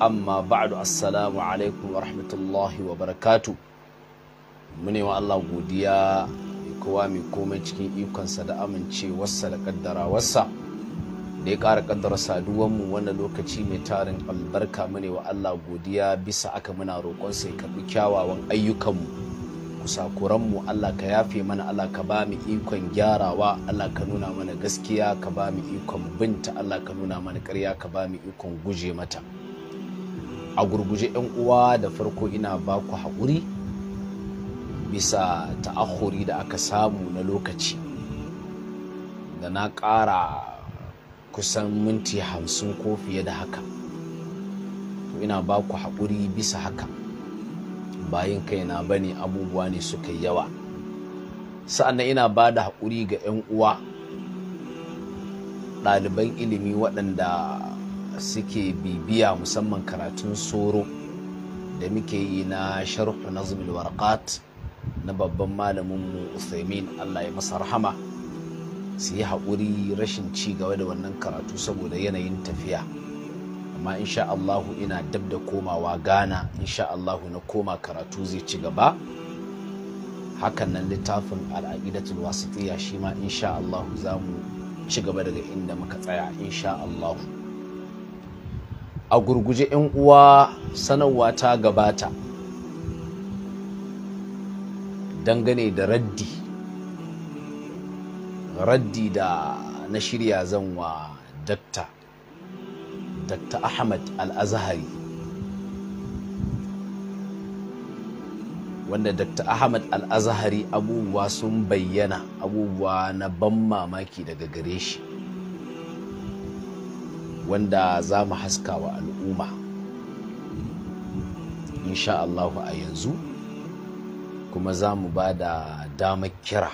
amma baadu assalamu alaikum wa rahmatullahi wa barakatu mune wa Allah godiya kowa mai komai cikin ikonsa da amincewarsa da kaddarawarsa da ya ƙara kaddara saduwanmu wannan lokaci mai tarin albarka mune wa Allah godiya bisa aka muna roƙon sai karbi kyawawan ayyukanmu kusakuranmu Allah ka yafe mana Allah ka ba mu ikon gyarawa Allah ka nuna mana gaskiya ka ba mu ikon binta Allah ka nuna mana ƙarya ka ba mu ikon guje mata a gurguje 'yan uwa da farko ina ba ku haƙuri bisa ta'ahuri da aka samu na lokaci da na ƙara kusan minti hamsin ko fiye da haka to ina ba ku haƙuri bisa haka bayan kaina na bane abubuwa ne suka yi yawa sa'annan ina ba da haƙuri ga 'yan uwa ɗaliban ilimi waɗanda suke bibiya musamman karatun soro da muke yi na sharhu nazmil warqat na babban malaminmu Uthaymin Allah ya masa rahama su yi haƙuri rashin ci gaba da wannan karatu saboda yanayin tafiya amma insha Allahu ina dab da komawa Ghana insha Allahu na koma karatu zai ci gaba hakan nan littafin al'aqidatul wasitiyya shi ma insha Allahu za mu ci gaba daga inda muka tsaya insha Allahu a gurguje 'yan uwa sanarwa ta gabata dangane da raddi raddi da na shirya zanwa dakta dakta ahmad al-azhari wanda dakta ahmad al-azhari abubuwa sun bayyana abubuwa na ban mamaki daga gare shi wanda za mu haska wa al'umma insha Allahu a yanzu kuma za mu ba da damar kira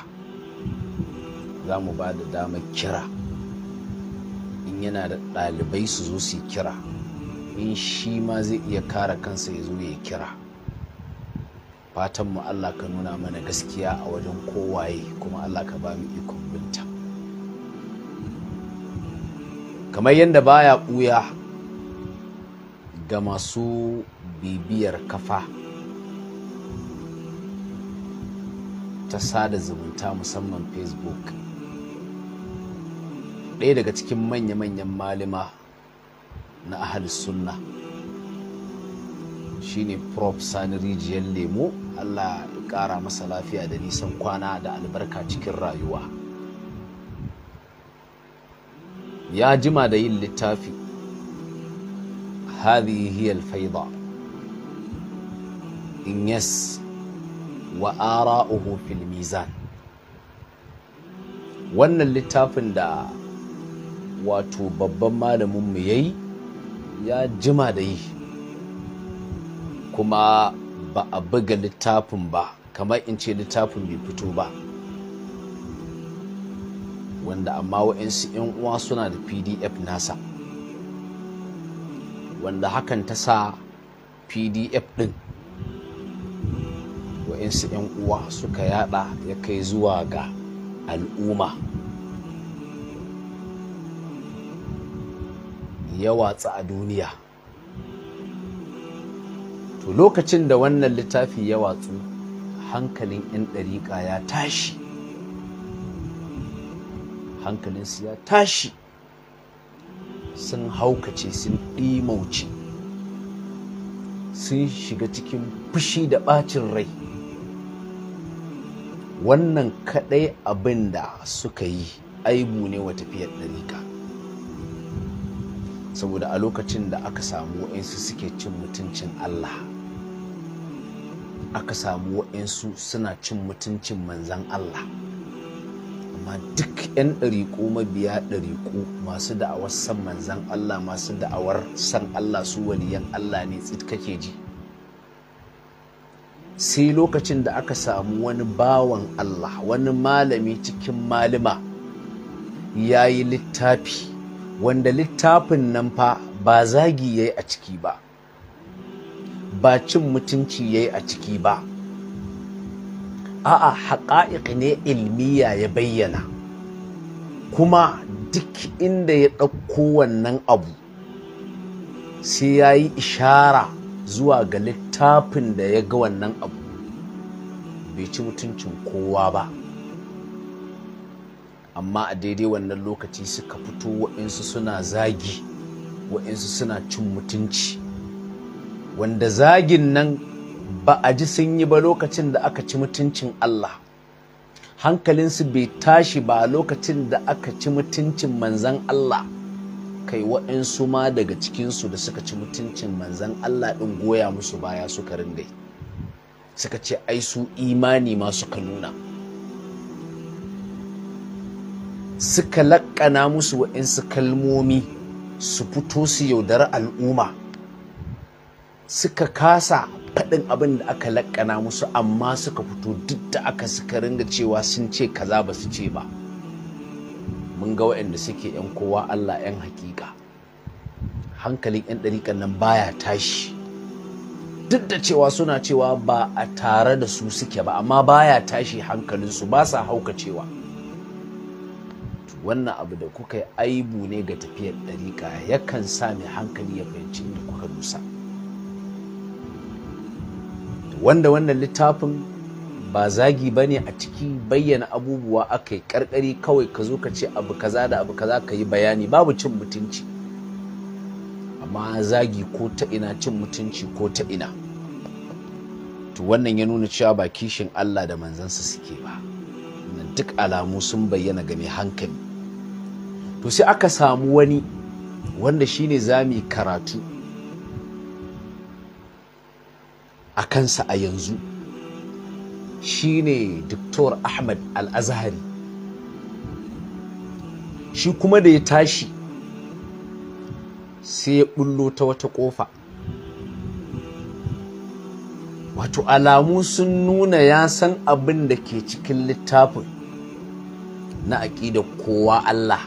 za mu ba da damar kira in yana da ɗalibai su zo su kira in shi ma zai iya kara kansa ya zo ya kira fatanmu Allah ka nuna mana gaskiya a wajen kowaye kuma Allah ka ba mu ikon binta kamar yadda baya ɓuya ga masu bibiyar kafa ta sada zumunta musamman facebook ɗaya daga cikin manya-manyan malima na ahal sunna shine prof sani rijiyar lemo allah ya ƙara masa lafiya da nisan kwana da albarka cikin rayuwa ya jima da yin littafi hadhihi hiya alfaida in yas wa ara'uhu fil mizan wannan littafin da wato babban malamin mu yayi ya jima da yi kuma ba a buga littafin ba kamar in ce littafin bai fito ba wanda amma wa'yansu 'yan uwa suna da pdf nasa wanda hakan ta sa pdf din, wa'yansu 'yan uwa suka yada ya kai zuwa ga al'umma ya watsa a duniya to lokacin da wannan littafi ya watsu hankalin 'yan dariƙa ya tashi Hankalin su ya tashi sun haukace sun ɗimauce sun shiga cikin fushi da ɓacin rai wannan kaɗai abin da suka yi aibu ne wa tafiyar ɗarika saboda a lokacin da aka samu waɗansu suke cin mutuncin allah aka samu waɗansu suna cin mutuncin manzan allah amma duk 'yan ɗariƙu mabiya ɗariƙu masu da'awar san manzan Allah masu da'awar san Allah su waliyan Allah ne tsit kake ji sai lokacin da aka samu wani bawan Allah wani malami cikin malima ya yi littafi wanda littafin nan fa ba zagi ya yi a ciki ba ba cin mutunci ya yi a ciki ba a'a haƙa'iƙi ne ilmiya ya bayyana kuma duk inda ya ɗauko wannan abu sai ya yi ishara zuwa ga littafin da ya ga wannan abu bai ci mutuncin kowa ba amma a daidai wannan lokaci suka fito waɗansu suna zagi waɗansu suna cin mutunci wanda zagin nan ba a ji sun yi ba lokacin da aka ci mutuncin Allah hankalinsu bai tashi ba lokacin da aka ci mutuncin manzan Allah kai waɗansu ma daga cikinsu da suka ci mutuncin manzan Allah ɗin goya musu baya suka ringai suka ce ai su imani ma suka nuna suka laƙana musu waɗansu kalmomi su fito su yaudar al'umma suka kasa faɗin abin da aka laƙana musu amma suka fito duk da aka suka ringa cewa sun ce kaza ba su ce ba mun ga waɗanda suke 'yan kowa Allah 'yan hakika hankalin 'yan ɗariƙan nan baya tashi duk da cewa suna cewa ba a tare da su suke ba amma baya tashi hankalinsu ba sa cewa. wannan abu da kuka yi aibu ne ga tafiyar ɗariƙa yakan sa mai hankali ya fahimci inda kuka dusa. wanda wannan littafin ba zagi ba ne a ciki bayyana abubuwa aka yi karkari kawai ka zo ka ce abu kaza da abu kaza ka yi bayani babu cin mutunci amma zagi ko ta ina cin mutunci ko ta ina to wannan ya nuna cewa ba kishin Allah da manzansa suke ba duk alamu sun bayyana game hankali to sai aka samu wani wanda shine zami karatu a kansa a yanzu shine Dr. Ahmad Al-Azhari shi kuma da ya tashi sai ya bullo ta wata kofa wato alamu sun nuna ya san abin da ke cikin littafin na aƙidar kowa Allah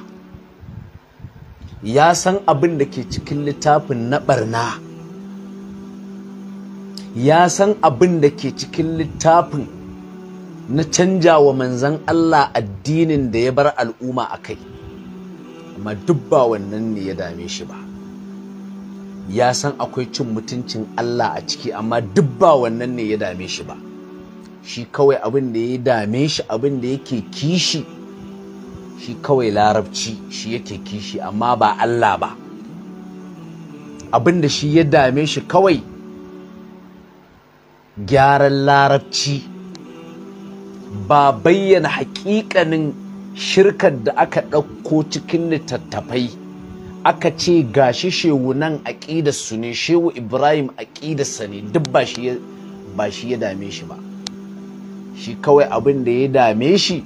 ya san abin da ke cikin littafin na ɓarna ya san abin da ke cikin littafin na canja wa manzan Allah addinin da ya bar al'umma a kai amma duk ba wannan ne ya dame shi ba ya san akwai cin mutuncin Allah a ciki amma duk ba wannan ne ya dame shi ba shi kawai abin da ya dame shi abin da yake kishi shi kawai larabci shi yake kishi amma ba Allah ba abin da shi ya dame shi kawai gyaran larabci ba bayyana hakikanin shirkar da aka ɗauko cikin littattafai aka ce gashi Shehu nan aƙidarsu ne Shehu ibrahim aƙidarsa ne duk ba shi ya dame shi ba shi kawai abin da ya dame shi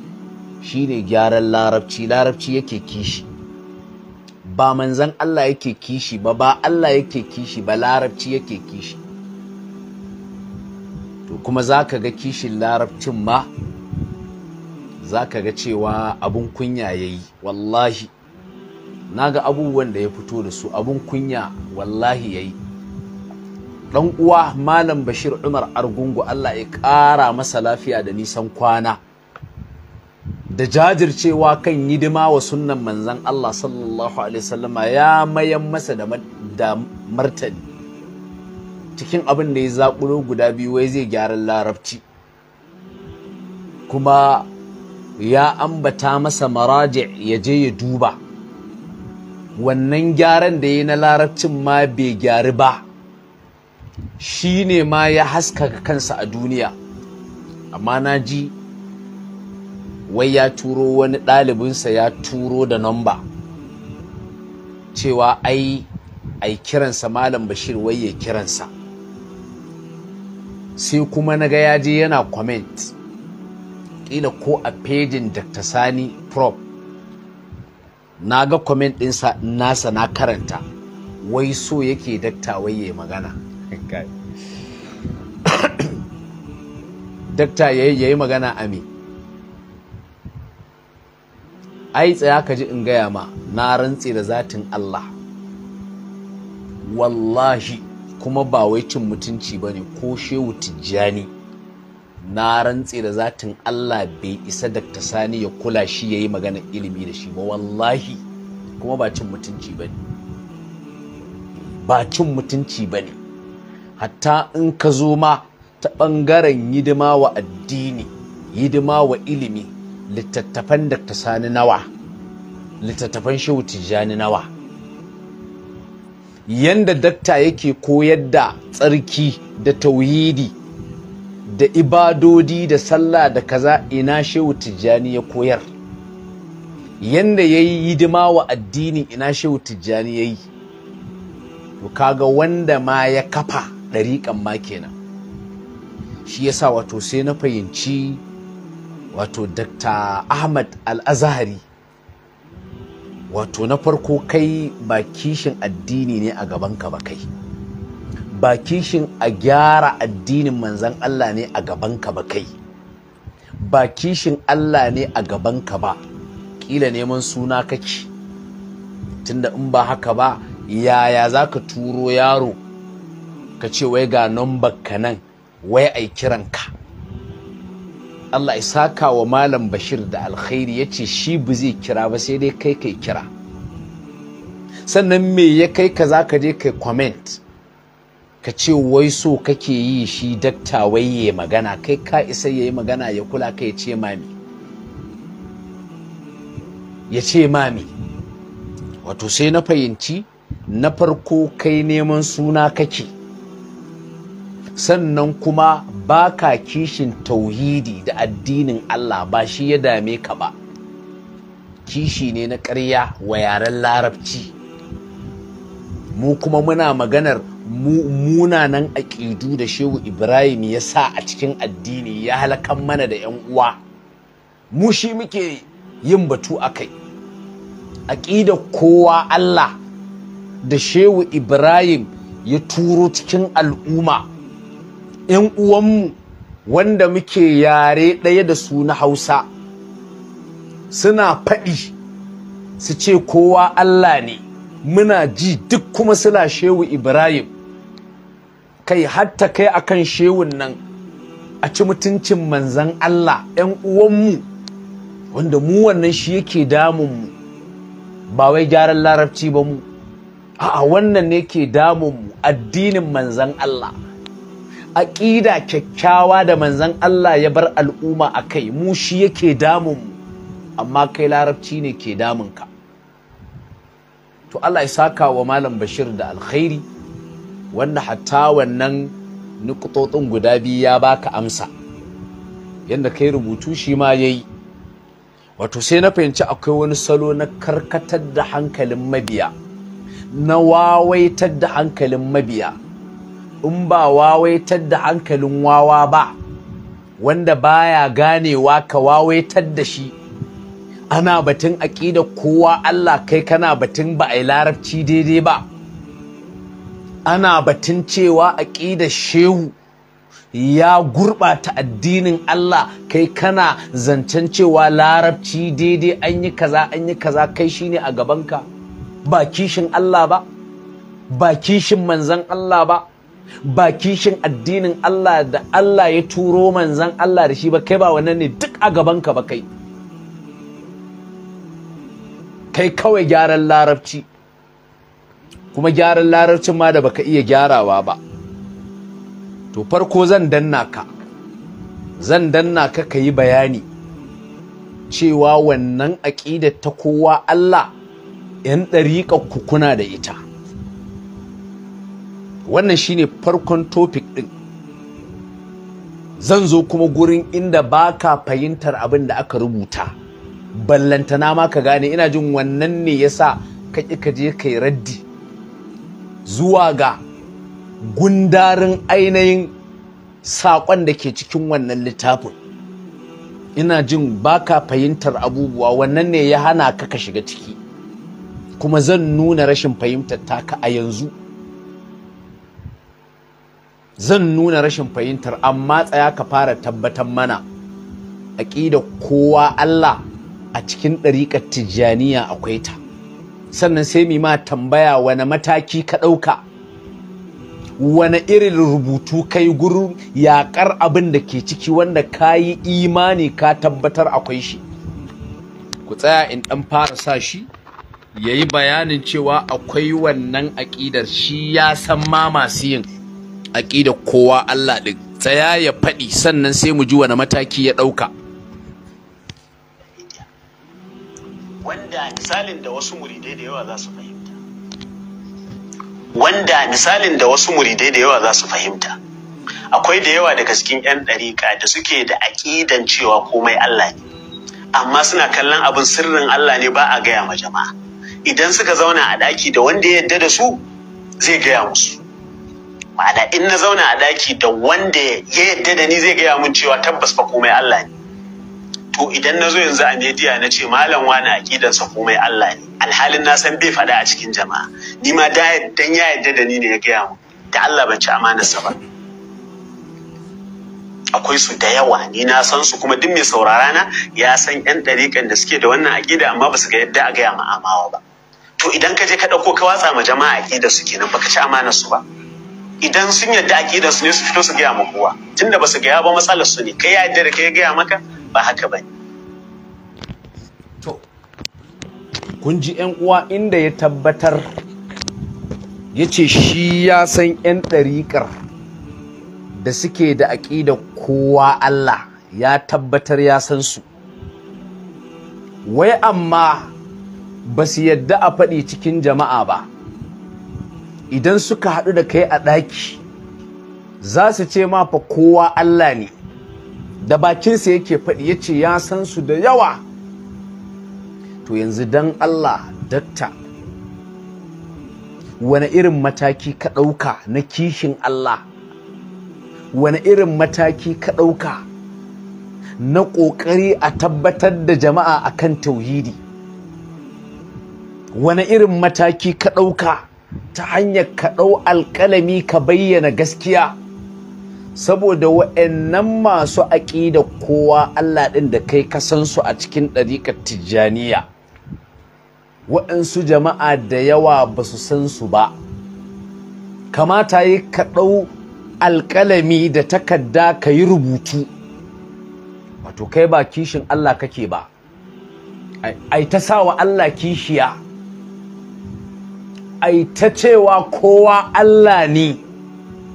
shine gyaran larabci larabci yake kishi ba manzan allah yake kishi ba ba allah yake kishi ba larabci yake kishi to kuma za ka ga kishin larabcin ma za ka ga cewa abun kunya ya yi wallahi na ga abubuwan da ya fito da su abun kunya wallahi ya yi ɗan uwa malam bashir umar argungu allah ya ƙara masa lafiya da nisan kwana da jajircewa kan dima wa sunnan manzan Allah sallallahu Alaihi wasallama ya mayan masa da martani cikin abin da ya zaƙuro guda biyu wai zai gyara larabci kuma ya ambata masa maraji ya je ya duba wannan gyaran da ya na larabcin ma bai gyari ba shi ne ma ya haskaka kansa a duniya amma na ji wai ya turo wani ɗalibinsa ya turo da namba cewa ai ai kiransa malam bashir wai ya kiransa sai kuma na ga ya je yana comment kila ko a fejin dr sani prop na ga comment ɗinsa nasa na karanta wai so yake dakta wai ya magana dakta ya yi magana a me ai tsaya ka ji in gaya ma na rantse da zatin allah wallahi kuma ba wai cin mutunci ba ne ko shehu tijjani na rantse da zatin Allah bai isa Dr. Sani ya kula shi ya yi magana ilimi da shi ba wallahi kuma ba cin mutunci ba ne ba cin mutunci ba ne hatta in ka zo ma ta ɓangaren yidima wa addini yidima wa ilimi littattafan Dr. Sani nawa littattafan shehu tijjani nawa yanda dakta yake koyar da tsarki da tauhidi da ibadodi da sallah da kaza ina shehu tijjani ya koyar yanda yayi yi hidima wa addini ina shehu tijjani ya yi to kaga wanda ma ya kafa ɗariƙan ma kenan shi yasa wato sai na fahimci wato dakta ahmad al-azhari wato na farko kai ba kishin addini ne a gabanka ba kai ba kishin a gyara addinin manzan Allah ne a gabanka ba kai ba kishin Allah ne a gabanka ba kila neman suna kake tunda in ba haka ba yaya za ka turo yaro ka ce wai ga nambar ka nan wai ai kiranka Allah ya saka wa malam bashir da alkhairi ya ce shi ba zai kira ba sai dai kai kai kira sannan me ya kai ka za ka je kai comment ka ce wai so kake yi shi wai ya magana kai ka isa ya yi magana ya kula ka ya ce mami ya ce mami wato sai na fahimci na farko kai neman suna kake sannan kuma ba ka kishin tauhidi da addinin Allah ba shi ya dame ka ba kishi ne na ƙarya wa yaren larabci mu kuma muna maganar munanan aƙidu da shehu ibrahim ya sa a cikin addini ya halakan mana da 'yan uwa mu shi muke yin batu a kai aƙida kowa allah da shehu ibrahim ya turo cikin al'umma 'yan uwanmu wanda muke yare ɗaya da su na hausa suna faɗi su ce kowa Allah ne muna ji duk kuma suna shehu ibrahim kai hatta kai akan shewun nan a ci mutuncin manzan Allah 'yan uwanmu wanda mu wannan shi yake damunmu ba wai gyaran larabci ba mu a'a wannan ne ke damunmu addinin manzan Allah aƙida kyakkyawa da manzan Allah ya bar al'umma a kai mu shi yake damun mu amma kai larabci ne ke damun ka to Allah ya saka wa malam Bashir da alkhairi wanda hatta wannan nukutotin guda biyu ya baka amsa yadda kai rubutu shi ma yayi wato sai na fahimci akwai wani salo na karkatar da hankalin mabiya na wawaitar da hankalin mabiya in ba wawaitar da hankalin wawa ba wanda baya ganewa ka wawaitar da shi ana batun aƙida kowa Allah kai kana batun ba a yi larabci daidai ba ana batun cewa aƙida shehu ya gurɓata addinin Allah kai kana zancen cewa larabci daidai an yi kaza an yi kaza kai shine a gabanka ba kishin Allah ba ba kishin manzan Allah ba ba kishin addinin Allah da Allah ya turo manzan Allah da shi ba kai ba wannan ne duk a gabanka ba kai kai kawai gyaran larabci kuma gyaran larabcin ma da baka iya gyarawa ba to farko zan danna ka zan danna ka ka yi bayani cewa wannan aƙidar ta kowa Allah 'yan ɗariƙar kuna da ita wannan shine farkon topic din zan zo kuma gurin inda ba ka fahimtar abin da aka rubuta ballantana ma ka gane ina jin wannan ne ya sa ka ƙi ka je kai raddi zuwa ga gundarin ainihin saƙon da ke cikin wannan littafin ina jin ba ka fahimtar abubuwa wannan ne ya hana ka ka shiga ciki kuma zan nuna rashin fahimtar taka a yanzu zan nuna rashin fahimtar amma tsaya ka fara tabbatar mana aƙida kowa Allah a cikin ɗariƙar tijjaniya akwai ta sannan sai mi ma tambaya wani mataki ka ɗauka wani irin rubutu kai gurin yaƙar abin da ke ciki wanda ka yi imani ka tabbatar akwai shi ku tsaya in ɗan fara sa shi ya yi bayanin cewa akwai wannan aƙidar shi ya san ma masu yin ƙida kowa Allah ɗin tsaya ya faɗi sannan sai mu ji wani mataki ya ɗauka wanda misalin da wasu muridai da yawa za su fahimta akwai da yawa daga cikin 'yan ɗariƙa da suke da aƙidan cewa komai Allah ne amma suna kallon abin sirrin Allah ne ba a gaya ma jama'a idan suka zauna a ɗaki da wanda ya yadda da su zai gaya musu ma'ana in na zauna a daki da wanda ya yadda da ni zai gaya mun cewa tabbas fa komai Allah ne to idan na zo yanzu a media na ce malam wani sa komai Allah ne alhalin na san bai faɗa a cikin jama'a ni ma dan ya yadda da ni ne ya gaya mun da Allah ban ci amanarsa ba akwai su da yawa ni na san su kuma duk mai saurara na ya san yan ɗariƙan da suke da wannan aƙida amma ba su ga yadda a gaya ma amawa ba to idan ka je ka ɗauko ka watsa ma jama'a aƙida su kenan baka ci amana su ba idan sun yarda aƙidar su ne su fito su gaya ma kowa tunda ba su gaya ba matsalar su ne kai ya yadda da kai gaya maka ba haka ba to kun ji yan uwa inda ya tabbatar ya ce shi ya san yan ɗariƙar da suke da aƙidar kowa Allah ya tabbatar ya san su wai amma ba su yadda a faɗi cikin jama'a ba idan suka haɗu da kai a ɗaki za su ce ma fa kowa Allah ne da bakinsa yake faɗi ya ce ya san su da yawa to yanzu don Allah datta wani irin mataki ka ɗauka na kishin Allah wani irin mataki ka ɗauka na ƙoƙari a tabbatar da jama'a akan tauhidi wani irin mataki ka ɗauka ta hanyar kaɗau ɗau alƙalami ka bayyana gaskiya saboda wa'annan masu aƙida kowa Allah ɗin da kai kasansu a cikin ɗariƙar tijjaniya waɗansu jama'a da yawa ba su san su ba kamata yi kaɗau ɗau alƙalami da takarda ka yi rubutu wato kai ba kishin Allah kake ba ai ta sa wa Allah kishiya ai ta cewa kowa Allah ne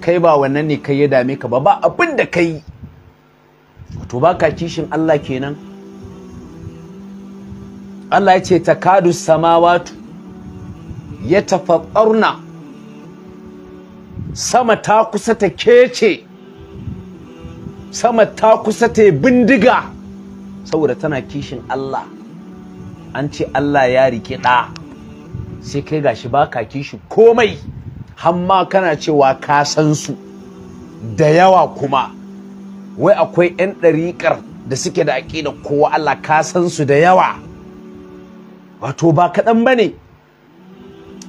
kai ba wannan ne kai ya dame ka ba ba abin da kai to baka kishin Allah kenan Allah ya ce kadu samawatu ya tafatsarna sama ta kusa ta kece sama ta kusa ta bindiga saboda tana kishin Allah an ce Allah ya riƙe ɗa sai kai gashi ba ka kishi komai hamma kana cewa ka san su da yawa kuma wai akwai 'yan ɗariƙar da suke da aƙida kowa Allah ka san su da yawa wato ba kaɗan ba ne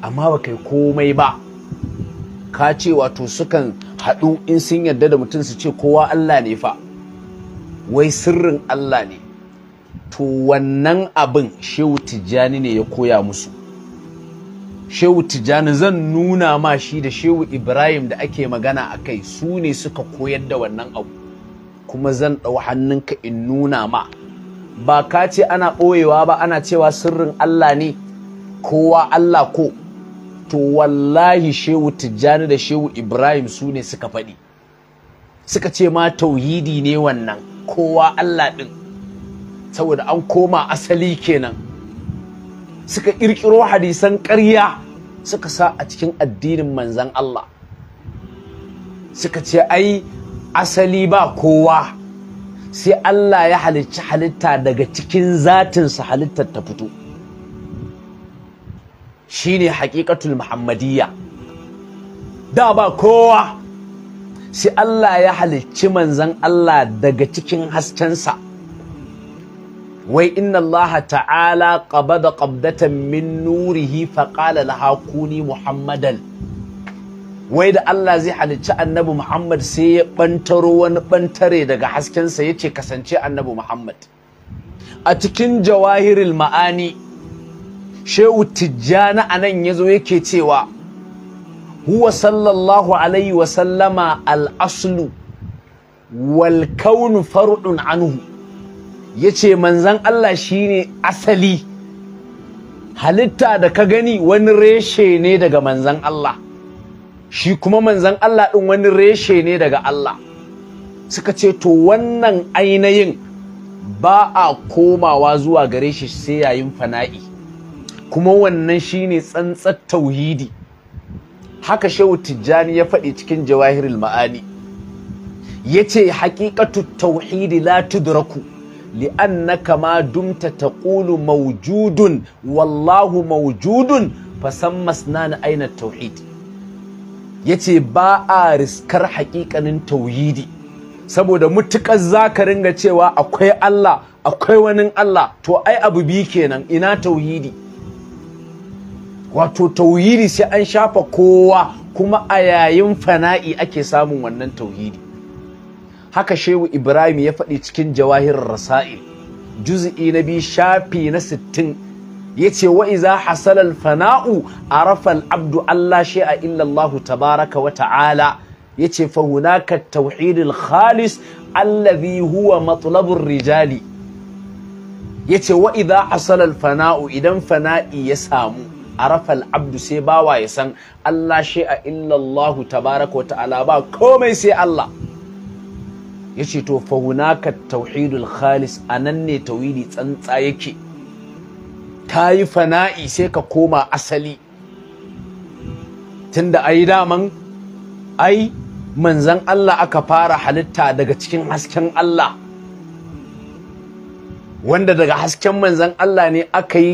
amma ba kai komai ba ka ce wato sukan haɗu in sun yarda da mutum su ce kowa Allah ne fa wai sirrin Allah ne to wannan abin shehu tijjani ne ya koya musu shehu tijjani zan nuna ma shi da shehu ibrahim da ake magana a kai su ne suka koyar da wannan abu kuma zan ɗau hannunka in nuna ma ba ka ce ana ɓoyewa ba ana cewa sirrin allah ne kowa allah ko to wallahi shehu tijjani da shehu ibrahim su ne suka faɗi suka ce ma tauhidi ne wannan kowa allah ɗin saboda an koma asali kenan suka ƙirƙiro hadisan ƙarya suka sa a cikin addinin manzan Allah suka ce ai asali ba kowa sai Allah ya halicci halitta daga cikin zatinsa halittar ta fito ne haƙiƙatul muhammadiyya da ba kowa sai Allah ya halicci manzan Allah daga cikin haskensa wai inna Allah ta'ala qabada qabdatan min nurihi fa qala laha kuni muhammadan wai da Allah zai halicci annabi Muhammad sai ya bantaro wani bantare daga sa yace kasance annabi Muhammad a cikin jawahirin ma'ani shehu tijjani anan yazo yake cewa huwa sallallahu alaihi wa sallama al-aslu wal kaunu far'un anhu ya ce manzan Allah shi ne asali halitta da ka gani wani reshe ne daga manzan Allah shi kuma manzan Allah ɗin wani reshe ne daga Allah suka ce to wannan ainihin ba a komawa zuwa gare shi sai yayin fana'i kuma wannan shi ne tsantsar tauhidi haka shehu tijjani ya faɗi cikin jawahirul ma'ani Ya yace hakikatu tauhidi la tudraku li'annaka ma dumta taqulu mawjudun wallahu mawjudun fasan masnana aina tauhid yace ba a riskar haƙiƙanin tauhidi saboda mutukar zaka ringa cewa akwai Allah akwai wani Allah to ai abu biyu kenan ina tauhidi wato tauhidi sai an shafa kowa kuma a yayin fana'i ake samun wannan tauhidi haka shehu ibrahim ya faɗi cikin jawahir rasa'il juz'i na biyu shafi na sittin ya ce wa iza hasalal fana'u arafa Abdu allah a illallahu tabaraka wa ta'ala ya ce fa ka tauhidul khalis allazi huwa matlabur rijali ya ce wa idan asalal fana'u idan fana'i ya samu arafal abdu sai bawa ya san Allah shi a illallahu tabaraka wa ta'ala ba komai sai Allah yace to fa hunaka tauhidul khalis a nan ne tauhidi tsantsa yake yi fana'i sai ka koma asali tunda ai daman ai manzan Allah aka fara halitta daga cikin hasken Allah wanda daga hasken manzan Allah ne aka yi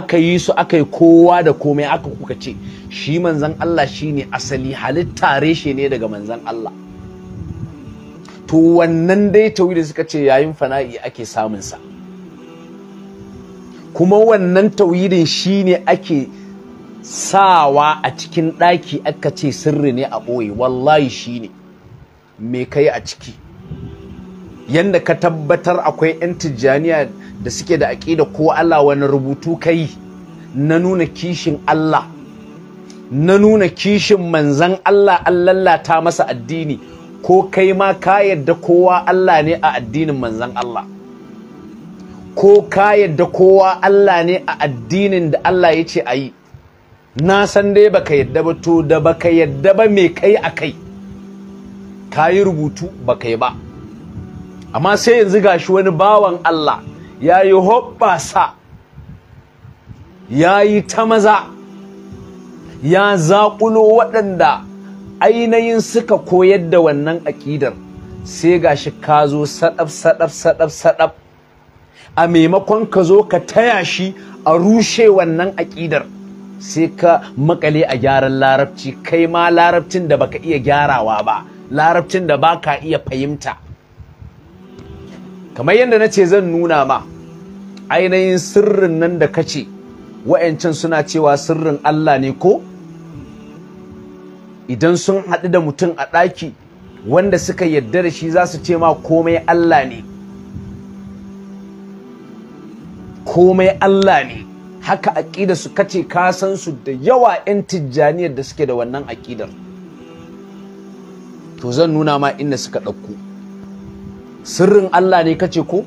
aka yi su aka yi kowa da komai aka kuka ce shi manzan Allah shine asali halitta reshe ne daga manzan Allah to wannan dai tawhidi suka ce yayin fana'i ake samun sa kuma wannan shi ne ake sawa a cikin ɗaki aka ce sirri ne a ɓoye wallahi shi ne, mai kai a ciki Yadda ka tabbatar akwai 'yan tijjaniya da suke da aƙida ko Allah wani rubutu kai na nuna kishin Allah na nuna kishin manzan Allah an lallata masa addini ko kai ma ka yadda kowa Allah ne a addinin manzon Allah ko ka yadda kowa Allah ne a addinin da Allah ya ce a na san dai baka yadda ba to da baka yadda ba me kai a kai ka yi rubutu baka yi ba amma sai yanzu gashi wani bawan Allah ya yi hoɓɓasa ya yi ta maza ya zaƙulo waɗanda ainihin suka koyar da wannan aƙidar sai gashi ka zo sadaf sadaf sadaf sadaf a maimakon ka zo ka taya shi a rushe wannan aƙidar sai ka makale a gyaran larabci kai ma larabcin da baka iya gyarawa ba larabcin da baka iya fahimta kamar yadda na ce zan nuna ma ainihin sirrin nan da kace wa'yancan suna cewa sirrin Allah ne ko idan sun haɗu da mutum a ɗaki wanda suka yarda da shi za su ce ma komai Allah ne komai Allah ne haka aƙida su kace ka su da yawa 'yan tijjaniyar da suke da wannan aƙidar to zan nuna ma inda suka ɗauko sirrin Allah ne kace ko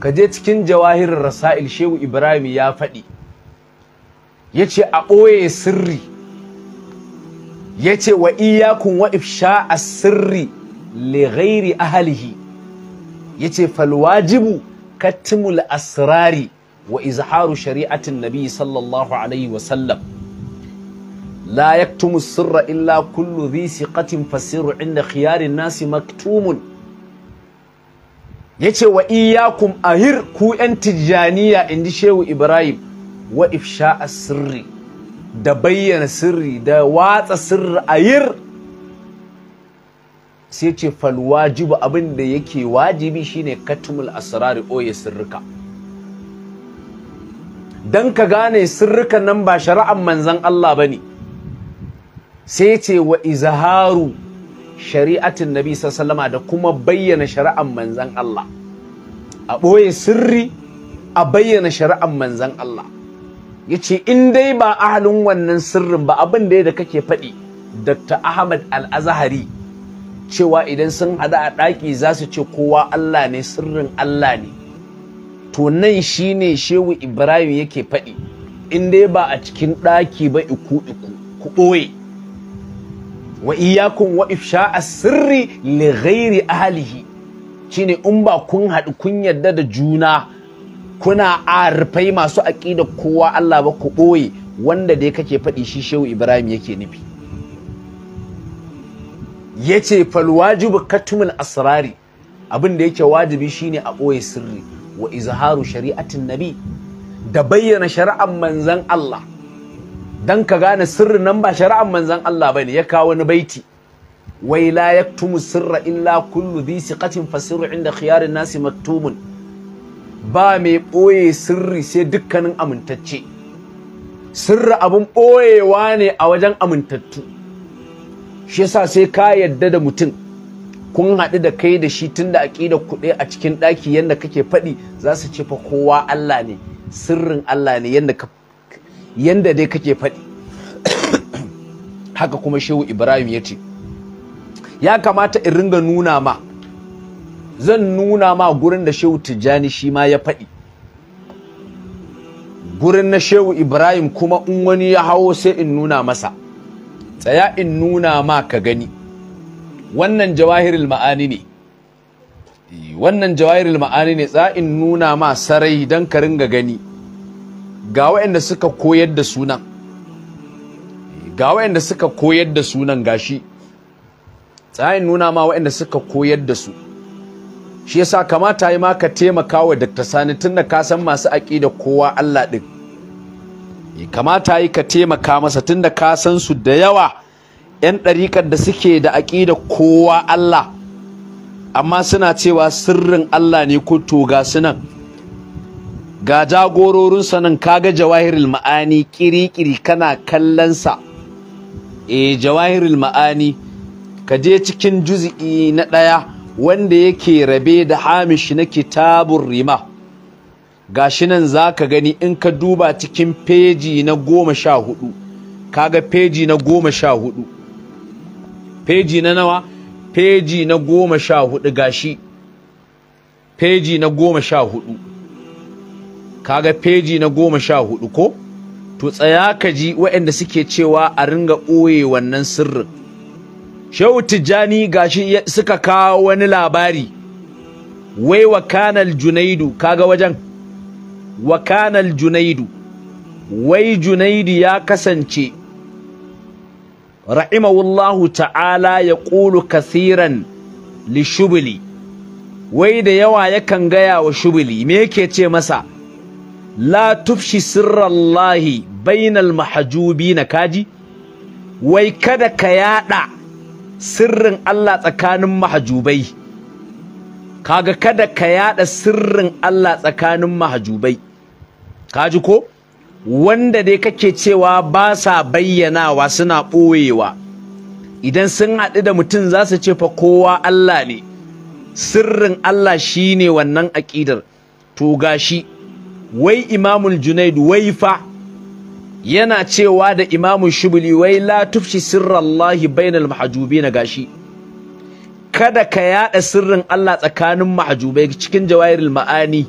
ka je cikin jawahirin rasa'il shehu ibrahim ya faɗi ya ce a ɓoye sirri ya ce wa iyakun wa ifsha a sirri lighairi ahalihi ya ce falwajibu katimul asrari wa izharu shari'atin nabi sallallahu alaihi wasallam illa يكتم السر إلا كل ذي ثقة فالسر عند خيار yace wa iyakun ahir ku yan tijjaniya inji shehu ibrahim wa ifsha asirri da bayyana sirri da watsa sirri a yir sai ce falwajibu abin da yake wajibi shine katumul asrari oye sirrika don ka gane sirrika nan ba shari'an manzan Allah ba ne sai ce wa izaharu shari'atin nabi sallama da kuma bayyana shari'an manzan Allah a ɓoye sirri a bayyana shari'an manzan Allah ya ce in dai ba ahalin wannan sirrin ba abin da kake faɗi dr ahmad al-azhari cewa idan sun hada a ɗaki za su ce kowa allah ne sirrin allah ne to nan shine shehu ibrahim yake faɗi in dai ba a cikin ɗaki ba iku iku ku ɓoye wa iyakun wa ifsha a sirri li ghairi ahlihi shine in ba kun haɗu kun yadda da juna kuna arfai masu aƙidar kowa Allah ba ku ɓoye wanda dai kake faɗi shi shehu Ibrahim yake nufi ya ce falwajibu katumin asrari abin da yake wajibi shine a ɓoye sirri wa izharu shari'atin nabi da bayyana shari'ar manzan Allah Don ka gane sirrin nan ba shari'ar manzan Allah ba ne, ya kawo wani baiti wai la yaktumu sirra illa kullu dhi siqatin fasiru inda khiyarin nasi maktumun ba mai ɓoye sirri sai dukkanin amintacce sirri abin ɓoyewa ne a wajen amintattu shi yasa sai ka yadda da mutum kun haɗu da kai da shi tun da aƙidar kuɗi a cikin ɗaki yadda kake faɗi za su ce fa kowa Allah ne sirrin Allah ne yadda dai kake faɗi haka kuma shehu ibrahim ya ce ya kamata in ringa nuna ma zan nuna ma gurin da shehu tijjani shi ma ya faɗi gurin na shehu ibrahim kuma in wani ya hawo sai in nuna masa tsaya in nuna ma ka gani wannan jawahirul ma'ani ne eh, wannan jawahirul ma'ani ne tsaya in nuna ma sarai don ka ringa gani ga waɗanda suka koyar da sunan eh, ga waɗanda suka koyar da sunan gashi tsaya in nuna ma waɗanda suka koyar da su shi yasa kamata yi ma ka taimaka wa Dr. Sani da ka san masu aƙi da kowa Allah ɗin eh, kamata yi ka taimaka masa tun da ka san su da yawa 'yan ɗariƙar da suke da aƙi da kowa Allah amma suna cewa sirrin Allah ne ko to ga su nan ga jagororinsa nan kaga jawahirul ma'ani kana kallonsa eh jawahirul ma'ani ka je cikin juzi'i na ɗaya wanda yake rabe da hamish na kitabun rima gashi nan za ka gani in ka duba cikin peji na goma sha hudu kaga peji na goma sha hudu peji na nawa peji na goma sha hudu gashi peji na goma sha hudu kaga peji na goma sha hudu ko to tsaya ka ji waɗanda suke cewa a ringa ɓoye wannan sirrin shehu tijjani gashi suka kawo wani labari wai Kanal junaidu kaga wajen wakanal junaidu wai junaidu ya kasance rahimahullahu ta'ala ya kulu kasiran li shubli wai da yawa yakan gaya wa shubli me yake ce masa la tufshi sirrallahi bainal mahajubi na kaji wai kada ka yada sirrin Allah tsakanin mahajubai kaga kada ka yada sirrin Allah tsakanin mahajubai kaji ko wanda dai kake cewa ba sa bayyanawa suna ɓoyewa idan sun haɗu da mutum za su ce fa kowa Allah ne sirrin Allah shine wannan aƙidar to gashi wai imamul Junaid wai fa yana cewa da imamu shubuli wai la tufshi sirrallahi bainal na gashi kada ka yada sirrin Allah tsakanin mahjubai cikin jawahirul ma'ani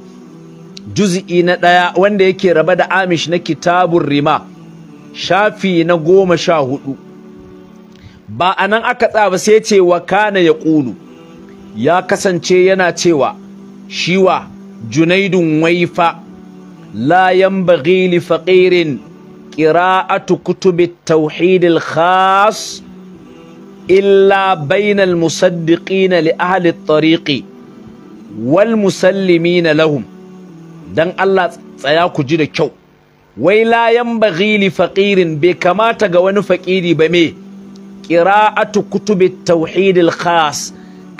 juz'i na ɗaya wanda yake raba da amish na kitabun rima shafi na goma sha hudu ba a nan aka tsaba sai ce wa kana ya ƙulu ya kasance yana cewa shiwa junaidun waifa la yanbaghi li faqirin qira'atu kutubi tauhid khas illa bainal musaddiqina li ahli tariqi wal musallimina lahum dan Allah tsaya ku ji da kyau wai la yanbaghi li faqirin bai kamata ga wani faqiri ba me qira'atu kutubi tauhid khas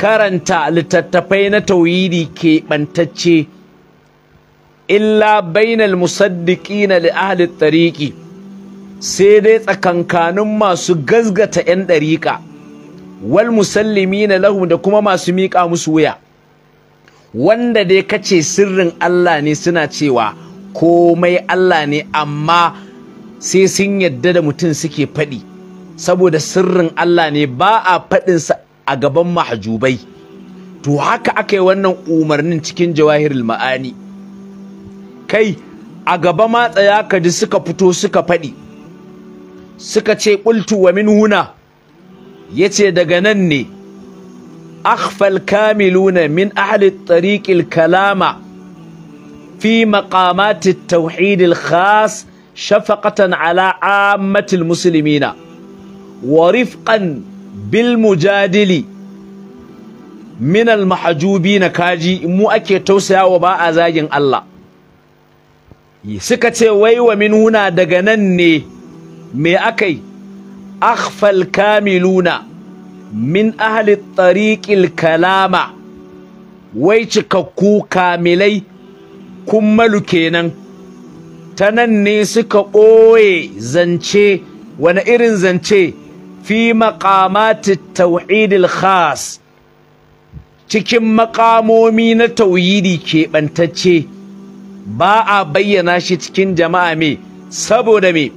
karanta littattafai na tauhidi ke bantacce illa bainal musaddiqina li ahli tariqi sai dai tsakankanin masu gazgata 'yan ɗariƙa wal musallimi na lahu da kuma masu miƙa musu wuya wanda dai kace sirrin Allah ne suna cewa komai Allah ne amma sai sun yadda da mutum suke faɗi saboda sirrin Allah ne ba a faɗinsa a gaban mahajubai to haka aka yi wannan umarnin cikin jawahirul ma'ani kai a gaba matsaya ka ji suka fito suka faɗi suka ce qultu wa min huna yace daga nan ne akhfal kamiluna min ahli at kalama fi maƙamati at-tauhid al-khas shafaqatan ala ammatil wa rifqan bil mujadili min al mahjubina kaji mu ake tausayawa ba a zagin Allah suka ce wai wa min huna daga nan ne me akai akhfal kamiluna min ahli tariqil kalama wai cikakku kamilai kummalu kenan ta nan ne suka ɓoye zance wani irin zance fi maƙamati tauhidil khas cikin maƙamomi na tauhidi keɓantacce ba a bayyana shi cikin jama'a me saboda me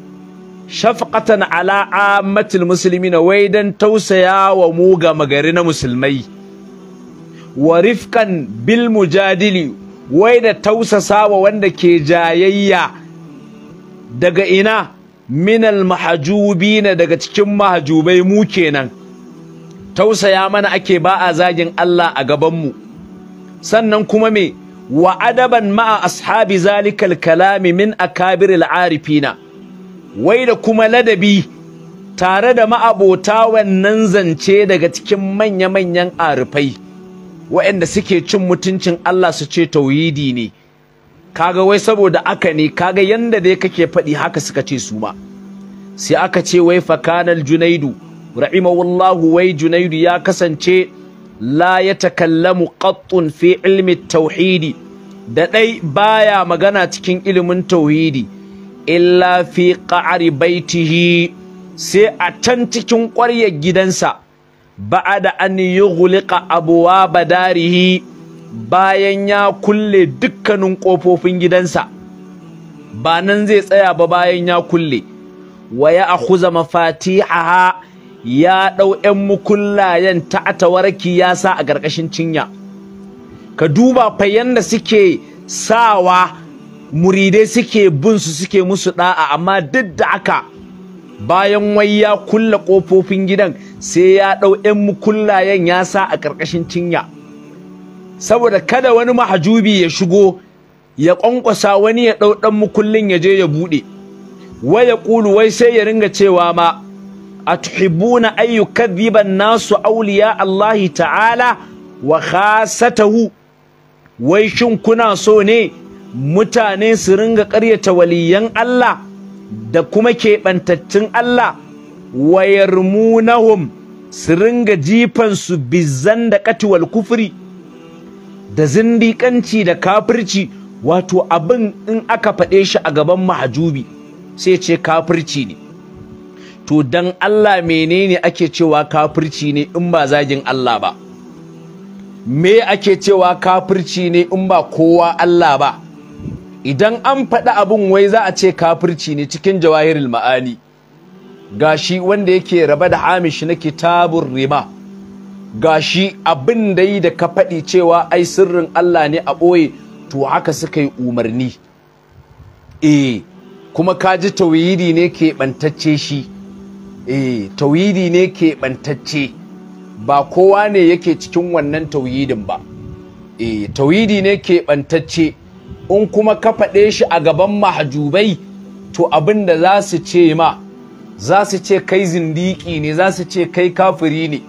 shafqatan ala ammatil muslimina wai dan tausaya wa mu ga magari na musulmai wa rifqan bil mujadili wai da tausasa wa wanda ke jayayya daga ina minal mahjubina daga cikin mahjubai mu kenan tausaya mana ake ba a zagin Allah a gaban mu sannan kuma me wa adaban ma'a ashabi zalikal kalami min akabiril arifina wai da kuma ladabi tare da ma'abota wannan zance daga cikin manya-manyan arifai waɗanda suke cin mutuncin Allah su ce tauhidi ne kaga wai saboda aka ne kaga yanda dai kake faɗi haka suka ce su ma sai aka ce wai fakanal junaidu rahimahullahu wai junaidu ya kasance la ya takallamu qattun fi ilmi tauhidi da dai baya magana cikin ilimin tauhidi illa fi qa'ari baitihi sai a can cikin ƙwaryar gidansa da an abuwa ba darihi bayan ya kulle dukkanin ƙofofin gidansa ba nan zai tsaya ba bayan ya kulle wa ya akhuza mafatihaha ya ɗau 'yan mukullayen ta'ata atawarki ya sa a ƙarƙashin cinya ka duba fa da suke sawa muridai suke bin su suke musu ɗa'a, amma duk da aka bayan wai ya kulla kofofin gidan sai ya ɗau 'yan mukullayen ya sa a ƙarƙashin cinya saboda kada wani mahajubi ya shigo ya ƙwanƙwasa wani ya ɗau ɗan mukullin ya je ya buɗe wai ya ƙulu wai sai ya ringa cewa ma ayyukan an yukadhiba nasu awliya Allahi ta'ala wa khasatahu wai shin kuna so ne mutane su ringa ƙaryata waliyan Allah da kuma keɓantaccen Allah munahum su ringa su bizan da katiwal kufri da zindiƙanci da kafirci wato abin in aka faɗe shi a gaban mahajubi sai ce kafirci ne to dan Allah menene ake cewa kafirci ne in ba zagin Allah ba me ake cewa kafirci ne in ba kowa Allah ba idan an faɗi abin wai za a ce kafirci ne cikin jawahirul ma'ani gashi wanda yake raba da hamish na kitabun rima gashi abin da yi da ka faɗi cewa ai sirrin Allah ne a ɓoye to haka suka yi umarni E, kuma kaji tawhidi ne ke bantacce shi E, eh, tawhidi ne ke bantacce ba kowa ne yake cikin wannan tauhidin ba E, tauhidi ne ke bantacce in kuma ka faɗe shi a gaban mahajubai to abin da za su ce ma za su ce kai zindiki ne za su ce kai kafiri ne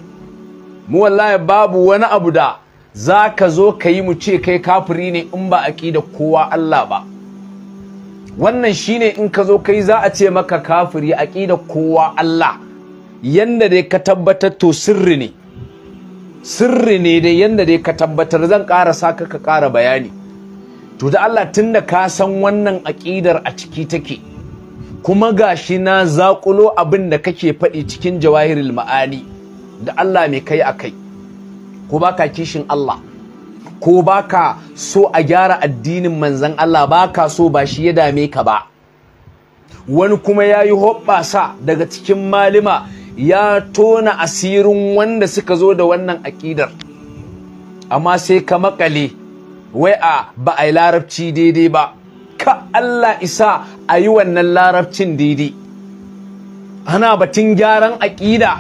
mu wallahi babu wani abu da za ka zo ka yi mu ce kai kafiri ne in ba a da kowa Allah ba wannan shine in ka zo kai za a ce maka kafiri a da kowa Allah yanda dai ka tabbatar to sirri ne sirri ne dai yanda dai ka tabbatar zan ƙara sa ka ƙara bayani to da Allah tun da ka san wannan aƙidar a ciki take kuma ga shi na zaƙulo abin da kake faɗi cikin jawahirul ma'ani da Allah mai kai a kai ko baka kishin Allah ko baka so a gyara addinin manzan Allah baka so ba shi ya dame ka ba wani kuma ya yi hoɓɓasa daga cikin malima ya tona asirin wanda suka zo da wannan aƙidar amma sai ka maƙale wai a ba a yi larabci daidai ba ka Allah isa a yi wannan larabcin daidai ana batun gyaran aƙida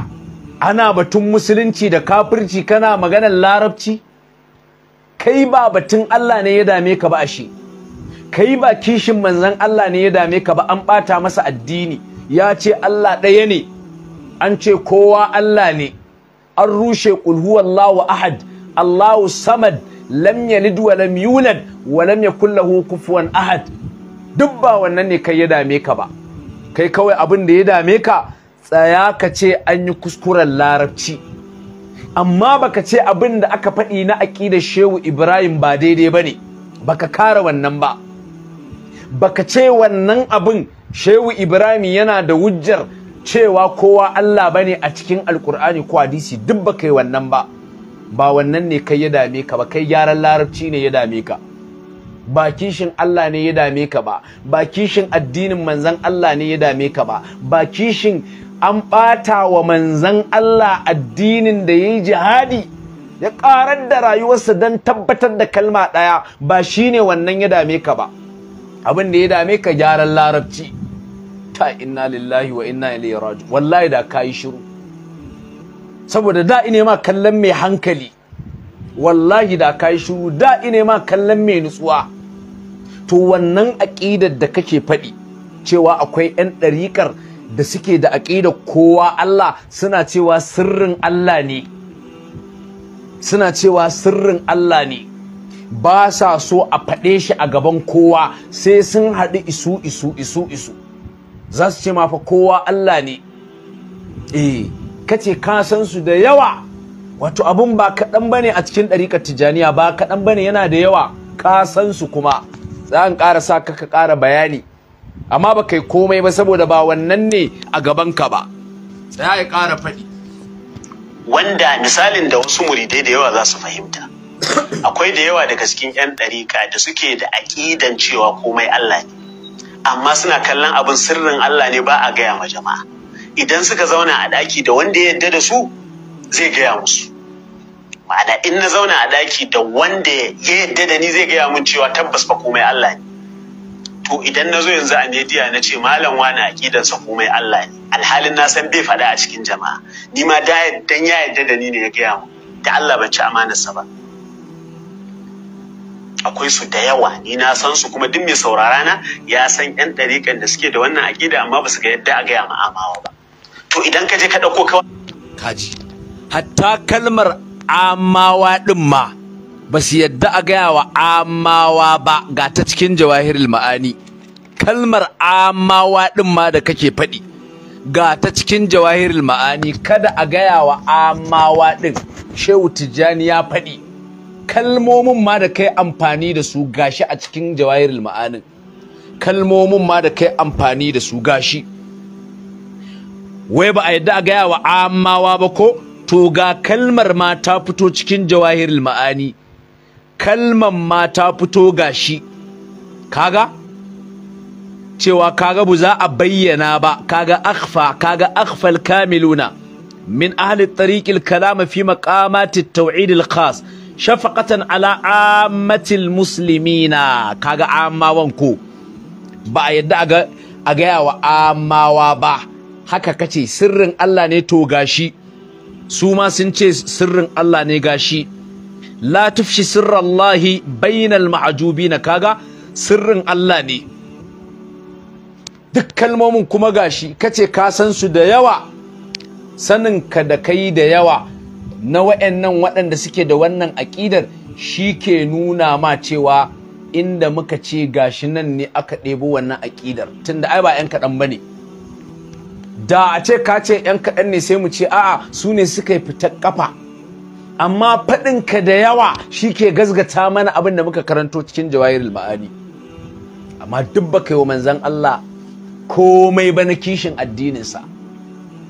ana batun musulunci da kafirci kana maganar larabci kai ba batun Allah ne ya dame ka ba a shi, kai ba kishin manzan Allah ne ya dame ka ba an ɓata masa addini ya ce Allah ɗaya ne an ce kowa Allah ne an rushe ƙulhuwallahu ahad Allahu samad lam yalid wa lam yulad wa lam yakul lahu kufuwan ahad duk ba wannan ne kai ya dame ka ba kai kawai abin da ya dame ka tsaya ka ce an yi kuskuren larabci amma baka ce abin da aka faɗi na aƙidar shehu ibrahim ba daidai ba ne baka kara wannan ba baka ce wannan abin shehu ibrahim yana da wujjar cewa kowa allah bane a cikin alkur'ani ko hadisi duk baka yi wannan ba ba wannan ne kai ya dame ka ba kai gyaran larabci ne ya dame ka ba kishin Allah ne ya dame ka ba ba kishin addinin manzan Allah ne ya dame ka ba ba kishin an ɓata wa manzan Allah addinin da ya yi jihadi ya karar da rayuwarsa don tabbatar da kalma ɗaya ba shi ne wannan ya dame ka ba abin da ya dame ka gyaran larabci ta inna lillahi wa inna ilaihi raji wallahi da ka yi shiru saboda da ine ma kallon mai hankali wallahi da kai shiru da ine ma kallon mai nutsuwa to wannan aƙidar da kake faɗi cewa akwai 'yan ɗariƙar da suke da aƙidar kowa Allah suna cewa sirrin Allah ne suna cewa sirrin Allah ne ba sa so a faɗe shi a gaban kowa sai sun haɗu isu isu isu isu za su ce ma fa kowa Allah ne eh kace ka san su da yawa wato abun ba kaɗan bane a cikin ɗariƙar tijaniya ba kaɗan bane yana da yawa ka san su kuma za an ƙara sa ka ka ƙara bayani amma ba kai komai ba saboda ba wannan ne a gaban ka ba sai ya ƙara faɗi wanda misalin da wasu muridai da yawa za su fahimta akwai da yawa daga cikin 'yan ɗarika da suke da aƙidan cewa komai Allah ne amma suna kallon abin sirrin Allah ne ba a gaya ma jama'a idan suka zauna a ɗaki da wanda ya yadda da su zai gaya musu ma'ana in na zauna a ɗaki da wanda ya yadda da ni zai gaya mun cewa tabbas ba komai Allah ne to idan na zo yanzu a media na ce malam wani sa komai Allah ne alhalin na san bai faɗa a cikin jama'a ni ma da dan ya yadda da ni ne ya gaya mun da Allah ban ci amanarsa ba akwai su da yawa ni na san su kuma duk mai saurara na ya san yan ɗariƙan da suke da wannan aƙida amma ba su ga yadda a gaya ma Amawa ba to idan ka je ka ɗauko kawai kaji hatta kalmar amawa ɗin ma ba su yadda a gaya wa amawa ba ga ta cikin jawahirul ma'ani kalmar amawa ɗin ma da kake faɗi ga ta cikin jawahirul ma'ani kada a gaya wa amawa ɗin shehu tijjani ya faɗi kalmomin ma da kai amfani da su gashi a cikin jawahirul ma'anin kalmomin ma da kai amfani da su gashi wai ba a yadda a gaya wa amawa ba ko to ga kalmar ma ta fito cikin jawahirul ma'ani kalmar ma ta fito ga shi kaga cewa kaga bu za a bayyana ba kaga akhfa kaga akhfal kamiluna min ahli tariqil kalam fi maqamati at al-khas shafaqatan ala ammatil muslimina kaga amawanku ko ba a yadda a ga a gaya wa amawa ba haka kace sirrin Allah ne to gashi su ma sun ce sirrin Allah ne gashi la tufshi sirrallahi bainal ma'jubina kaga sirrin Allah ne duk kalmomin kuma gashi kace ka san su da yawa sanin ka da kai da yawa na wa'annan waɗanda suke da wannan aƙidar shi ke nuna ma cewa inda muka ce gashi nan ne aka ɗebo wannan aƙidar tunda ai ba 'yan kaɗan ba ne da a ce ka ce 'yan kaɗan ne sai mu ce a'a su ne suka yi fitar kafa amma faɗinka da yawa shi ke gazgata mana abin da muka karanto cikin jawahirul ma'ani amma duk baka yi wa manzan Allah komai ba na kishin addininsa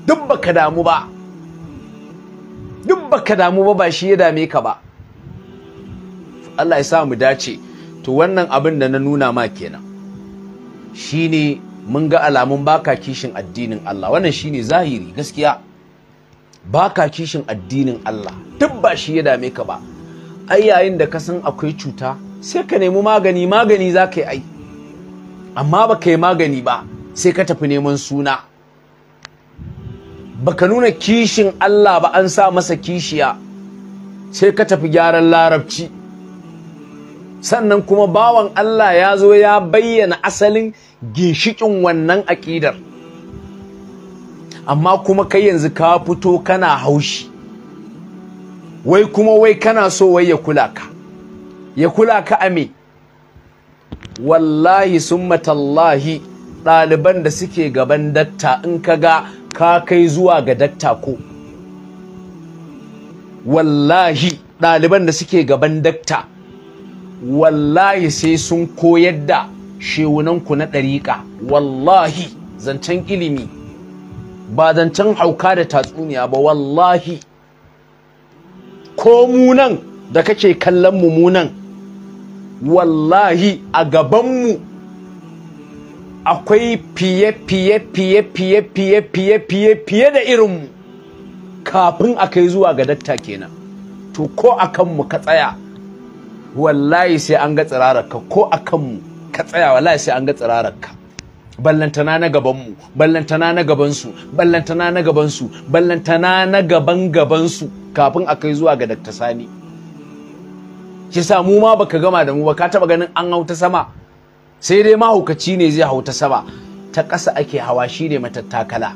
duk baka damu ba duk baka damu ba ba shi ya dame ka ba Allah ya sa mu dace to wannan abin da na nuna ma kenan shine mun ga alamun baka kishin addinin Allah wannan shine zahiri gaskiya baka kishin addinin Allah duk ba shi ya dame ka ba ai yayin da ka san akwai cuta sai ka nemi magani magani za ka yi ai amma ba ka yi magani ba sai ka tafi neman suna baka nuna kishin Allah ba an sa masa kishiya sai ka tafi gyaran larabci sannan kuma bawan Allah ya zo ya bayyana asalin ginshikin wannan aƙidar amma kuma kai yanzu ka fito kana haushi wai kuma wai kana so wai ya kula ka ya kula ka a me wallahi summatallahi ɗaliban da suke gaban datta in ka ga ka kai zuwa ga datta ko wallahi ɗaliban da suke gaban datta wallahi sai sun koyar da shewunanku na ɗariƙa wallahi zancen ilimi ba zancen hauka da tatsuniya ba wallahi ko munan da kake kallon munan. wallahi a gabanmu akwai fiye fiye fiye fiye fiye fiye fiye fiye da irinmu kafin a kai zuwa ga datta kenan to ko a kanmu ka tsaya wallahi sai an ga tsirararka ko a kanmu ka tsaya wallahi sai an ga tsirararka ballantana na gabanmu ballantana na gabansu ballantana na gabansu ballantana na gaban gabansu kafin a kai zuwa ga Dr. sani shi sa mu ma baka gama da mu ba ka taba ganin an hau ta sama sai dai mahaukaci ne zai hau ta sama ta ƙasa ake hawa shi ne matattakala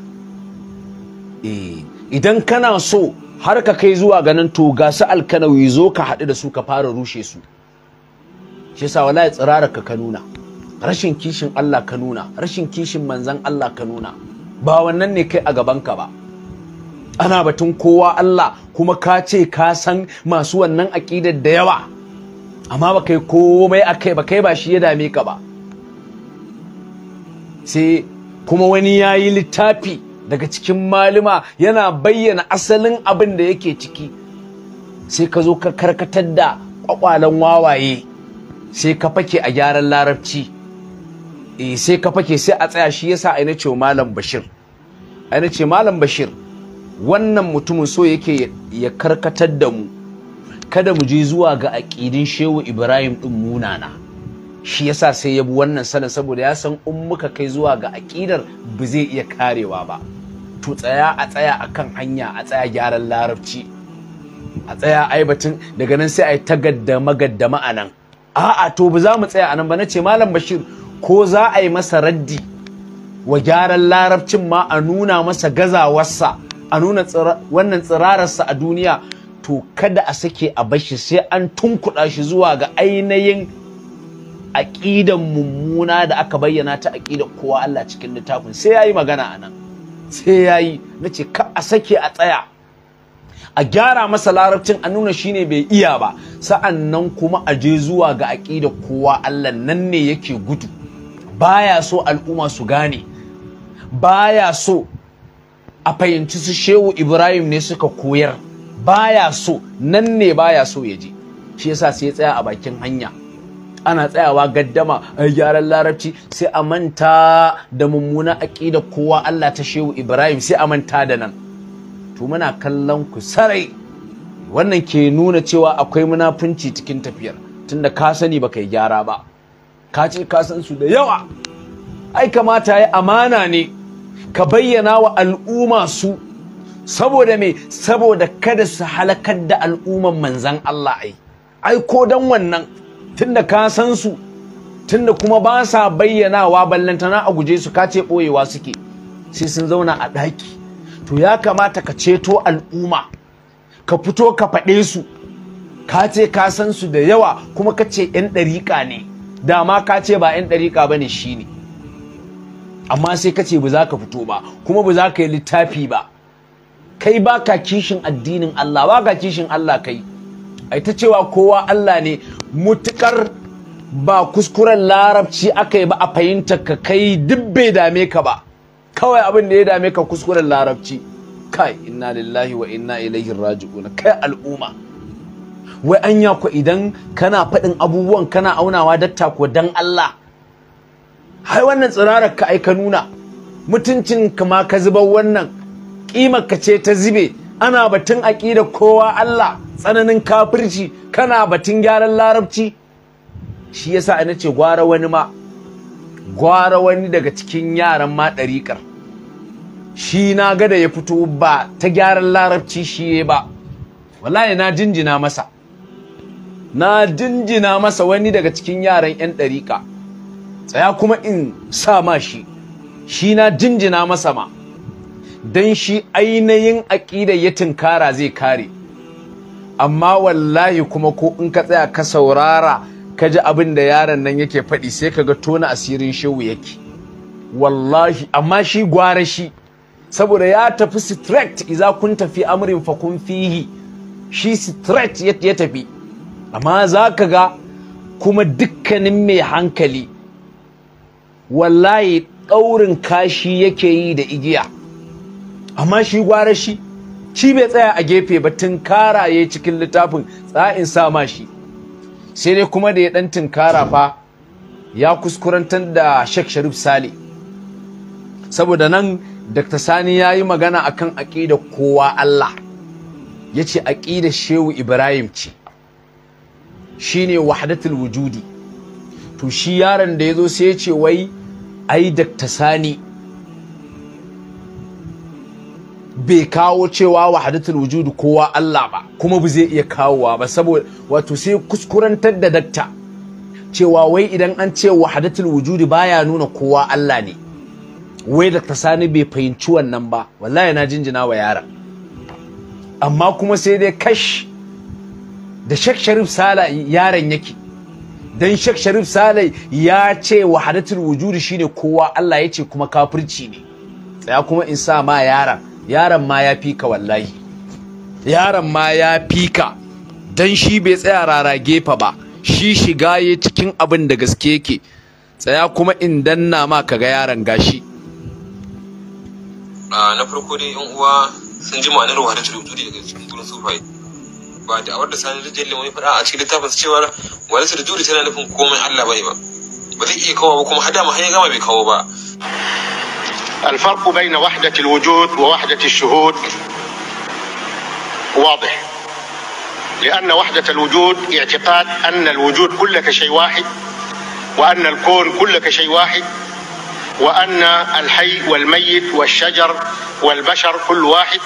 eh, idan kana so har ka kai zuwa ganin to ga su alkanawi zo ka haɗu da su ka fara rushe su shi yasa wallahi tsirara ka ka nuna rashin kishin Allah ka nuna rashin kishin manzan Allah ka nuna ba wannan ne kai a gaban ka ba ana batun kowa Allah kuma ka ce ka san masu wannan aqidar da yawa amma ba kai komai akai, kai ba kai ba shi ya dame ka ba sai kuma wani yayi yi littafi daga cikin malima yana bayyana asalin abin da yake ciki sai ka zo ka karkatar da ƙwaƙwalen wawaye sai ka fake a gyaran larabci eh, sai ka fake sai a tsaya shi yasa aina ce malam bashir aina ce malam bashir wannan mutumin so yake ya karkatar da mu kada mu je zuwa ga aƙidin shehu ibrahim ɗin munana shi yasa sai ya bi wannan sanin saboda ya san in muka kai zuwa ga aƙidar ba zai iya karewa ba to tsaya a tsaya a kan hanya a tsaya gyaran larabci a tsaya aibatin daga nan sai a yi tagadda magadda ma'anan a'a to ba za mu tsaya anan ba nace ce malam bashir ko za a yi masa raddi wa gyaran larabcin ma a nuna masa gazawarsa a nuna wannan tsirararsa a duniya to kada a sake a bashi sai an tunkuɗa shi zuwa ga ainihin aƙidan mummuna da aka bayyana ta aƙidan kowa Allah cikin littafin sai yayi magana anan sai yayi nace ka a sake a tsaya a gyara masa larabcin a nuna shine bai iya ba sa'an nan kuma a je zuwa ga aƙida kowa Allah nan ne yake gudu baya so al'umma su gane baya so a fahimci su shehu Ibrahim ne suka koyar baya so nan ne baya so ya je shi yasa sai ya tsaya a bakin hanya ana tsayawa gaddama a gyaran larabci sai a manta da mummuna aƙida kowa Allah ta shehu Ibrahim sai a manta da nan to muna kallon ku sarai wannan ke nuna cewa akwai munafunci cikin tafiyar tunda ka sani baka yi gyara ba ka ce ka san su da yawa ai kamata ya amana ne ka bayyana wa al'umma su saboda me saboda kada su halakar da al'umman manzan Allah ai ai ko dan wannan tunda ka san su tunda kuma ba sa bayyanawa ballantana a guje su kace boyewa suke sai sun zauna a ɗaki to ya kamata ka ceto al'umma ka fito ka faɗe su ka ce ka san su da yawa kuma ka ce 'yan ɗariƙa ne dama ka ce ba 'yan ɗariƙa ba ne shi ne amma sai ka ce ba za ka fito ba kuma ba za ka yi littafi ba kai ba ka kishin addinin Allah ba ka kishin Allah kai ai ta cewa kowa Allah ne mutukar ba kuskuren larabci aka yi ba a fahimta ka kai duk bai dame ka ba kawai abin da ya dame ka kuskuren larabci kai inna lillahi wa inna ilaihi raji'un kai al'umma wai anya ku idan kana faɗin abubuwan kana aunawa datta ko dan Allah hai wannan tsirarar ka ai ka nuna mutuncin ka ma ka zubar wannan kimar ka ce ta zube ana batun aƙida kowa Allah tsananin kafirci kana batun gyaran larabci shi yasa ina ce gwara wani ma gwara wani daga cikin yaran ma ɗariƙar shi na ga ya fito ba ta gyaran larabci shi ya ba wallahi na jinjina masa na jinjina masa wani daga cikin yaran 'yan ɗariƙa tsaya kuma in sa ma shi shi na jinjina masa ma don shi ainihin aƙida ya tunkara zai kare amma wallahi kuma ko in ka tsaya ka saurara ka ji abin da yaron nan yake faɗi sai ka ga tona asirin shehu yake wallahi amma shi gwara shi saboda ya tafi straight iza kun tafi amrin fa kun fihi shi straight ya tafi amma za ka ga kuma dukkanin mai hankali wallahi ɗaurin kashi yake yi da igiya amma shi gwara shi shi bai tsaya a gefe ba tunkara ya cikin littafin tsa'in sama shi sai dai kuma da ya dan tinkara fa ya kuskurantar da Sheikh Sharif Sale saboda nan Dr. Sani ya yi magana akan aƙidar kowa Allah ya ce aƙidar Shehu Ibrahim ce shi shine wahdatul wujudi to shi yaron da ya zo sai ya ce wai ai Dr. Sani bai kawo cewa wahadatul wujudu kowa Allah ba kuma ba zai iya kawowa ba saboda wato sai kuskurantar da dakta cewa wai idan an ce wahadatul wujudu baya nuna kowa Allah ne wai da ta sani bai fahimci wannan ba wallahi na jinjina wa yara amma kuma sai dai kash da shek Sharif Sala yaron yake dan shek Sharif sala ya ce wahadatul wujudi shine kowa Allah ya ce kuma kafirci ne tsaya kuma in sa ma yaran yaron ma ya fi ka wallahi yaron ma ya fi ka dan shi bai tsaya rara gefa ba shi shiga ya cikin abin da gaske yake tsaya kuma in danna ma kaga yaron gashi na farko dai yan uwa sun ji ma'anar wahada ta rubutu daga cikin gurin sufai ba da awar da sani wani limoni faɗa a cikin littafin su cewa wani su tana nufin komai allah bai ba ba zai iya kawo ba kuma hada ma hanyar gama bai kawo ba الفرق بين وحدة الوجود ووحدة الشهود واضح لأن وحدة الوجود اعتقاد أن الوجود كلك شيء واحد وأن الكون كلك شيء واحد وأن الحي والميت والشجر والبشر كل واحد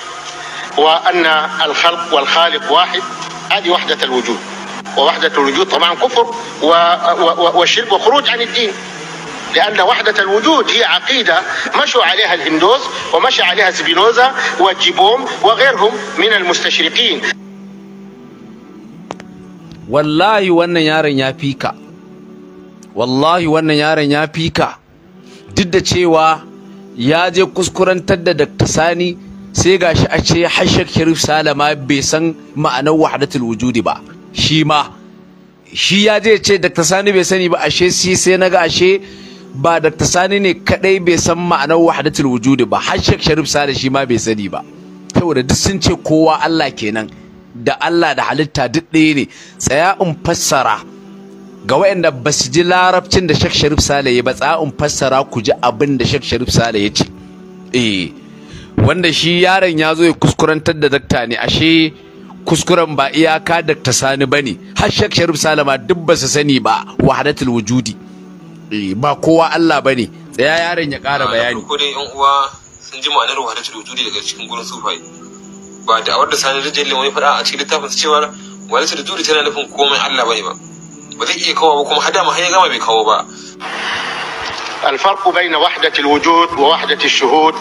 وأن الخلق والخالق واحد هذه وحدة الوجود ووحدة الوجود طبعا كفر وشرك وخروج عن الدين لأن وحدة الوجود هي عقيدة مشوا عليها الهندوس ومشى عليها سبينوزا وجيبوم وغيرهم من المستشرقين wallahi wannan yaron ya fi ka wallahi wannan yaron ya fi ka duk da cewa ya je kuskurantar da Dr. Sani sai gashi a ce Hashak Salama bai san ma'anar wahdatul wujudi ba shi ma shi ya je ce Dr. Sani bai sani ba sai sai naga ashe ba Dr. Sani ne kadai bai san ma'anar wahdatul wujudi ba har Sheikh Sharif Sale shi ma bai sani ba saboda duk sun ce kowa Allah kenan da Allah da halitta duk ɗaya ne tsaya in fassara ga waɗanda ba su ji larabcin da Sheikh Sharif Sale ya ba tsaya in fassara ku ji abin da Sheikh Sharif Sale ya ce eh wanda shi yaron ya zo ya kuskurantar da dakta ne ashe kuskuren ba iyaka dakta sani bane har Sheikh Sharif Sale ma duk ba su sani ba wahdatul wujudi Eh, ba kowa Allah bane tsaya yaron ya ƙara bayani ko dai yan uwa sun ji ma'anar wahala ta wujudi daga cikin gurin sufai ba da awar da sanin rijali wani fada a cikin littafin cewa wani ta wujudi tana nufin komai Allah bane ba ba zai iya kawo ba kuma hada ma har ya gama bai kawo ba الفرق بين وحدة الوجود ووحدة الشهود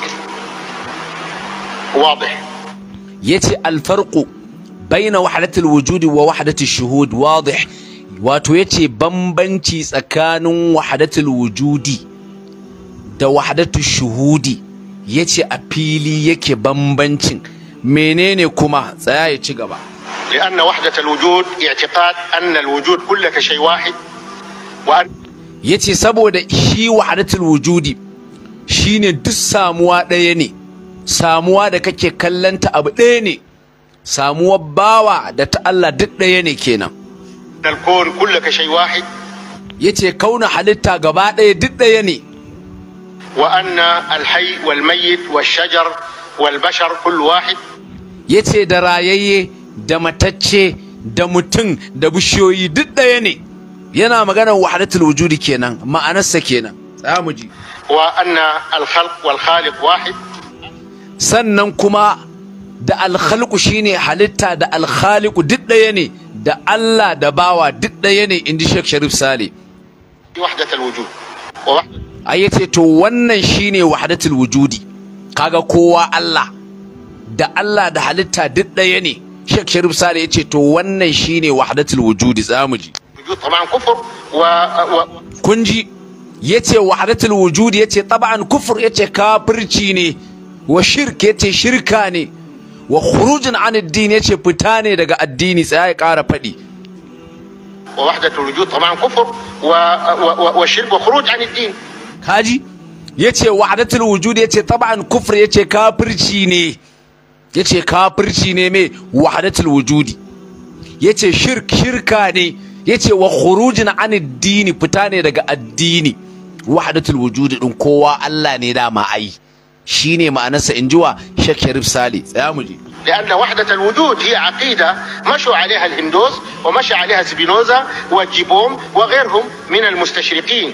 واضح يتي الفرق بين وحدة الوجود ووحدة الشهود واضح wato yace bambanci tsakanin wahadatul wujudi da wahadatul shuhudi yace a fili yake bambancin menene kuma tsaya ya ci gaba لأن وحدة الوجود اعتقاد wujud. الوجود كلك شيء واحد وأن yace saboda shi wahadatul wujudi shine duk samuwa ɗaya ne samuwa da kake kallanta abu ɗaya ne samuwar bawa da ta Allah duk ɗaya ne kenan الكون كلك halitta واحد يتي كون حلتا Yace داي دد الحي والميت والشجر والبشر كل واحد يتي درايي da matacce da mutum da bishiyoyi duk ɗaya ne yana maganar wahadatul wujudi kenan ma'anarsa kenan za mu ji sannan kuma da alhalku shine halitta da al duk ɗaya ne da Allah da bawa duk ɗaya ne ji Sheikh Sharif Sale ai yace to wannan shine wahdatul wujudi kaga kowa Allah da Allah da halitta duk ɗaya ne Sheikh Sharif Sale yace to wannan shine wahdatul wujudi zamuji kun ji yace wahdatul wujudi yace taba'an kufur yace kafirci ne wa shirk ce shirka ne wa khurujin an addini ce fita ne daga addini sai ya ƙara faɗi wa wahdatu wujud taban kufur wa wa shirk wa khuruj an addini kaji yace wahdatul wujud yace taban kufur yace kafirci ne ya ce kafirci ne me wahdatul wujudi yace shirk shirka ne ya ce wa khurujin an addini fita ne daga addini wahdatul wujudi din kowa Allah ne dama ai shine ma'anarsa ji wa shakirif Sale tsaya mu je لأن وحدة الوجود هي عقيدة مشوا عليها الهندوس ومشى عليها سبينوزا وجيبوم وغيرهم من المستشرقين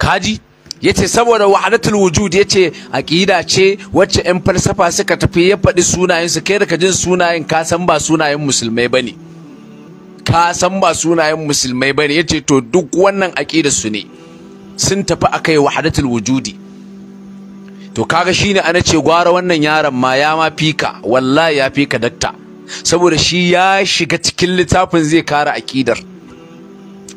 كاجي yace saboda wahadatul wujud yace aqida ce wacce yan falsafa suka tafi ya faɗi sunayen su kai da kajin sunayen ka san ba sunayen musulmai bane ka san ba sunayen musulmai bane yace to duk wannan aqidar su ne sun tafi akai wahadatul wujudi to kaga shine ana ce gwara wannan yaron ma ya ma fika wallahi ya fika dakta saboda shi ya shiga cikin littafin zai kara akidar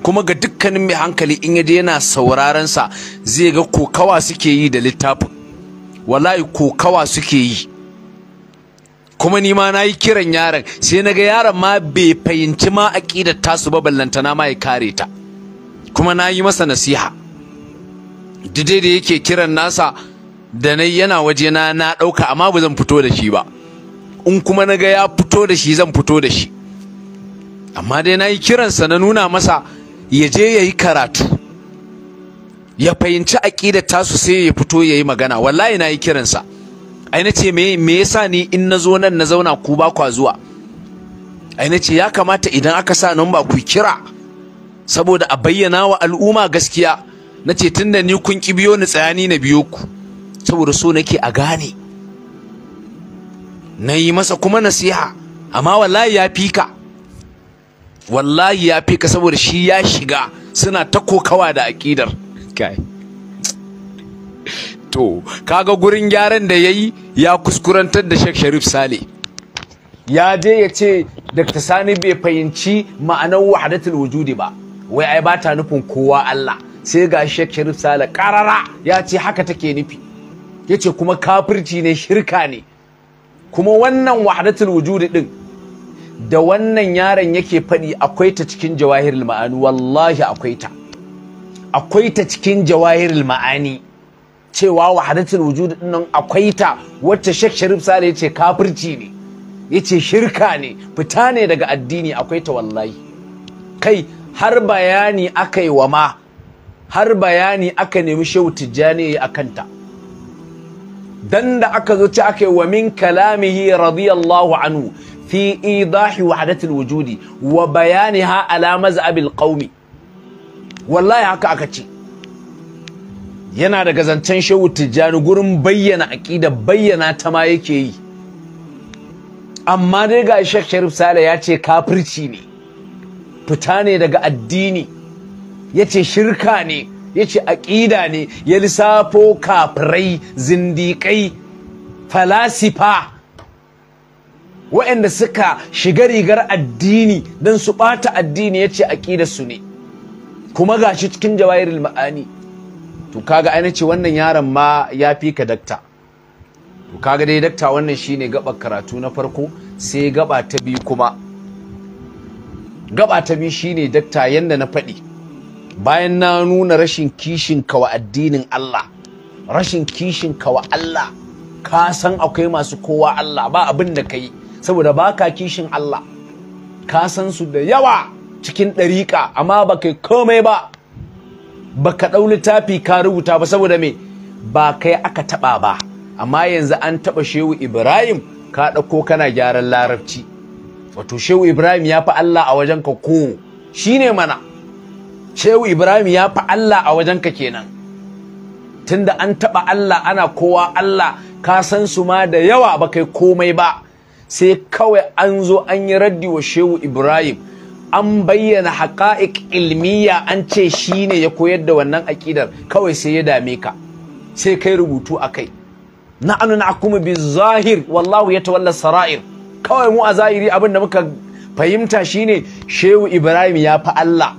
kuma ga dukkanin mai hankali in yaje yana sauraron sa zai ga kokawa suke yi da littafin wallahi kokawa suke yi kuma ni ma nayi kiran yaron sai naga yaron ma bai fahimci ma akidar tasu ba ballantana ma ya kare ta kuma nayi masa nasiha duk da yake kiran nasa da na yana waje na na ɗauka amma ba zan fito da shi ba in kuma na ga ya fito da shi zan fito da shi amma dai na yi kiransa na nuna masa ya je ya yi karatu ya fahimci aƙidar tasu sai ya fito ya yi magana wallahi na yi kiransa ai na ce me yasa ni in na zo nan na zauna ku ba kwa zuwa ai na ce ya kamata idan aka sa nan ba ku kira saboda a bayyana wa al'umma gaskiya na ce tunda ni kun ki biyo ni tsayani na biyo ku saboda so nake a gane na yi masa kuma nasiha amma wallahi ya fi ka wallahi ya fi ka saboda shi ya shiga suna ta kokawa da aƙidar kai to kaga gurin gyaran da ya yi ya kuskurantar da Sheikh Sharif Sale ya je ya ce Dr. Sani bai fahimci ma'anar wahdatul wujudi ba wai ai ba ta nufin kowa Allah sai ga Sheikh Sharif Sale karara ya ce haka take nufi yace kuma kafirci ne shirka ne kuma wannan wahdatul wujudi din da wannan yaron yake faɗi akwai ta cikin jawahirul ma'ani wallahi akwai ta akwai ta cikin jawahirul ma'ani cewa wahdatul wujudi din nan akwai ta wacce Sheikh Sharif Sale yace kafirci ne yace shirka ne fita ne daga addini akwai ta wallahi kai har bayani aka yi wa ma har bayani aka nemi Shehu Tijjani akan ta dan da aka zo ci aka yi wa min kalamihi radiyallahu anhu fi idahi wahdatil wujudi wa bayaniha ala mazhabil qaumi wallahi haka aka ci. yana da zancen shehu tijjani gurin bayyana aƙida bayyana ta ma yake yi amma dai ga shek sharif sale ya ce kafirci ne fita ne daga addini ya ce shirka ne ya ce aƙida ne ya lissafo kafirai zindiƙai falasifa waɗanda suka shiga rigar addini don su ɓata addini ya ce su ne kuma ga shi cikin jawahirul ma'ani to kaga aina ce wannan yaron ma ya fi ka dakta to kaga dai dakta wannan shine gaba karatu na farko sai gaba ta biyu kuma gaba ta biyu shine dakta yanda na faɗi bayan na nuna rashin kishin kawa addinin Allah rashin kishin kawa Allah ka san akwai masu kowa Allah ba abin da kai saboda baka kishin Allah ka san su da yawa cikin ɗariƙa amma ba kai komai ba ba ka ɗau littafi ka rubuta ba saboda me ba kai aka taɓa ba amma yanzu an taɓa shehu ibrahim ka ɗauko kana gyaran larabci wato shehu ibrahim ya fi allah a wajen ka ko shine mana shehu ibrahim ya fi allah a wajenka kenan tunda an taɓa allah ana kowa allah ka san su ma da yawa ba kai komai ba sai kawai an zo an yi raddi wa shehu ibrahim an bayyana haƙa'iƙ ilmiya an ce shi ne ya koyar da wannan aƙidar kawai sai ya dame ka sai kai rubutu a kai anu na kuma bi zahir wallahu ya tawalla sara'ir kawai mu a zahiri abin da muka fahimta shi ne shehu ibrahim ya fi allah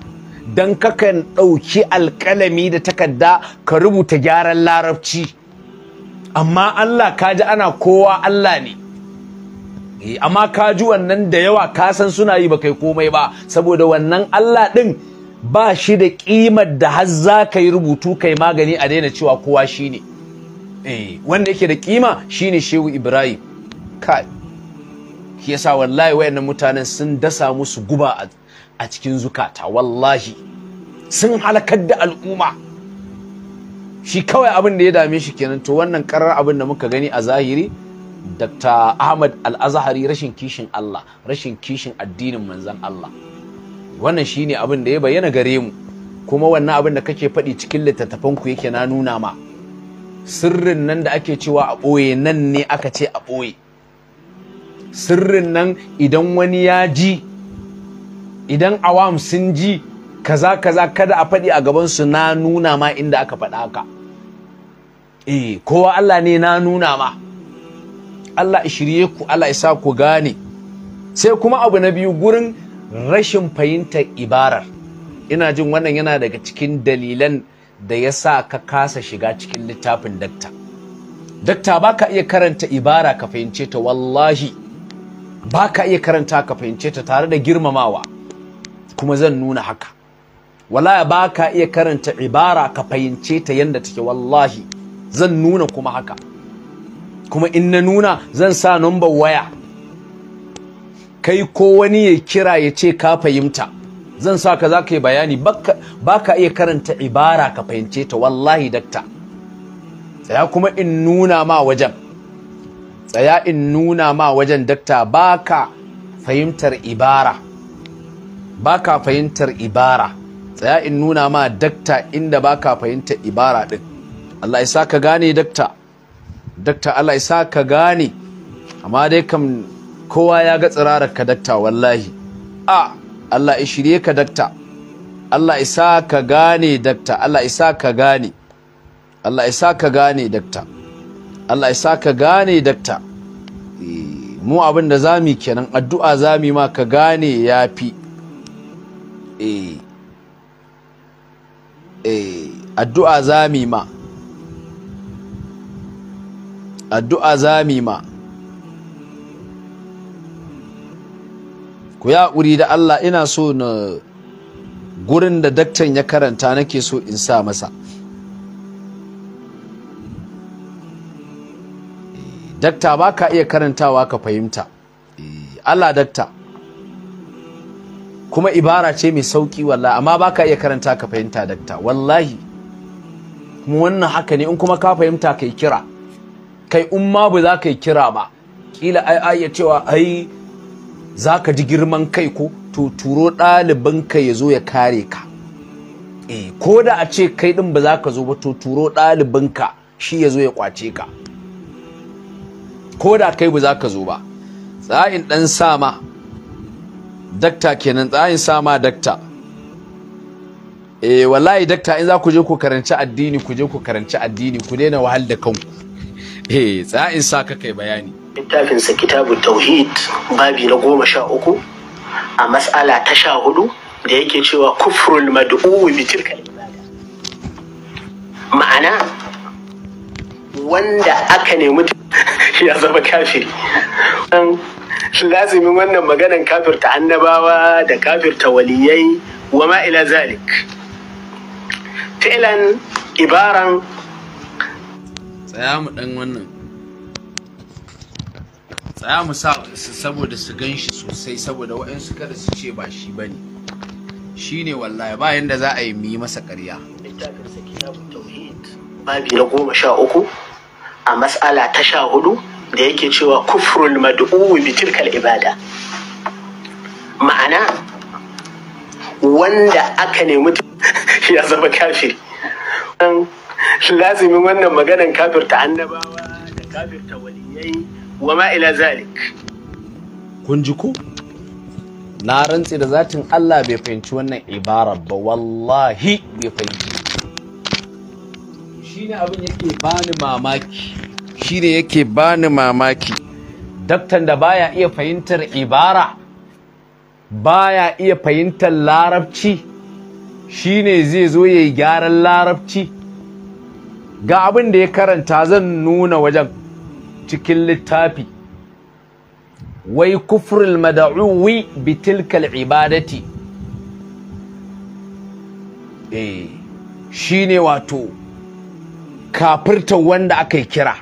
don kakan ɗauki alƙalami da takarda ka rubuta gyaran larabci amma Allah ka ji ana kowa Allah ne eh, amma ka ji wannan da yawa ka san suna yi ba kai komai ba saboda wannan Allah ɗin ba shi da ƙimar da har za ka yi rubutu kai magani a daina cewa kowa shi ne eh, wanda yake da ƙima shi ne shehu ibrahim kai yasa wallahi wayannan mutanen sun dasa musu guba a a cikin zukata wallahi sun halakar da al'umma shi kawai abin da ya dame shi kenan to wannan karar abin da muka gani a zahiri dr ahmad al-azhari rashin kishin allah rashin kishin addinin manzan allah wannan shine abin da ya bayyana gare mu kuma wannan abin da kake faɗi cikin littattafanku yake na nuna ma sirrin nan da ake cewa a ɓoye nan ne aka ce a ɓoye sirrin nan idan wani ya ji idan awam sun ji kaza kaza kada a faɗi a gabansu na nuna ma inda aka faɗa ka. eh kowa Allah ne na nuna ma Allah shirye ku Allah isa ku gane sai kuma abu na biyu gurin rashin fahimtar ibarar ina jin wannan yana daga cikin dalilan da ya sa ka kasa shiga cikin littafin dakta dakta ba ka iya karanta ibara ka fahimce ta wallahi ba ka iya karanta ka fahimce ta tare da girmamawa kuma zan nuna haka wala ba ka iya karanta ibara ka fahimce ta yadda take wallahi zan nuna kuma haka kuma in na nuna zan sa number waya kai ko wani ya kira ya ce ka fahimta zan sa ka za ka yi bayani ba ka iya karanta ibara ka fahimce ta wallahi dakta tsaya kuma in nuna ma wajen tsaya in nuna ma wajen dakta ba ka fahimtar ibara ba ka fahimtar ibara tsaya in nuna ma dakta inda ba ka fahimtar ibara ɗin Allah isa ka gane dakta dakta Allah isa ka gane amma dai kam kowa ya ga tsirarar ka dakta wallahi a Allah ya shirye ka dakta Allah isa ka gane dakta Allah isa ka gane Allah isa ka gane dakta Allah isa ka gane dakta eh, mu abin da zami kenan addu'a zami ma ka gane yafi Eh. Eh. addu'a za addu'a zami ma addu'a ma ku ya ƙuri da Allah ina so na gurin da daktan ya karanta nake so in sa masa eh, dakta ba ka iya karantawa ka fahimta Allah dakta kuma ibara ce mai sauki wallahi amma baka iya karanta ka fahimta dakta wallahi kuma wannan haka ne in kuma ka fahimta kai kira kai umma ba za ka kira ba kila ai ai ya cewa ai za ka ji girman kai ko to turo ɗalibin ka ya zo ya kare ka eh ko da a ce kai din ba za ka zo ba to turo ɗalibin ka shi ya zo ya kwace ka ko da kai ba za ka zo ba tsa'in ɗan sama dakta kenan tsayin sama dakta eh wallahi dakta in za ku je ku karanci addini ku je ku karanci addini ku daina wahal da kanku eh tsayin sa ka kai bayani sa kitabu tauhid babi na goma sha uku a mas'ala ta sha hudu da yake cewa kufrul mad'u bi tilka ma'ana wanda aka nemi ya zama kafiri lazimin wannan maganan kafirta annabawa da kafirta waliyai wa ma'ila zalik fi'lan ibaran tsaya mu dan wannan tsaya mu sa saboda su gan shi sosai saboda waɗansu kada su ce ba shi bane ne wallahi ba yanda za a yi mi masa ƙarya babi na goma sha uku a matsala ta sha hudu da yake cewa kufrul mad'u bi tilkal ibada ma'ana wanda aka nemi ya zama kafiri lazimin wannan maganan ta annabawa da ta waliyai wa ma ila zalik kun ji ko na rantse da zatin Allah bai fahimci wannan ibara ba wallahi bai fahimci shine abin yake bani mamaki shine yake bani mamaki daktan da baya iya fahimtar ibara baya iya fahimtar larabci shine zai zo yayi gyaran larabci ga abin da ya karanta zan nuna wajen cikin littafi wai kufurin mada'uwi bitilkal ibadati eh shine wato kafirta wanda aka kira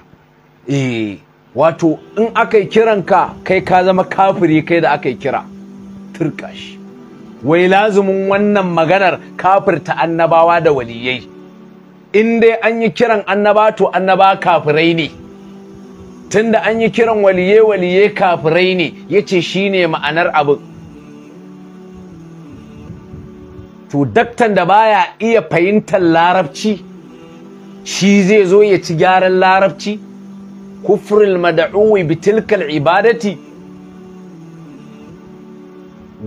eh wato in aka yi ka kai ka zama kafiri kai da aka yi kira turka shi wai lazumin wannan maganar kafirta annabawa da waliyai in dai an yi kiran annaba to annaba kafirai ne tunda an yi kiran waliye waliye kafirai ne yace shine ma'anar abu to daktan da baya iya fahimtar larabci shi zai zo ya ci gyaran larabci Kufurin mad'uwi bitilkal ibadati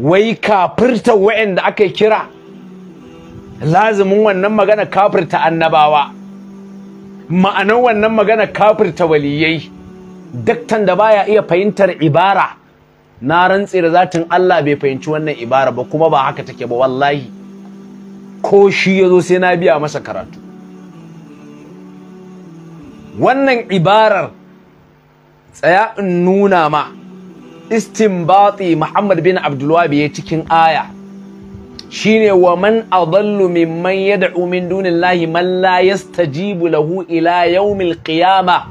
wai kafirta wayanda aka kira Lazumin wannan magana kafirta annabawa ma'anar wannan magana kafirta Waliyyai. daktan da baya iya fahimtar ibara na rantse da zatin Allah bai fahimci wannan ibara ba kuma ba haka take ba wallahi ko shi ya zo sai na biya masa karatu wannan ibarar tsaya in nuna ma istinbati Muhammad bin Abdulwahab ya cikin aya shine wa man adallu mimman yad'u min dunillahi man la yastajibu lahu ila yawmil qiyamah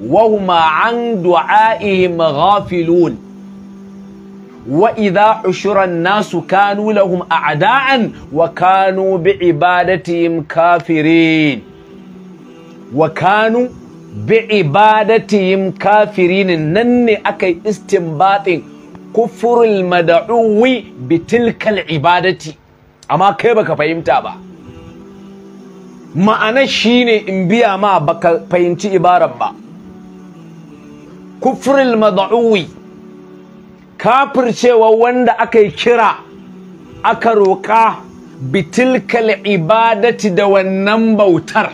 wa huma an du'aihim ghafilun وإذا حشر الناس كانوا لهم أعداء وكانوا بعبادتهم wa kanu bi ibadatihim kafirin nan ne aka yi istinbatin kufurul mada'uwi bi tilkal ibadati amma kai baka fahimta ba ma'ana shine in biya ma baka fahimci ibarar ba kufurul mada'uwi cewa wanda aka yi kira aka roƙa bitilkal ibadati da wannan bautar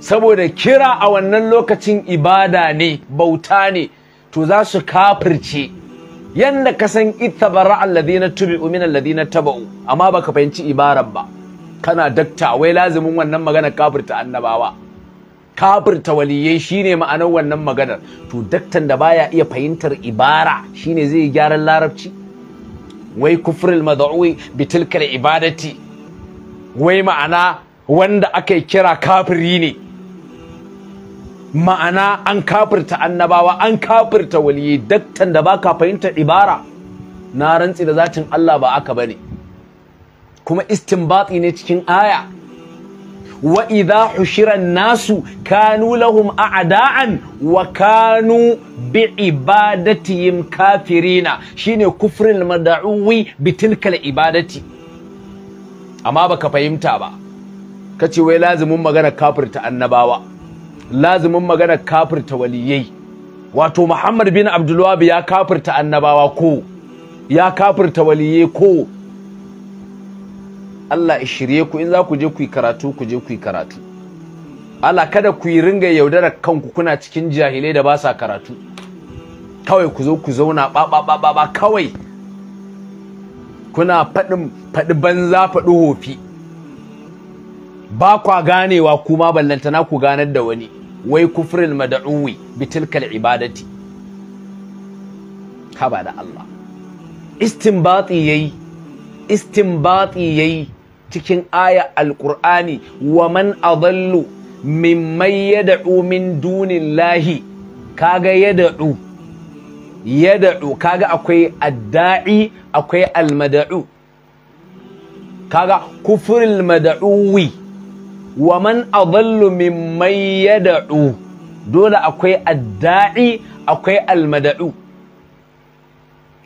saboda kira a wannan lokacin ibada ne bauta ne to za su kafirce yanda ka san ittabara tubi, tubi'u allazi na taba'u amma baka fahimci ibaran ba kana dakta wai lazimin wannan magana kafirta annabawa kafirta waliyai shine ma'anar wannan maganar to daktan da baya iya fahimtar ibara shine zai gyaran larabci wai kufril mad'uwi bitilkar ibadati wai ma'ana wanda aka kira kafiri ne ma'ana an kafirta annabawa an kafirta waliyi daktan da baka fahimta ibara na rantsi da zatin Allah ba aka bane kuma istinbati ne cikin aya wa idha hushira nasu kanu lahum a'da'an wa kanu bi ibadatihim kafirina shine kufrin mad'uwi bi tilkal ibadati amma baka fahimta ba kace wai lazimin magana kafirta annabawa lazimin magana kafirta waliyai wato Muhammad bin Abdul ya kafirta annabawa ko ya kafirta waliyai ko Allah shirye ku in za ku je ku yi karatu ku je ku yi karatu Allah kada ku yi ringa yaudarar kanku kuna cikin jahilai da ba sa karatu kawai ku zo ku zauna ba ba ba ba kawai kuna faɗin faɗi banza faɗi hofi ba kwa ganewa kuma ballantana ku ganar da wani wai kufrin mad'uwi bitilkal ibadati haba da Allah istinbati yayi istinbati yayi cikin aya alqur'ani wa man adallu mimman yad'u min dunillahi kaga yad'u yad'u kaga akwai adda'i akwai almad'u kaga kufrul mada'uwi. wa man adallu mimman yad'u dole akwai adda'i akwai almada'u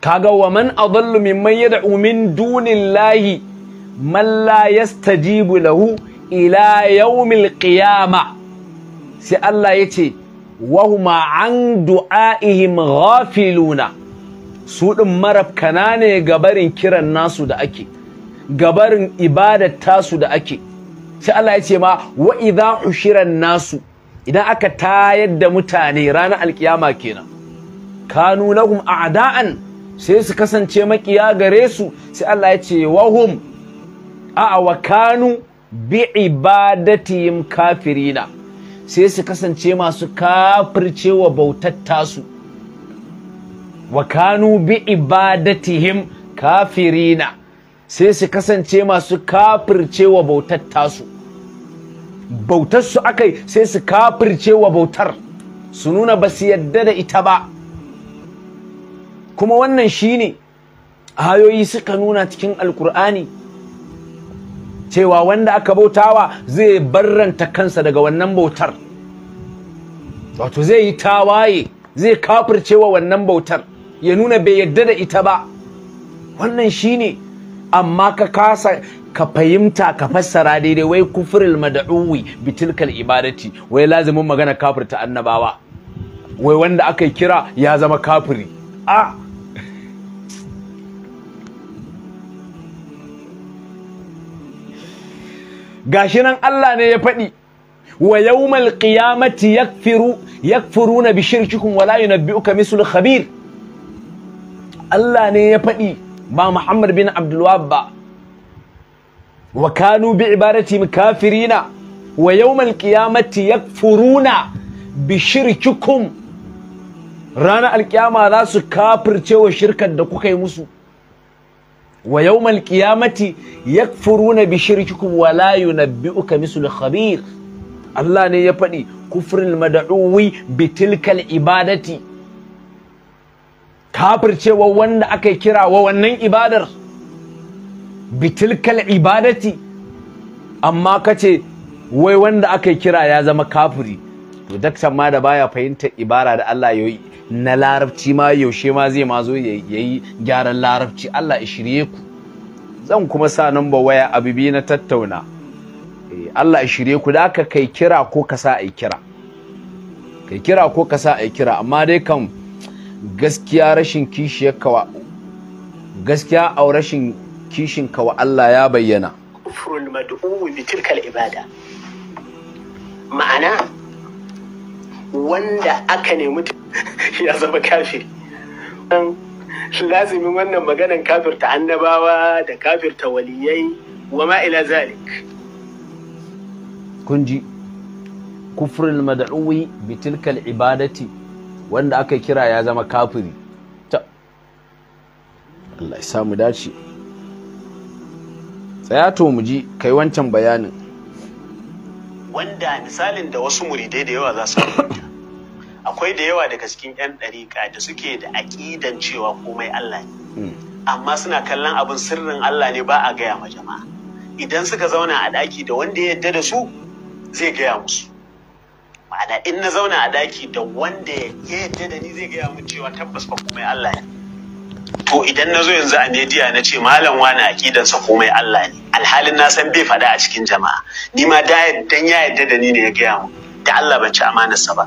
kaga wa man adallu mimman yad'u min dunillahi man la yastajibu lahu ila yawmil qiyama sai Allah yace wa huma an du'aihim ghafiluna su din marabkana ne gabarin kiran nasu da ake gabarin ibadar tasu da ake sai Allah ya ce ma wa idza ushiran nasu idan aka tayar da mutane ranar alkiyama kenan kanu lahum a'da'an sai su kasance makiya gare su sai Allah ya ce wahum a'a wa kanu bi ibadatihim kafirina sai su kasance masu kafircewa bautatta su wa kanu bi ibadatihim kafirina sai su kasance masu kafircewa bautar tasu bautar su akai sai su kafirce wa bautar su nuna ba su yadda da ita ba kuma wannan shi ne ayoyi suka nuna cikin alkur'ani cewa wanda aka bautawa zai barranta kansa daga wannan bautar wato zai yi tawaye zai wa wannan bautar ya nuna bai yadda da ita ba wannan shi ne amma ka kasa ka fahimta ka fassara daidai wai kufuril mad'uwi bitilkal ibadati wai lazimin magana kafir ta annabawa wai wanda aka kira ya zama kafiri a gashi nan Allah ne ya faɗi wa yawmal qiyamati yakfiru yakfuruna bi shirkikum wa la yunabbi'uka mislu khabir Allah ne ya faɗi ba Muhammad bin Abdul Wahab ba wa kanu bi ibadatihim kafirina wa yawmal qiyamati yakfuruna bi shirkikum ranar alkiyama za su kafirce wa shirkar da kuka musu wa yawmal qiyamati yakfuruna bi shirkikum wa la yunabbi'uka mislu Allah ne ya faɗi kufrin mada'uwi bitilkal ibadati kafircewa wanda aka kira wa wannan ibadar bitilkal ibadati amma kace wai wanda aka kira ya zama kafiri to daktan ma da baya fahimtar ibara da Allah ya yi na larabci ma yaushe ma zai ma zo ya yi gyaran larabci Allah ya shirye ku zan kuma sa namba waya abu na tattauna eh, Allah ya shirye ku da aka kai kira ko ka sa ai kira kai kira ko ka sa ai kira amma dai kan gaskiya rashin kishiyar kawa gaskiya au rashin kishin ka wa Allah ya bayyana kufrul madu'u bi tilkal ibada ma'ana wanda aka nemi ya zama kafiri lazimin wannan maganan kafirta annabawa da kafirta waliyai wa ma'ila ila zalik kun ji madu'u mad'uwi bi ibada ibadati wanda aka kira ya zama kafiri Allah ya samu dace tsaya to mu ji kai wancan bayanin wanda misalin da wasu muridai da yawa za su akwai da yawa daga cikin 'yan ɗariƙa da suke da aƙidan cewa komai Allah ne hmm. amma suna kallon abin sirrin Allah ne ba a gaya ma jama'a idan suka zauna a ɗaki da wanda ya yarda da su zai gaya musu ma'ana in na zauna a daki da wanda ya yarda da ni zai gaya mun cewa tabbas ba komai Allah ne to idan na zo yanzu a media na ce malam wani aƙidansa komai Allah ne alhalin na san bai faɗa a cikin jama'a ni ma da dan ya yarda da ni ne ya gaya mu da Allah ban ci amanarsa ba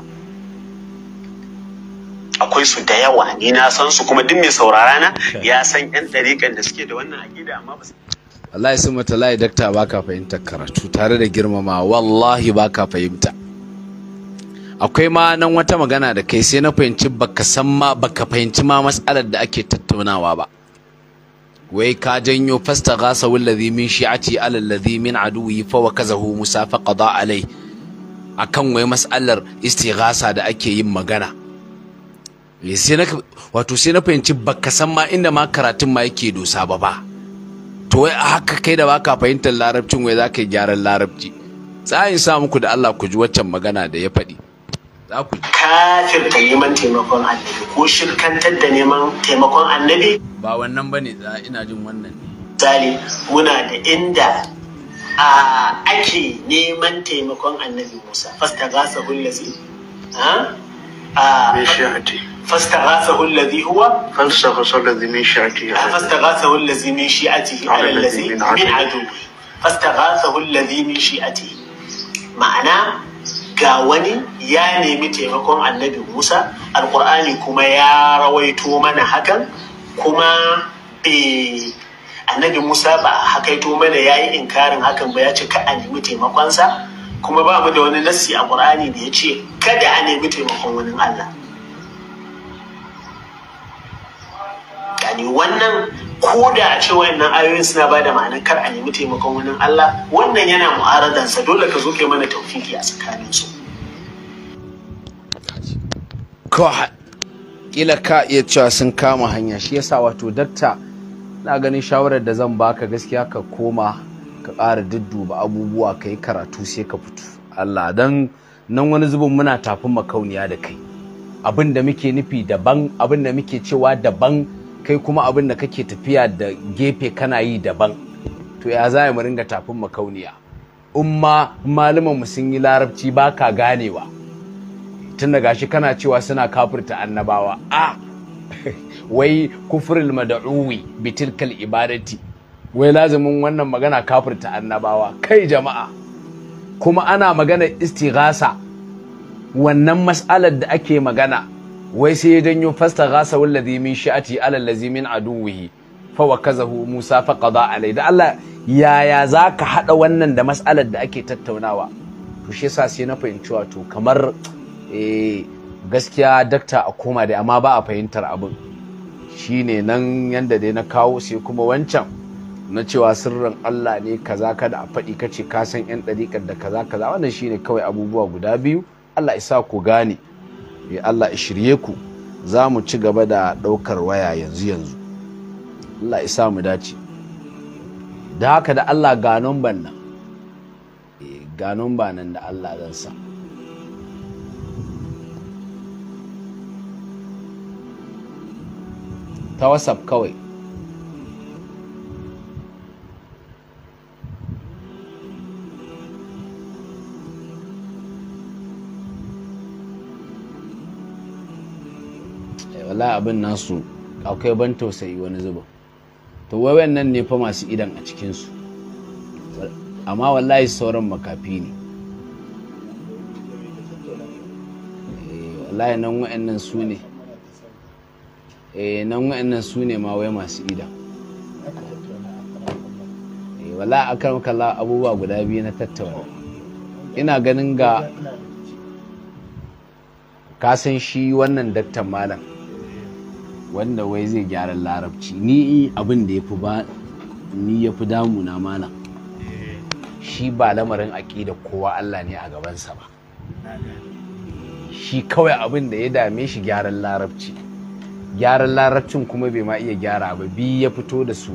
akwai su da yawa ni na san su kuma duk mai saurara na ya san yan ɗarikan da suke da wannan aƙida amma ba Allah ya mata layi dakta baka fahimta karatu tare da girmama wallahi baka fahimta akwai ma nan wata magana da kai sai na fahimci baka san ma baka fahimci ma matsalar da ake tattaunawa ba wai ka janyo fasta gasa wallazi min shi'ati ala allazi min aduwi fa wa kazahu musa fa qada alai akan wai mas'alar istighasa da ake yin magana eh, sai na wato sai na fahimci baka san ma inda ma karatun ma yake dosa ba ba to wai haka kai da baka fahimtar larabcin wai zaka yi gyaran larabci tsayin sa muku da Allah ku ji waccan magana da ya faɗi za ku ji neman taimakon annabi ko shirkantar da neman taimakon annabi ba wannan bane ina jin wannan ne misali muna da inda a ake neman taimakon annabi musa fasta gasa hullazi fasta gasa hullazi huwa fasta gasa hullazi min shi'ati fasta gasa hullazi min shi'ati alallazi min adu fasta gasa hullazi min shi'ati ma'ana ga wani ya nemi taimakon annabi musa alkur'ani kuma ya rawaito mana hakan kuma annabi musa ba hakaito mana ya yi inkarin hakan ba ya ce ka a nemi taimakonsa kuma ba mu da wani nassi a ƙur'ani da ya ce kada a nemi taimakon wani allah yani wannan ko da a ce wayannan ayoyin suna ba da ma'anar kar a nemi taimakon wani Allah wannan yana mu'aradansa dole ka zo kai mana tawfiki a tsakanin su kila ka iya cewa sun kama hanya shi yasa wato dakta na ganin shawarar da zan baka gaskiya ka koma ka ƙara dudduba abubuwa ka yi karatu sai ka fito Allah dan nan wani zubin muna tafin makauniya da kai abin da muke nufi daban abin da muke cewa daban kai kuma abin da kake tafiya da gefe kana yi daban to ya za mu ringa tafin makauniya Umma ma mu sun yi larabci ba ka ganewa tun da gashi kana cewa suna kafirta annabawa a wai kufrul mad'uwi bitilkal ibadati wai lazumin wannan magana kafirta annabawa kai jama'a kuma ana magana istighasa wannan mas'alar da ake magana wai sai ya janyo fasta gasa wallazi min sha'ati ala allazi min aduwihi fa wakazahu Musa fa qada alai da Allah yaya zaka hada wannan da mas'alar da ake tattaunawa to shi yasa sai na fahimci wato kamar eh gaskiya dakta a koma da amma ba a fahimtar abin shine nan yanda dai na kawo sai kuma wancan na cewa sirrin Allah ne kaza kada a faɗi kace ka san yan ɗariƙar da kaza kaza wannan shine kawai abubuwa guda biyu Allah isa ku gane ya Allah shirye ku za mu ci gaba da ɗaukar waya yanzu yanzu Allah isa mu dace da haka da Allah ga numban nan eh, ga numban nan da Allah zan sa ta wasap kawai wala abin nasu akwai ban tausayi wani zuba to wai wannan ne fa masu idan a cikinsu amma wallahi sauran makafi ne eh, wallahi nan wa'annan su ne eh nan wa'annan su ne ma wai masu idan eh, wala akan kalla abubuwa guda biyu na tattauna ina ganin ga kasan shi wannan daktar malam wanda wai zai gyara larabci ni abin da ya fi ba ni ya fi damuna malam shi ba lamarin aƙida kowa Allah ne a gabansa ba shi kawai abin da ya dame shi gyaran larabci gyaran larabcin kuma bai ma iya gyara ba bi ya fito da su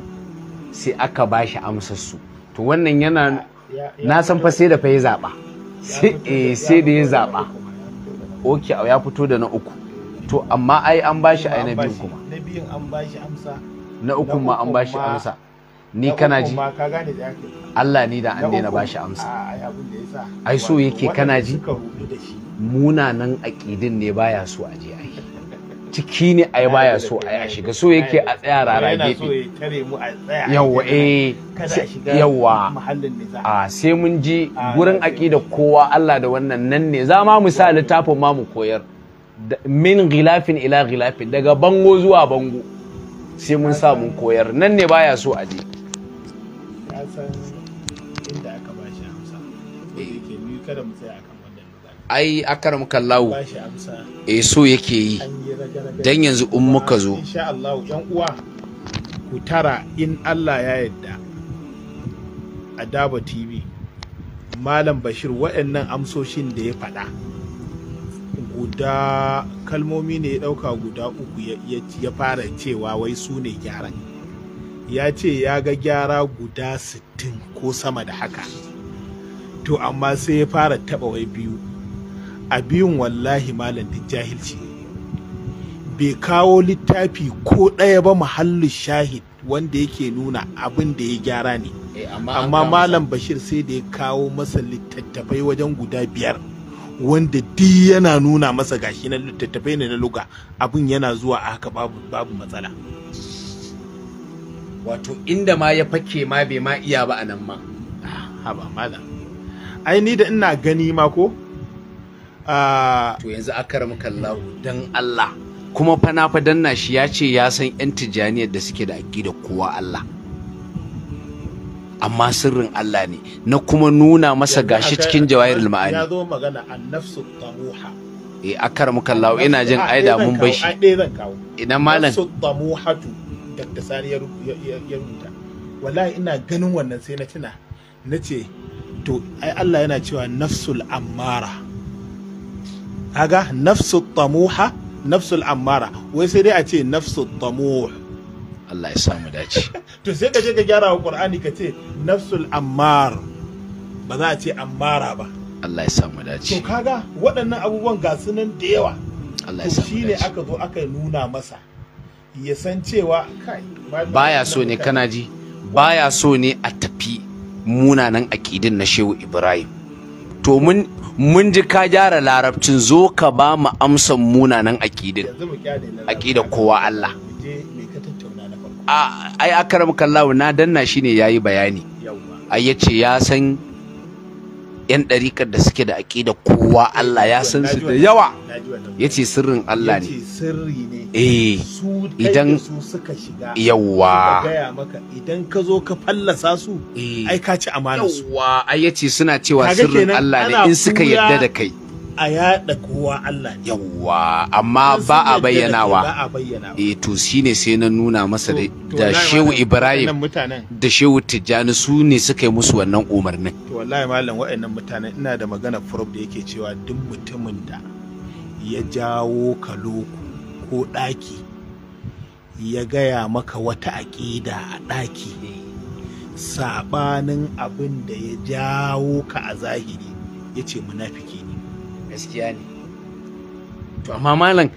sai aka ba shi amsarsu to wannan yana na san fa sai da fa ya zaɓa eh, sai da ya zaɓa ok ya fito da na uku to amma ai an bashi ai na biyun kuma na biyun an bashi amsa na uku ma an bashi amsa ni kana ji Allah ni da an daina bashi amsa ai so yake kana ji munanan aƙidin ne baya so a je ai ciki ne ai baya so ai a shiga so yake a tsaya rara gefe yawwa eh yawwa a sai mun ji gurin eh. aƙida kowa Allah da wannan nan ne za ma mu sa littafin ma mu koyar min gilafin ila gilafin daga bango zuwa bango sai mun sa mun koyar nan ne baya so a je eh. ai akaram Kallawu, e eh, so yake yi dan yanzu in muka zo insha Allah yan uwa ku tara in Allah ya yarda adaba tv malam bashir waɗannan amsoshin da ya faɗa guda kalmomi ne ya ɗauka guda uku ya fara cewa wai su ne gyaran ya ce ya ga gyara guda sittin ko sama da haka to amma sai ya fara taɓa wai biyu a biyun wallahi malam da jahilci bai kawo littafi ko ɗaya ba muhallin shahid wanda yake nuna abin da ya gyara ne eh, amma malam bashir sai da ya kawo masa littattafai wajen guda biyar wanda di yana nuna masa gashi na littattafai ne na luga abin yana zuwa a haka babu babu matsala wato inda ma ya fake ma bai ma iya ba a nan ma ah, ba mala ai ni da ina gani ma ko ah, to yanzu akaram kallahu dan Allah kuma fa na fa danna shi ya ce ya san yan tijaniyar da suke da da kowa Allah amma sirrin Allah ne na kuma nuna masa gashi cikin jawahir ma'ani ya zo magana annafsu tamuha e eh, akar muka lawo ina jin aida mun bai shi ina malam annafsu tamuhatu da tsari ya rubuta wallahi ina ganin wannan sai na tuna nace to ai Allah yana cewa nafsul ammara kaga nafsu tamuha nafsul ammara wai sai dai a ce nafsu tamuha Allah ya samu dace to sai ka je ka gyara wa qur'ani ka ce nafsul ammar ba za a ce ammara ba Allah ya samu dace to kaga waɗannan abubuwan ga su nan da yawa Allah ya samu dace shine aka zo aka nuna masa ya san cewa kai baya so ne kana ji baya so ne a tafi munanan akidin na Shehu Ibrahim to mun mun ji ka gyara larabcin zo ka ba mu amsan munanan akidin, akida kowa Allah ai akaram kallahu na danna shi ne ya yi bayani ai ya ya san yan dariƙar da suke da aqida kowa Allah ya san su da yawa Yace sirrin Allah ne eh idan yawa idan ka zo ka fallasa su eh. ai ka ci amanar su yawa ai yace suna cewa sirrin Allah ne in suka yadda da kai a yaɗa kowa Allah ne. Yawwa, amma ba a bayyanawa. Ba a bayyanawa. shi eh, to sai na nuna masa da Shehu Ibrahim da Shehu Tijjani su ne suka yi musu wannan umarnin. To wallahi malam waɗannan mutanen ina da magana Furof da yake cewa duk mutumin da ya jawo kaloku ko ɗaki ya gaya maka wata aƙida a ɗaki saɓanin abin da ya jawo ka a zahiri ya ce munafiki gaskiya ne to amma malam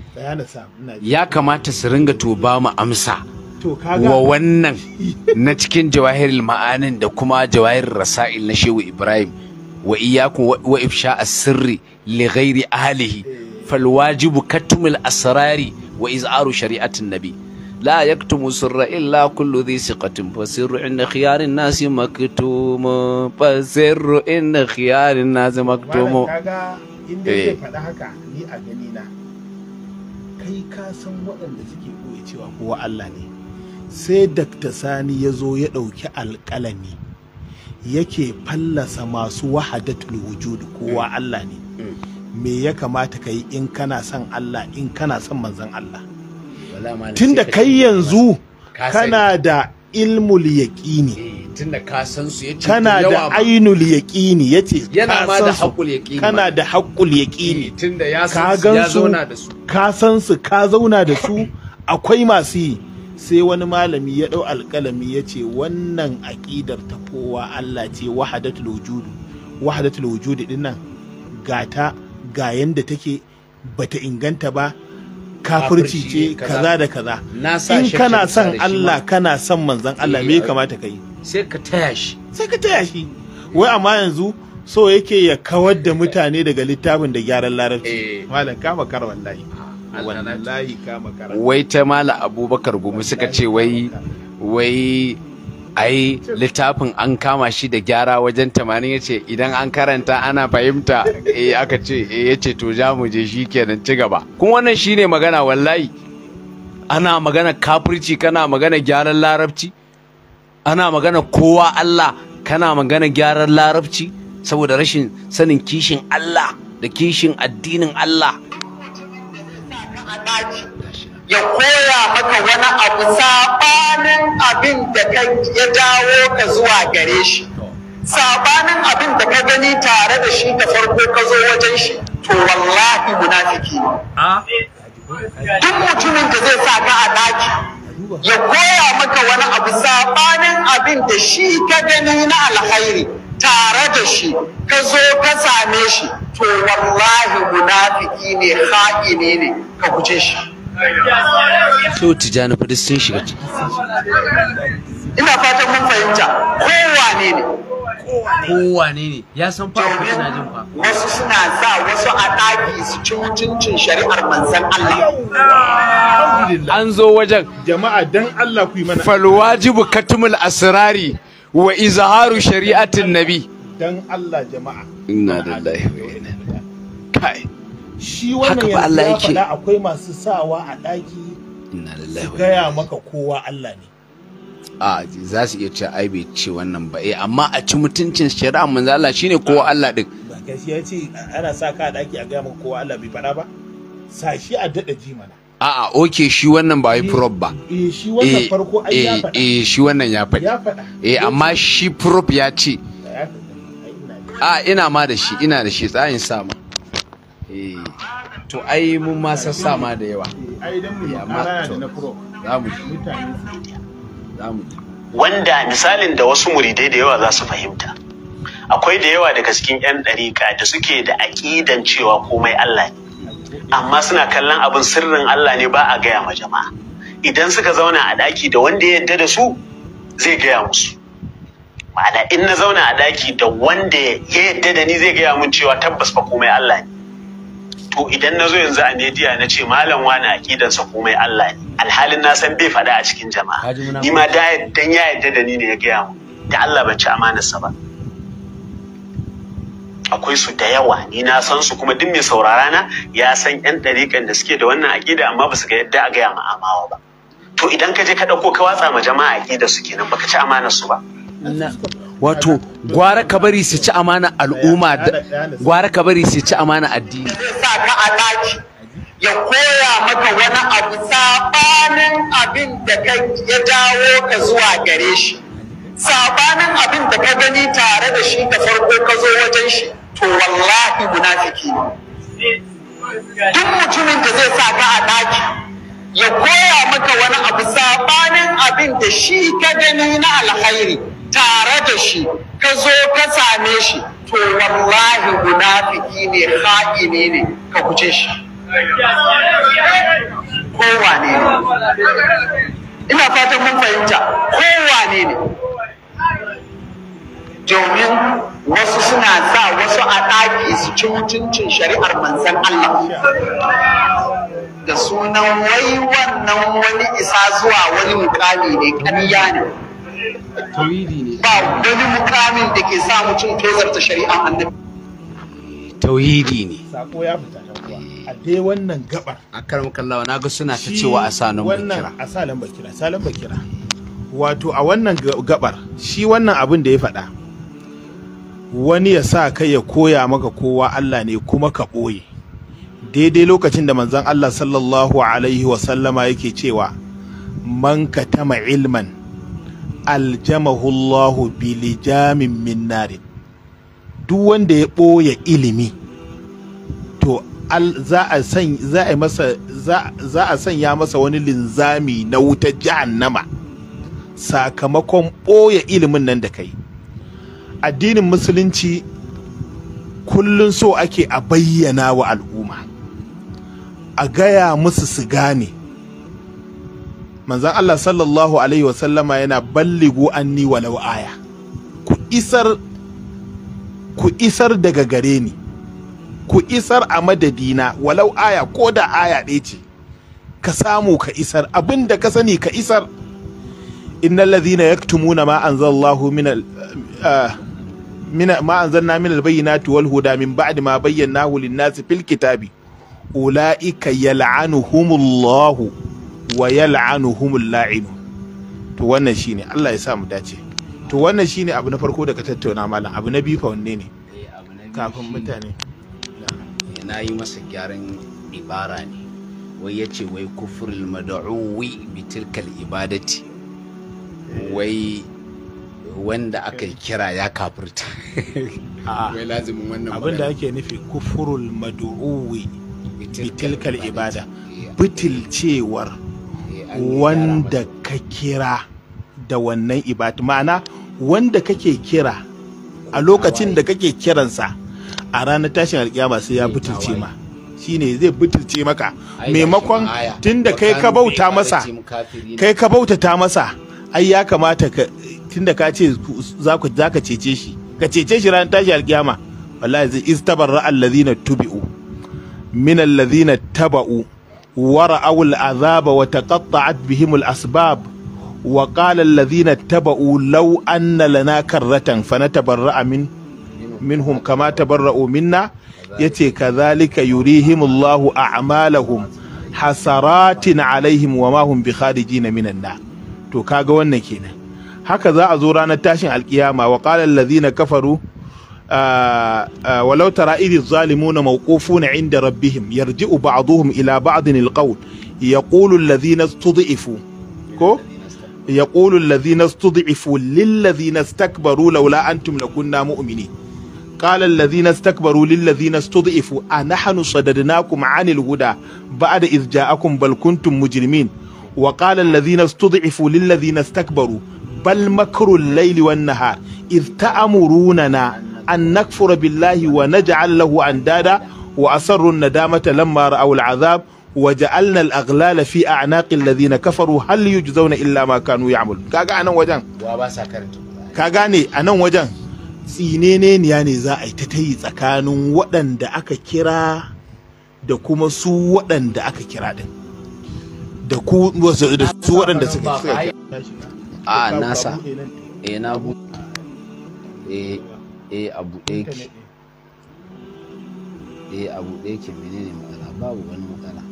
ya kamata su ringa to ba mu amsa wa wannan na cikin jawahirul ma'anin da kuma jawahirul rasa'il na shehu ibrahim wa iyyakum wa ifsha as-sirri li ghairi ahlihi eh. fal wajibu katmul asrari wa iz'aru shari'atin nabi La لا يكتم سر إلا كل ذي ثقة فسر إن خيار الناس مكتوم فسر إن خيار nasi مكتوم inda zai eh. kai ka san waɗanda suke koya cewa kowa Allah ne sai dakta sani ya zo ya ɗauki alƙalami yake fallasa masu wahadatul wujud kowa mm. Allah ne mm. me ya kamata ka yi in kana son Allah in kana son manzon Allah tunda kai yanzu kana da ilmul yaqini eh, tunda ka san su yace kana da ainul yaqini yace yana ma da haqqul yaqini kana da haqqul eh, yaqini tunda ya san ya zauna da su ka san su ka zauna da su akwai masu yi sai wani malami ya dau alkalami yace wannan aqidar ta kowa Allah ce wahadatul wujud wahadatul wujud nan gata ga yanda take bata inganta ba kafirci ce kaza da kaza in kana son Allah kana son manzon Allah me kamata ka yi sai ka taya shi sai ka taya shi wai amma yanzu so yake ya kawar da mutane daga littafin da gyaran larabci eh. malam kama kar wallahi ah, wallahi kama kar wai ta mala abubakar gumi suka ce wai wai ai littafin an kama shi da gyara wajen tamanin ya ce idan an karanta ana fahimta eh aka ce eh ya ce to za mu je shi kenan ci gaba kuma wannan shine magana wallahi ana magana kafirci kana magana gyaran larabci ana magana kowa Allah kana magana gyaran larabci saboda rashin sanin kishin Allah da kishin addinin Allah ya koya maka wani abu sabanin abin da ka ya dawo ka zuwa gare shi sabanin abin da ka gani tare da shi da farko ka zo wajen shi to wallahi munafiki ne ah. duk mutumin da zai sa ka a daki ya koya maka wani abu sabanin abin da shi ka gani na alkhairi tare da shi ka zo ka same shi to wallahi munafiki ne ha'ine ne ka guje shi So tijani fadis sun shiga ina fatan mun fahimta kowane ne kowane ne ya san fa ko suna jin fa wasu suna sa wasu a daki su ci mutuncin shari'ar manzon Allah an zo wajen jama'a dan Allah ku yi mana fal wajibu katmul asrari wa izharu shari'atin nabi dan Allah jama'a inna lillahi wa inna ilaihi kai shi wannan yanzu ya faɗa akwai masu sawa a ɗaki su gaya maka kowa Allah ne a za su iya cewa ai bai ce wannan ba eh amma a ci mutuncin shari'a manzo Allah shine kowa Allah din ba gaskiya ce ana sa ka a ɗaki a gaya maka kowa Allah bai faɗa ba sa shi a daɗa ji mana A a oke shi wannan ba wai eh, prop ba eh shi wannan eh, farko ai ya eh, faɗa eh shi wannan ya faɗi eh amma shi prop ya ce a ina ma da shi ina da shi tsayin sama Eh, to ai mun ma sassa ma da yawa mu za mu wanda misalin da wasu muridai da yawa za su fahimta akwai da yawa daga cikin 'yan ɗarika da suke da aƙidan cewa komai Allah ne amma suna kallon abin sirrin Allah ne ba a gaya ma jama'a idan suka zauna a ɗaki da wanda ya yadda da su zai gaya musu ma'ana in na zauna a ɗaki da wanda ya yarda da ni zai gaya mun cewa tabbas ba komai Allah ne to idan na zo yanzu a media na ce malam wani sa komai Allah ne alhalin na san bai faɗa a cikin jama'a ni ma da dan ya yadda da ni ne ya gaya mu da Allah ban ci amanarsa ba akwai su da yawa ni na san su kuma duk mai saurara na ya san yan ɗariƙan da suke da wannan aƙida amma ba su ga yadda a gaya ma amawa ba to idan ka je ka ɗauko ka watsa ma jama'a aƙida su kenan baka ci amanarsu su ba wato gwara ka bari su ci amana al'umma gwara ka bari su ci amana addini sa ka ya koya maka wani abu sabanin abin da ka ya dawo ka zuwa gare shi sabanin abin da ka gani tare da shi da farko ka zo wajen shi to wallahi munafiki ne duk mutumin da zai sa ka a daki ya koya maka wani abu sabanin abin da shi ka gani na alkhairi tare da shi ka zo ka same shi to wallahi munafiki ne ha'ini ne ka guje shi kowane ne ina fatan mun fahimta kowane ne domin wasu suna sa wasu a ɗaki su ci mutuncin shari'ar manzan Allah da sunan wai wannan wani isa zuwa wani mukami ne ƙarya ne tauhidi ne ba wani mukamin da ke sa mutum tozarta shari'a annabi tauhidi ne sako ya fita a dai wannan gabar a karam kallawa na ga suna ta cewa a sa lambar kira a sa lambar kira sa wato a wannan gabar shi wannan abin da ya faɗa wani ya sa kai ya koya maka kowa Allah ne kuma ka ɓoye daidai lokacin da manzon Allah sallallahu alaihi wasallama yake cewa man ka tama ilman aljamahu Allahu bilijamin min narin duk wanda ya ɓoye ilimi to za a sanya masa wani linzami na wutar jahannama sakamakon ɓoye ilimin nan da kai addinin musulunci kullum so ake a bayyana wa al'umma a gaya musu su gane manzan Allah sallallahu alaihi wasallama yana balligu anni walau aya ku isar daga gare ni ku isar a madadina walau aya ko da aya ɗaya ce ka samu ka isar abin da ka sani ka isar inna ladhina yaktumuna ma anzalallahu min eh, min ma anzalna min albayyinati wal huda min ba'di ma bayyana, lin-nasi fil kitabi ulaika yal'anuhumullahu wa yal'anuhumul la'inu to wannan shine Allah ya sa mu dace to wannan shine abu na farko da ka tattauna malam abu na biyu fa wanne ne eh, kafin mutane eh, na yi masa gyaran ibara ne wai ya ce wai kufurul mad'uwi bi tilkal ibadati wai wanda aka kira ya kafirta wai lazimin wannan abin da ake nufi kufurul mad'uwi bi tilkal ibada eh, bitilcewar wanda ka kira da wannan ibadu ma'ana wanda kake kira a lokacin da kake kiransa a ranar tashin alkiyama sai ya butulce ma shine zai butulce maka maimakon tunda kai ka bauta masa kai ka bautata masa ai ya kamata ka tunda ka ce za ka cece shi ka cece shi ranar tashin alkiyama wallahi zai istabarra allazina tubi'u min allazina taba'u ورأوا العذاب وتقطعت بهم الأسباب وقال الذين اتبعوا لو أن لنا كرة فنتبرأ من منهم كما تبرأوا منا يتي كذلك يريهم الله أعمالهم حسرات عليهم وما هم بخارجين من النار تو كاغا wannan kenan haka za a zo ranar tashin alkiyama wa qala allazina kafaru آه، آه، ولو ترى إذ الظالمون موقوفون عند ربهم يرجع بعضهم إلى بعض القول يقول الذين استضعفوا كو يقول الذين استضعفوا للذين استكبروا لولا أنتم لكنا مؤمنين قال الذين استكبروا للذين استضعفوا أنحن صددناكم عن الهدى بعد إذ جاءكم بل كنتم مجرمين وقال الذين استضعفوا للذين استكبروا بل مكر الليل والنهار idh na, an nakfura billahi wa naj'al lahu andada wa asarru nadamata lamma ra'aw al'azab wa ja'alna al'aghlala fi a'naqi alladhina kafaru hal yujzauna illa ma kanu ya'malun kaga anan wajen wa ba sa anan wajen tsinene ne za a yi ta tayi tsakanin waɗanda aka kira da kuma su waɗanda aka kira a eh a buɗe yake eh a menene matsala babu wani matsala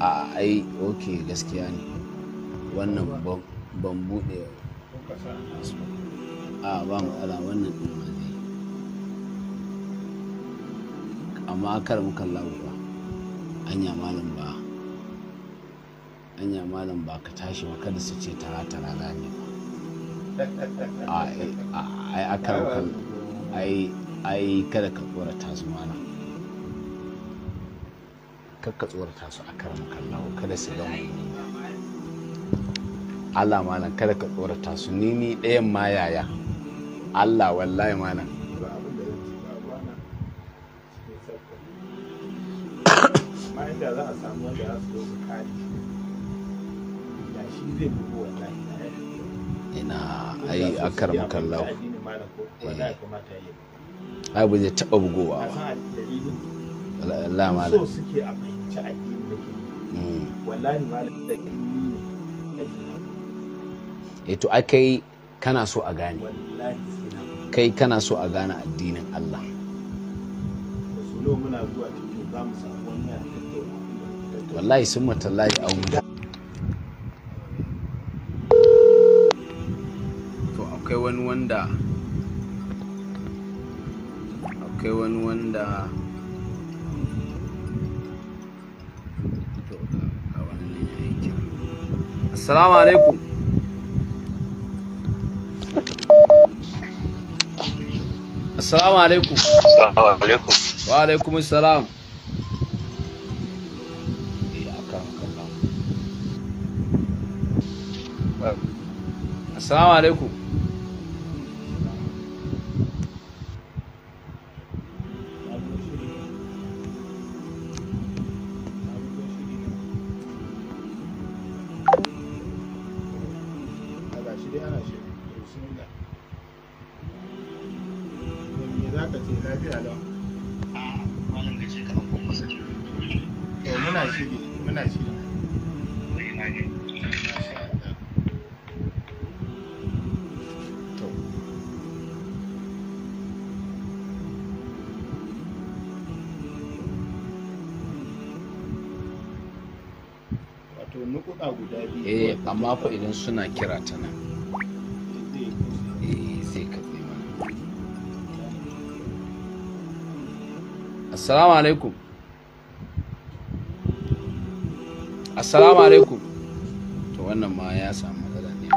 a ai ok gaskiya ne wannan ban buɗe a ba matsala wannan ɗin ma zai amma kar mu kalla ba anya malam ba anya malam ba ka tashi ba kada su ce tara tara ne ba ai a karokan ai ai kada ka tsorata su mana ka tsorata su a karan kallawo kada su gama. Allah malam kada ka tsorata su ni ni ɗayan ma yaya Allah wallahi malam ma inda za a samu wanda za su zo su kare shi zai wallahi ina ai akar makalla eh. ai ba zai taɓa bugowa ba Allah malam so suke a fahimci addini hmm. wallahi malam da eh to akai kana so a gane kai kana so a gane addinin Allah wallahi sun matallahi a wuda akwai wani wanda akwai wani wanda to ga wannan ne assalamu alaikum assalamu alaikum assalamu alaikum wa alaikum assalam assalamu alaikum amma fa idan suna kira ta nan eh, zai katse mana assalamu alaikum assalamu alaikum to wannan ma ya samu matsala ne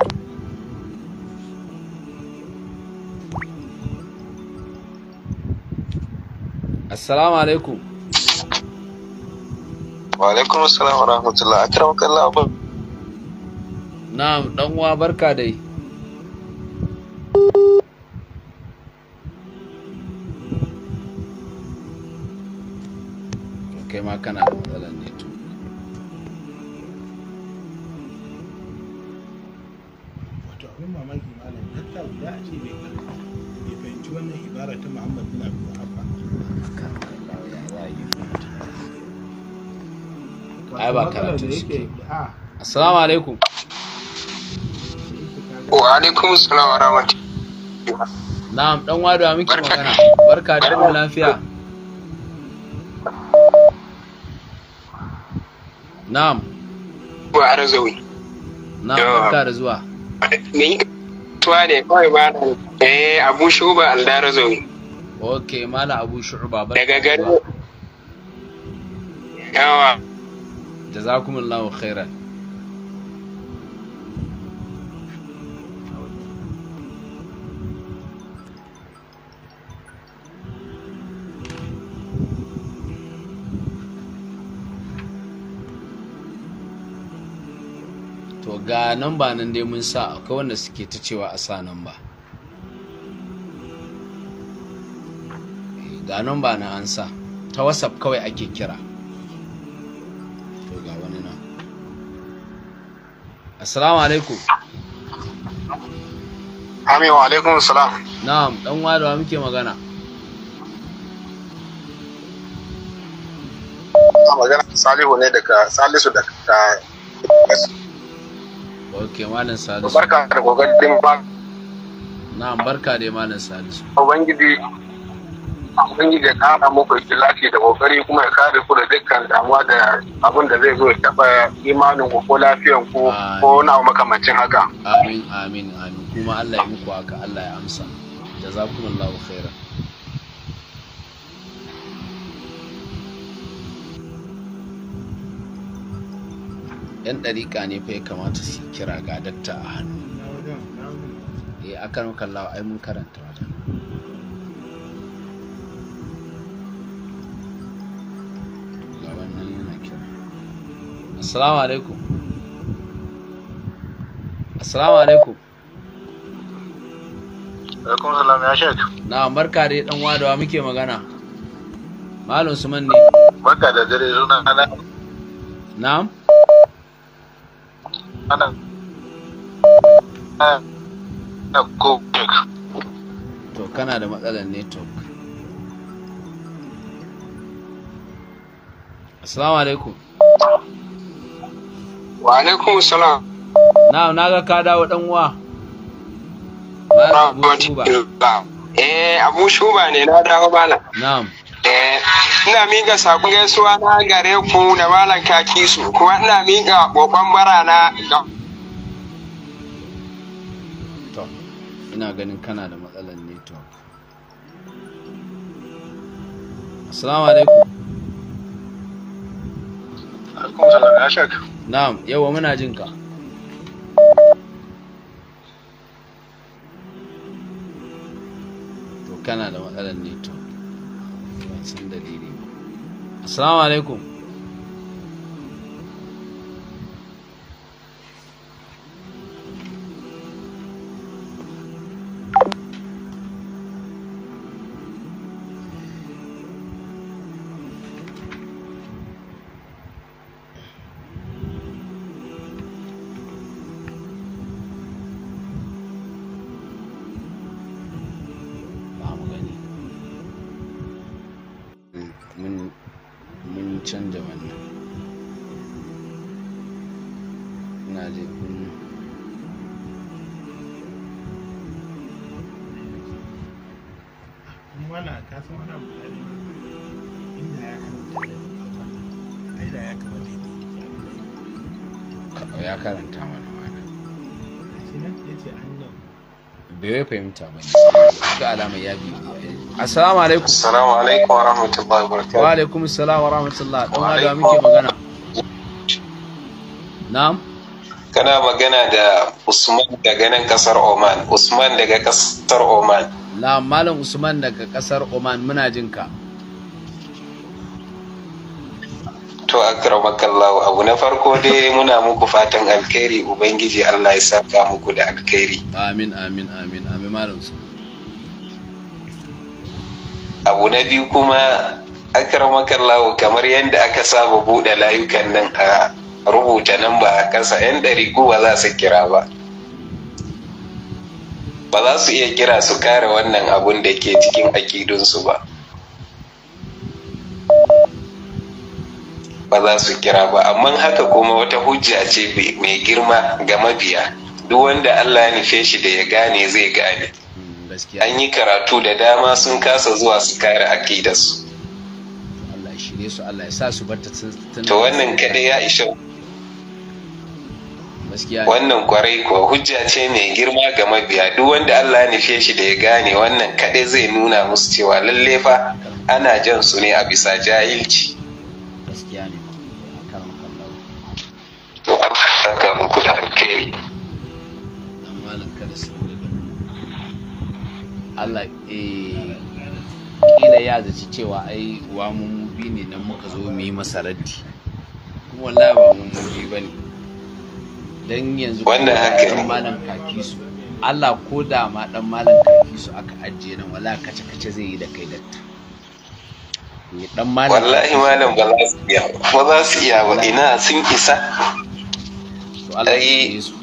assalamu alaikum wa alaikum assalam wa rahmatullah akramaka Allah na'am dan uwa barka dai kai ma kana da matsalar to. wato abin mamaki malam har ta guda a ce bai ya fahimci wannan ibara ta muhammad bin abu hafa ai ba karatu shi ke assalamu alaikum wa alaikum salam wa rahmatullah na'am dan wadawa muke magana barka da mu lafiya na'am wa arzawi na'am barka da zuwa me tuwa ne kawai ba eh abu shuba aldarazawi ok mala abu shuba daga gari yawa jazakumullahu khairan ga nan ba nan dai mun sa akwai wanda suke ta cewa a sa nan ba. ga nan ba na an sa ta whatsapp kawai ake kira to ga wani nan assalamu alaikum amin wa alaikum assalam na'am dan wadawa muke magana magana salihu ne daga salisu daga ok malam salisu barka da kokarin ba na barka da malam salisu ubangiji ubangiji ya kara muku lafiya da kokari kuma ya kare ku da dukkan damuwa da abin da zai zo ya taba imanin ku ko lafiyan ku ko na makamancin haka amin amin amin kuma Allah ya muku haka Allah ya amsa jazakumullahu khairan yan ɗariƙa ne fa ya kamata su kira ga dakta a hannu eh aka kallawa ai mun karanta wata assalamu alaikum assalamu alaikum alaikum salam ya shek na barka dai dan wadawa muke magana malam suman ne barka da dare suna na na'am ana ah. na gobek. to kana da matsalar network assalamu alaikum wa alaikum salam na na ga ka dawo dan uwa ba abu shuba eh abu shuba ne na dawo bana. na'am ina miƙa saƙon gaisuwa na gare ku da malam kaki su kuma ina miƙa ƙoƙon bara na ga ina ganin kana da matsalar network assalamu alaikum salam ya na'am yawa muna jin ka to kana da matsalar network sun dalili assalamu alaikum ina je wala ka san wani abu da inda ya karanta da ai da ya kamata ya karanta mana wani shi nan ya ce annan bai fahimta ba ne ga alamar ya bi assalamu alaikum assalamu alaikum wa rahmatullahi wa barakatuh wa alaikum assalam wa rahmatullahi dan wa muke magana na'am kana magana da usman daga nan kasar oman usman daga kasar oman la malam usman daga kasar oman muna jin ka to akramakallahu abu na farko dai muna muku fatan alkhairi ubangiji allah ya saka muku da alkhairi amin amin amin amin malam abu na biyu kuma akramakallahu kamar yadda aka saba buɗe layukan nan a rubuta nan ba a ƙasa 'yan ɗari ba za su kira ba ba za su iya kira su kare wannan abun da ke cikin aƙidunsu ba ba za su kira ba amma haka kuma wata hujja ce mai girma ga mabiya duk wanda Allah ya nufe shi da ya gane zai gane an yi karatu da dama sun kasa zuwa su kare akidarsu to wannan kaɗai ya isha wannan kwarai kuwa hujja ce mai girma ga mabiya duk wanda Allah ya nufe shi da ya gane wannan kaɗai zai nuna musu cewa lalle fa ana jan su ne a bisa jahilci eh, kila ya zaci cewa ai wa ne dan muka zo mu yi masa kuma wallahi ba mun ba. bane don yanzu wanda haka ne malam kaki su Allah ko da ma dan malam kaki su aka ajiye nan wala kace kace zai yi da kai datta ni eh, dan malam wallahi malam ba za su iya ba za su iya ba ina sun isa to Allah ya yi su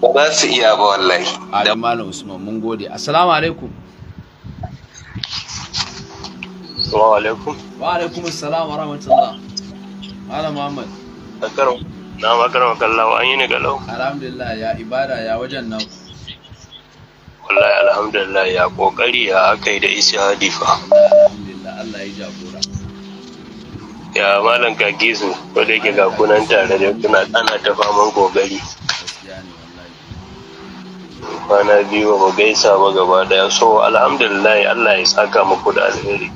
ba za su iya ba wallahi dan malam Usman mun gode assalamu alaikum assalamu alaikum wa alaikum assalam wa rahmatullah malam Muhammad takaro na makarar kallawa an yi ni galau alhamdulillah ya ibada ya wajen nan wallahi alhamdulillah ya kokari ya aka yi da isi hadifa alhamdulillah Allah ya jagora ya malam kagisu ko da yake ga kunan tare da kuna ana ta faman kokari kwana biyu ba gaisa ba gaba daya so alhamdulillah Allah ya saka muku da alheri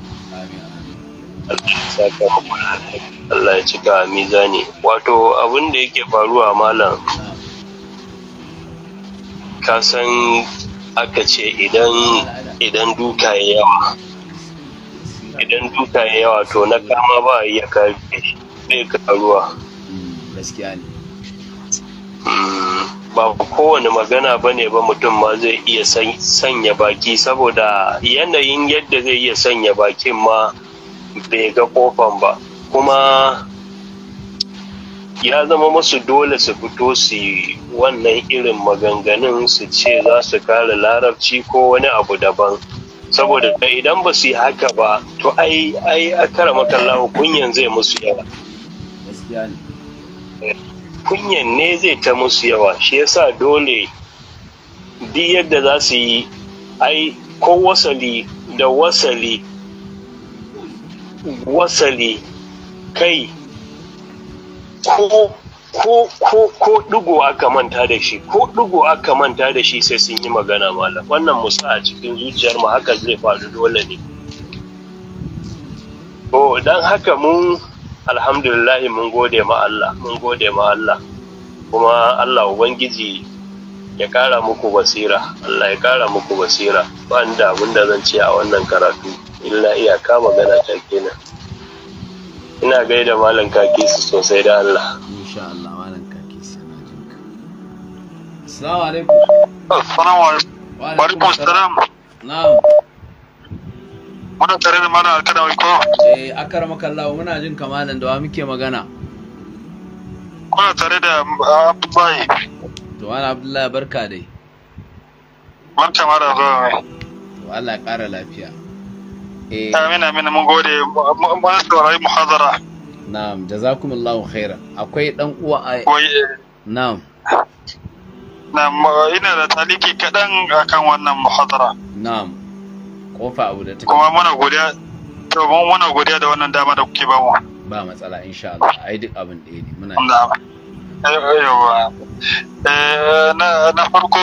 Allah ya cika mizani wato abin da yake faruwa malam ka san aka ce idan duka ya yawa idan duka ya yawa to na kama ba ya kare zai karuwa gaskiya ne mm, ba kowane magana ba ne ba mutum ma zai iya sanya baki saboda yanayin yadda zai iya sanya bakin ma bai ga kofan ba kuma ya zama masu dole su fito su wannan irin maganganun su ce za su kare larabci ko wani abu daban saboda idan ba su yi haka ba to ai ai a kara kunyan zai musu yawa eh, kunyan ne zai ta musu yawa shi yasa dole duk yadda za su yi ai ko wasali da wasali wasali kai ko ko ko ko aka manta da shi ko ɗigo aka manta da shi sai sun yi magana malam wannan musa a cikin zuciyar mu haka zai faru dole ne to dan haka mun alhamdulillah mun gode ma Allah mun gode ma Allah kuma Allah ubangiji ya kara muku basira Allah ya kara muku basira ba da abin da zan ce a wannan karatu illa iyaka magana ta kenan ina gaida malam su sosai da Allah insha Allah malam su na jin ka assalamu alaikum assalamu alaikum wa alaikum na'am muna tare da malam alkada wai ko eh akar makallawa muna jin ka malam da wa muke magana kuna tare da abubai to malam Abdullahi barka dai barka malam zuwa to Allah ya kara lafiya Eh, amin Amina mun gode mun saurari muhadara na'am jazakumullahu khaira. akwai dan uwa a eh. na'am na'am ina da taliki kadan akan wannan muhadara na'am kofa abu da take kuma muna godiya to mun muna godiya da wannan dama da kuke bamu ba matsala insha Allah ai duk abin da yake muna eh, na na farko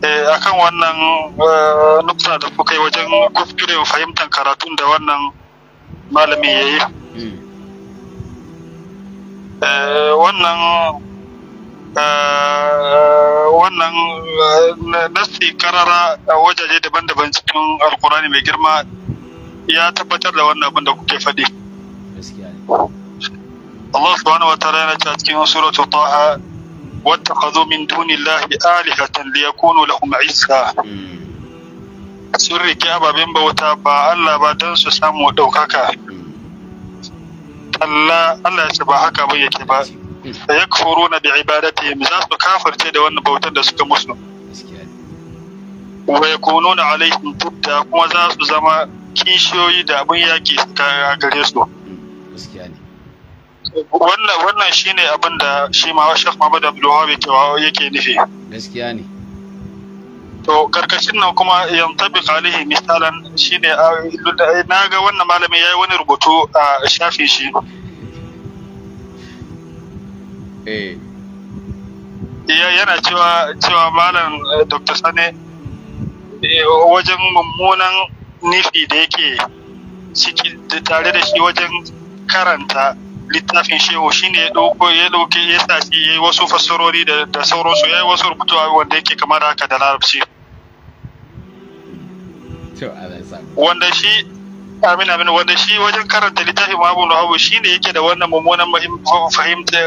Eh, akan wannan eh, nufsa da kuka yi wajen kuskuren fahimtar karatun da wannan malami ya yi hmm. eh, wannan wannan nasi karara a wajaje daban-daban cikin alkurani mai girma ya tabbatar da wannan abin da kuke faɗi Allah subhanahu wa ta'ala yana cikin suratul taha واتخذوا من دون الله آلهة ليكونوا لهم عزا sun rike ababen bauta ba Allah ba don su samu ɗaukaka Allah Allah ya ce ba haka ba yake ba da ya kafuru na bi ibadatihim za su kafarce da wannan bautar da suka musu wa yakununa alaihim tudda kuma za su zama kishiyoyi da abin yaki gare su gaskiya ne wannan wannan shine abin da shi ma Sheikh Muhammad Abdul Wahab yake yake nufi gaskiya ne to karkashin nan kuma yantabiq alaihi misalan shine na ga wannan malami yayi wani rubutu a shafin shi eh yana cewa cewa malam eh, Dr. Sane eh, wajen mummunan nufi da yake ciki tare da shi wajen karanta littafin shehu shine ya dauko ya dauke ya sa shi wasu fassarori da sauransu, ya yi wasu rubutu wanda yake kamar haka da larabci wanda shi amin amin wanda shi wajen karanta littafin mabu shi ne yake da wannan mummunan fahimta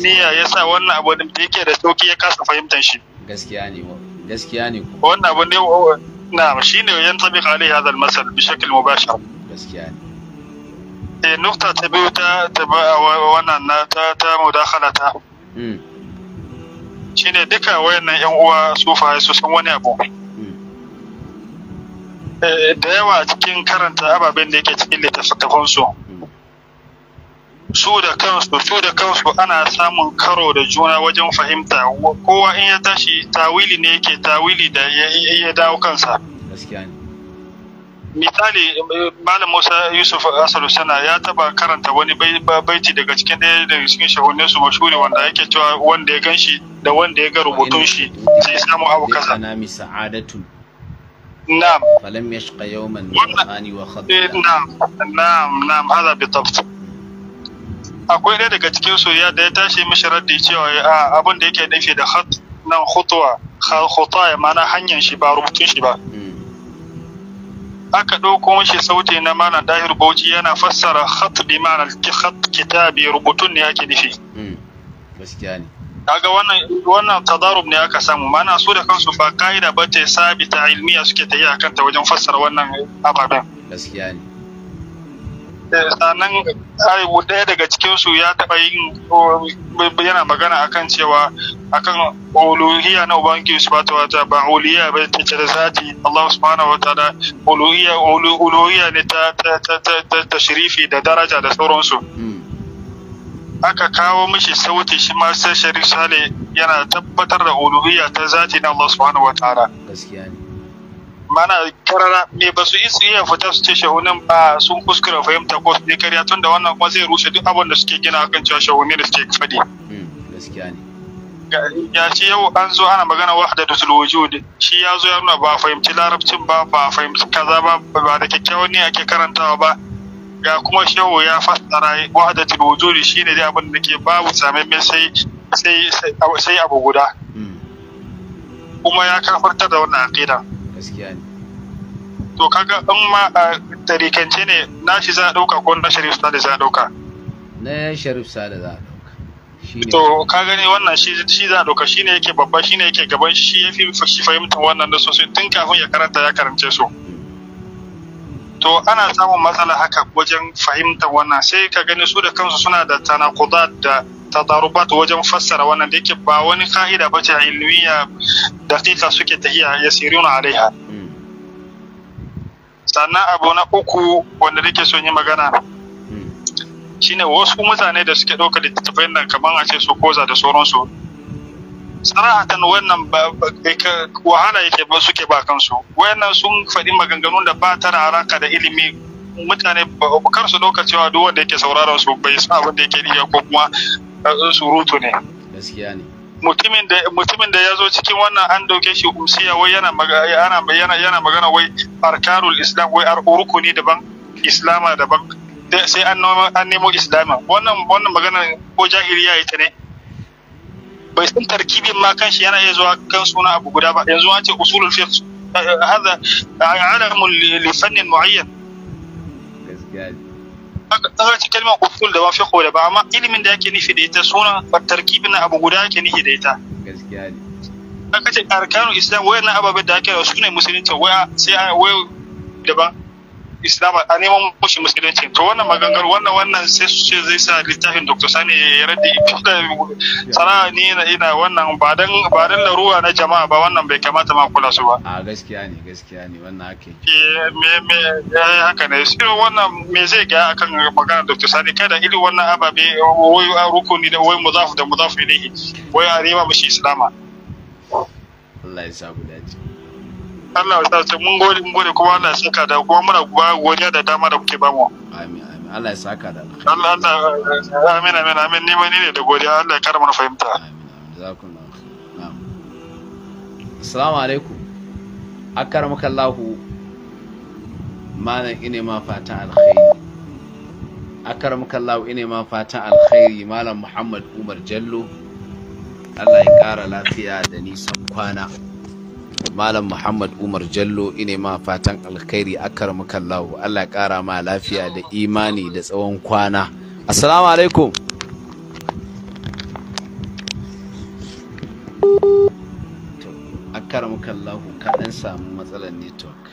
niyya sa wannan abu da yake da sauki ya kasa fahimtar shi gaskiya ne gaskiya ne wannan abu ne na shine yan tabi alai hadal masal bi shakl mubashir gaskiya ne eh nukta ta biyu ta wannan na ta ta mudakala ta hmm. shine duka wayannan yan uwa su faye su san wani abu hmm. eh, da yawa cikin karanta ababen da yake cikin littafin su hmm. su da kansu su da kansu ana samun karo da juna wajen fahimta kowa in ya tashi tawili ne yake tawili da ya dawo kansa gaskiya ne misali malam musa yusuf asalu sana ya taba karanta wani baiti daga cikin ɗaya daga cikin shahunin su mashuri wanda yake cewa wanda ya ganshi da wanda ya ga rubutun shi sai samu abu kaza na'am falam yashqa yawman ani wa khadda eh, na'am na'am na'am hada bi tabt akwai ɗaya daga cikin su ya da ya tashi mishi raddi cewa abin da yake nufi da khat nan khutwa ma ma'ana hanyar shi ba rubutun shi ba hmm. aka ɗauko mashi sauti na malam dahir bauchi yana fassara khat bi ma'anar khat kitabi rubutun ne yake nufi hmm, gaskiya ne kaga wannan wannan tadarub ne aka samu mana su da kansu ba kaida ta sabita ilmiya suke ta yi akan ta wajen fassara wannan ababen gaskiya ne Eh, sannan aibu ɗaya daga cikinsu ya taɓa yin oh, yana magana akan cewa akan uluhiyya na ubangi subhanahu ta'ala ba uluhiyya ba ta cire zati Allah subhanahu ta'ala uluhiyya uluhiyya ne ta ta shirifi da daraja da sauransu hmm. aka kawo mishi sauti shi ma sai sharif sale yana tabbatar da uluhiyya ta zati na Allah subhanahu ta'ala gaskiya ne mana karara me ba su isi iya fita su ce shahunin ba sun kuskura fahimta ko su ne karya tun da wannan kuma zai rushe duk abin da suke gina akan cewa shahuni da suke faɗi. Hmm, ya ce yau an zo ana magana wahda da wujud shi ya zo ya nuna ba fahimci larabcin ba ba fahimci kaza ba ba da kyakkyawan ne ake karantawa ba ga kuma shehu ya fassara wahda da wujud shi ne dai abin da ke babu samamme sai sai abu guda hmm. kuma ya kafarta da wannan aqida. gaskiya ne to kaga in ma a tarikance ne na shi za a ɗauka ko na sharif da za a dauka na sharif da za a ɗauka to ka ne wannan shi za a ɗauka shi ne yake babba shi ne yake gaban shi ya fi shi fahimtar wannan da sosai tun kafin ya karanta ya karance su to ana samun matsala haka wajen fahimtar wannan sai ka gani su da kansu suna da tanakuda da tadarubat wajen fassara wannan da yake ba wani ka'ida ba ce ilmiya daƙiƙa suke tahiya ya siruna alaiha sannan abu na uku wanda ke son yi magana shine wasu mutane da suke ɗauka tafayin nan kamar a ce su koza da sauransu sarahatan wannan wahala yake ba suke ba kansu wayannan sun faɗi maganganun da ba ta haraka da ilimi mutane kar su ɗauka cewa duk wanda yake sauraron su bai san abin da yake iya ko kuma karatun surutu ne gaskiya ne mutumin da mutumin da yazo cikin wannan an dauke shi usiya wai yana magana yana yana magana wai arkanul islam wai ar rukuni daban islama daban sai an nemo an nemo islama wannan wannan magana ko jahiliya ita ta ne bai san tarkibin ma kanshi yana iya zuwa kan suna abu guda ba yanzu an ce usulul fiqh eh, eh, hada alamul li fannin muayyan gaskiya kaga kalmar usul da wafiqo da ba amma ilimin da yake nufi da ita sunan tarkibin abu guda yake nufi da ita gaskiya ne kaga ce arkanu islam wayannan ababen da ake da su ne musulunci waya sai wai daban islama a neman mushi musulunci to wannan magangar wannan wannan sai su ce zai sa littafin dr sani ya rade sana ni na ina wannan ba dan ba dan laruwa na jama'a ba wannan bai kamata ma kula su ba a gaskiya ne gaskiya ne wannan haka eh, me me haka ne irin wannan me zai ga akan magana dr sani kada irin wannan ababe wai rukuni da wai muzafu da muzafu ilayhi wai a nema mushi islama Allah ya sa dace Allah ya sa mun gode mun gode kuma Allah ya saka da kuma muna godiya da dama da kuke bamu amin amin Allah ya saka da alkhairi Allah Allah amin amin amin ni ma ni ne da godiya Allah ya karama fahimta amin jazakum na'am assalamu alaikum akaramakallahu malam ine ma fatan alkhairi akaramakallahu ine ma fatan alkhairi malam Muhammad Umar Jallo Allah ya kara lafiya da nisan kwana. malam muhammad umar jallo ine ma fatan alkhairi akar kallahu allah ya kara ma lafiya da imani da tsawon kwana assalamu alaikum akar ka kaɗan samu matsalar network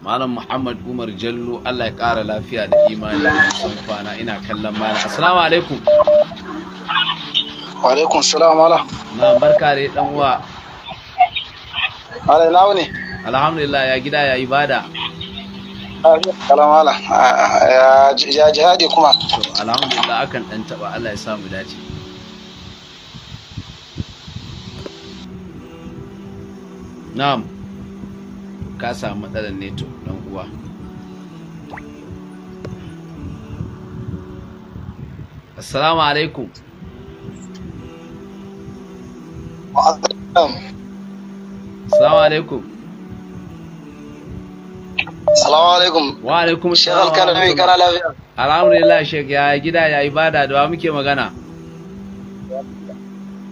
malam muhammad umar jallo allah ya kara lafiya da imani da tsawon kwana ina kallon malam assalamu alaikum wa alaikum salam ala. na barka da dan uwa Ala ina Alhamdulillah ya gida ya ibada. Kalamala ah, ah, ya jihadi kuma. Alhamdulillah akan ɗan taɓa, Allah ya samu dace. Na'am. Ka samu matsalar neto ɗan uwa. Assalamu alaikum. Wa Assalamu alaikum. Assalamu alaikum. Wa alaikum assalam. Shekh Alkalami kana lafiya. Alhamdulillah Shekh ya gida ya ibada da wa muke magana.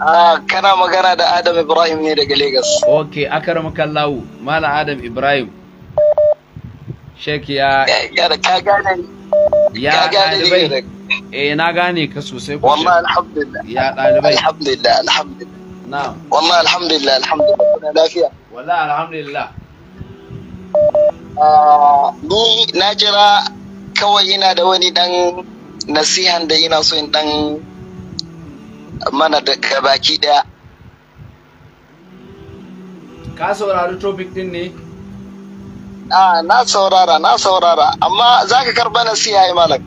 Ah kana magana da Adam Ibrahim ne daga Lagos. Okay, akramaka kallawu Malam Adam Ibrahim. Shekh ya ya da ka gane ya gane eh na gane ka sosai ko wallah alhamdulillah ya ɗalibai? alhamdulillah alhamdulillah na'am wallahi alhamdulillah alhamdulillah lafiya alhamdulillah ah, ni na jira kawai ina da wani dan nasihan da ina so in dan mana da baki daya ka saurari topic din ne ah na saurara na saurara amma za ka karba nasiha ya malak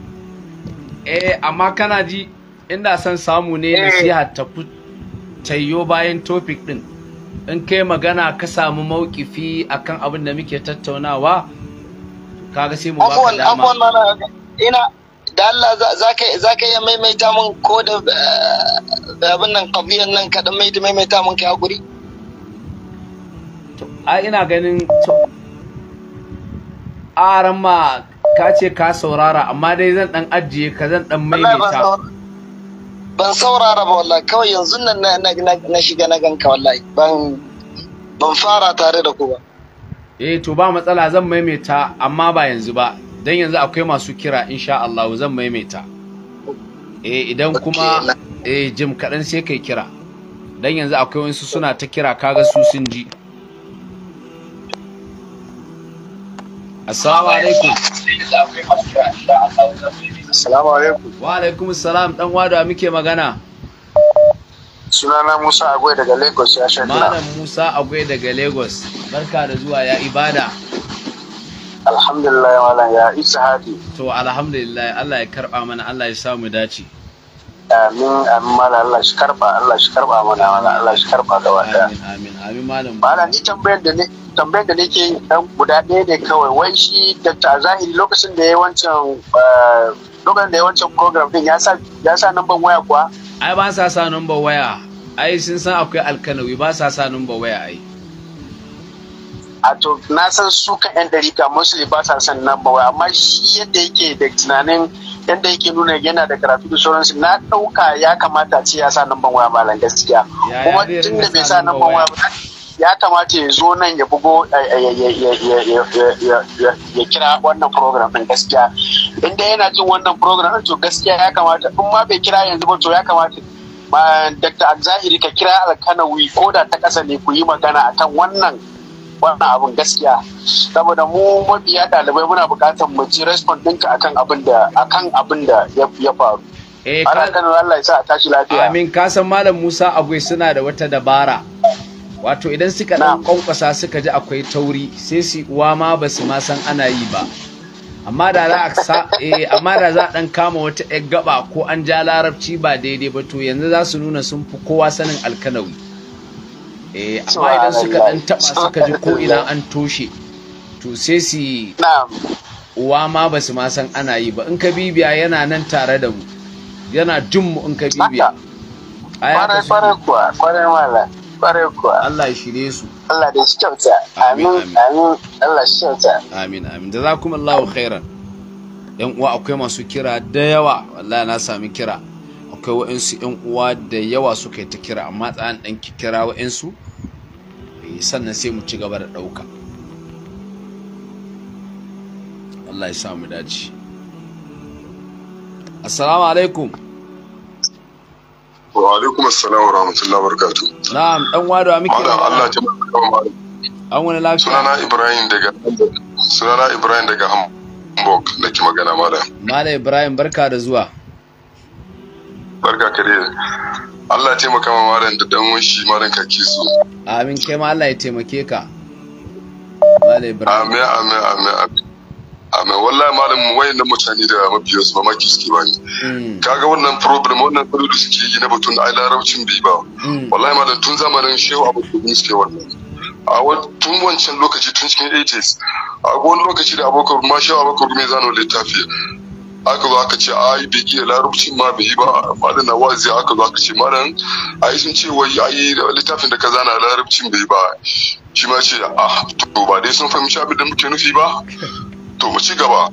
eh amma kana ji inda son samu ne eh. nasiha ta tayyo bayan topic ɗin in kai magana ka samu mawkifi akan abin da muke tattaunawa kaga sai mu baka dama afwan ina da Allah za ka iya maimaita mun ko eh, da abin nan kabiyan nan kaɗan mai da maimaita mun kai hakuri a ina ganin aran ma ka ce ka saurara amma dai zan dan ajiye ka zan dan maimaita ban saurara ba wallahi kawai yanzu nan na shiga na ganka wallahi ban ban fara tare da ku ba eh to ba matsala zan maimaita amma ba yanzu ba dan yanzu akwai masu kira insha Allah zan maimaita eh idan kuma eh jim kaɗan sai kai kira dan yanzu akwai wasu suna ta kira kaga su sun ji assalamu alaikum Assalamu alaikum. Wa alaikum salam dan wada muke magana. Sunana Musa Agwai daga Lagos ya shakira. Malam Musa Agwai daga Lagos. Barka da zuwa ya ibada. Alhamdulillah malam ya isa hadi. To alhamdulillah Allah ya karba mana Allah ya samu dace. Amin amin malam Allah shi karba Allah shi karba mana malam Allah shi karba gaba daya. Amin amin malam. Bala ni tambayar da ne tambayar da nake dan guda ɗaya ne kawai wai shi Dr. Zahiri lokacin da ya wancan eh, dogon da yawancin program din ya sa ya sa number waya kuwa ai ba sa sa number waya ai sun san akwai alkanawi ba sa sa number waya ai a to na san su ka yan dariƙa mostly ba sa san number waya amma shi yadda yake da tunanin yadda yake nuna yana da karatu da sauransu na ɗauka ya kamata ce ya sa number waya ba lan gaskiya kuma tun da bai sa number waya ba ya kamata ya zo nan ya bugo ya kira wannan program ɗin gaskiya inda yana jin wannan program to gaskiya ya kamata in ma bai kira yanzu ba to ya kamata Dr. Azahiri ka kira alkanawi ko da ta ƙasa ne ku yi magana akan wannan wannan abin gaskiya saboda mu mabiya ɗalibai muna buƙatar mu ji respond ɗinka akan abin da akan abin da ya faru eh ka Allah ya sa a tashi lafiya amin kasan malam Musa Agwai suna da wata dabara wato idan suka dan kwankwasa suka ji akwai tauri sai su uwa ma ba su ma san ana yi ba amma da za a eh, amma da za dan kama wata yar gaba ko an ja larabci ba daidai ba to yanzu za su nuna sun fi kowa sanin alkanawi eh amma idan suka dan taba suka ji ko ina an toshe to sai su uwa ma ba su ma san ana yi ba in ka bibiya yana nan tare da mu yana jin mu in ka bibiya kwarai kwarai kuwa kwarai Ƙwarai kuwa. Allah ya shirye su. Allah da shi kyauta. Amin amin. Allah shi kyauta. Amin amin. Da za kuma Allahu khairan. Yan uwa akwai masu kira da yawa wallahi na sami kira. Akwai wa'insu yan uwa da yawa suka yi ta kira amma tsayan ɗan ki kira wa'insu eh, sannan sai mu ci gaba da ɗauka. Allah ya sa mu dace. Assalamu alaikum. Wa alaikum assalam wa rahmatullahi wa barakatuh. Na'am, dan wado muke. Malam Allah ta barka An wani lafiya. Sunana Ibrahim daga Sunana Ibrahim daga Hamburg nake magana malam. Malam Ibrahim barka da zuwa. Barka ka dai. Allah taimaka ma malam da dan wanshi malam kake su. Amin kai ma Allah ya taimake ka. Malam Ibrahim. Amin amin amin amin. amma wallahi malam wayannan mutane da mabiyan su maki suke bani hmm. kaga wannan problem wannan kudu suke yi na batun ai larabcin bai ba hmm. wallahi malam tun zamanin shehu abu da suke wannan a tun wancan lokaci tun cikin 80s a wani lokaci da abokan ma shehu abokan mai zano littafi aka zo aka ce ai bai iya larabcin ma bai yi ba malam na wazi aka zo aka ce malam ai sun ce wai ai littafin da ka zana larabcin bai ba shi ma ce ah to ba dai sun fahimci abin da muke nufi ba to mu ci gaba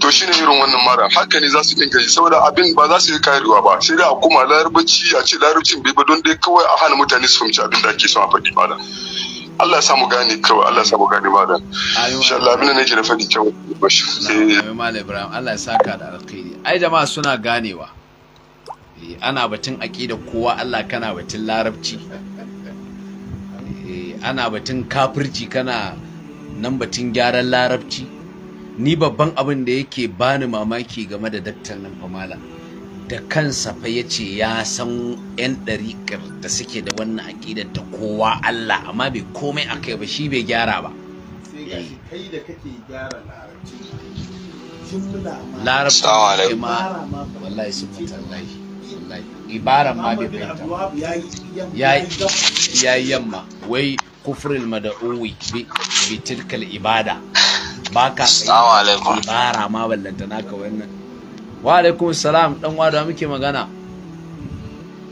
to shine irin wannan mara haka ne za su dinga shi. saboda abin ba za su yi karewa ba sai dai a kuma larabaci a ce larabcin bai ba don dai kawai a hana mutane su fahimci abin da ake son a faɗi ba Allah ya samu gane kawai Allah ya samu gane ba da insha Allah abin da ke da faɗi kyau bashi eh Malam Ibrahim Allah ya saka da alkhairi ai jama'a suna ganewa eh, ana batun aqida kowa Allah kana batun larabci eh, ana batun kafirci kana nan batun gyaran larabci ni babban abin da yake bani mamaki game da daktar nan famala da kansa fa ya ce ya san 'yan ɗariƙar da suke da wannan aƙidar ta kowa Allah amma bai komai a kai ba shi bai gyara ba kai da kake gyara larabci ma wallahi sun matallahi ibara ma bai fahimta ya yi yamma wai kufrul mada'uwi bi tilkal ibada ba ka bara ma ballanta naka wannan wa alaikum salam dan wada muke magana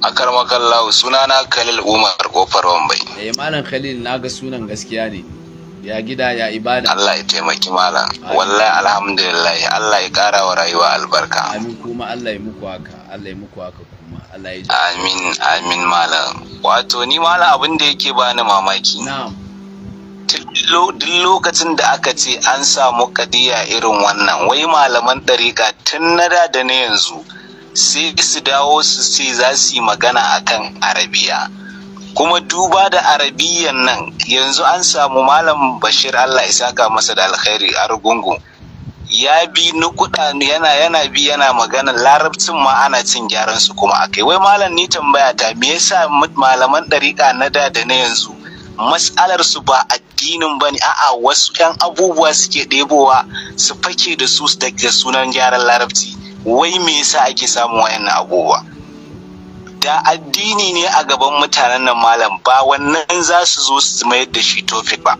akar suna sunana Khalil Umar kofar Wambai eh malam Khalil naga sunan gaskiya ne ya gida ya ibada Allah ya taimaki malam wallahi alhamdulillah Allah ya kara wa rayuwa albarka amin kuma Allah ya muku haka Allah ya muku haka kuma Allah ya amin amin malam wato ni malam abin da yake bani mamaki na'am duk lokacin da aka ce an samu kadiya irin wannan wai malaman ɗarika tun na da da na yanzu sai su dawo su ce za su yi magana akan arabiya kuma duba da arabiyan nan yanzu an samu malam bashir allah isaka masa da alkhairi a rugungu ya bi nukuda yana yana bi yana magana larabcin ma ana cin gyaran su kuma akai wai malam ni tambaya ta me yasa malaman ɗarika na da da na yanzu matsalar su ba addinin ba ne a'a wasu 'yan abubuwa suke ɗebowa su fake da su da sunan gyaran larabci wai me yasa ake samun wayannan abubuwa da addini ne a gaban mutanen nan malam ba wannan za su zo su mayar da shi tofik ba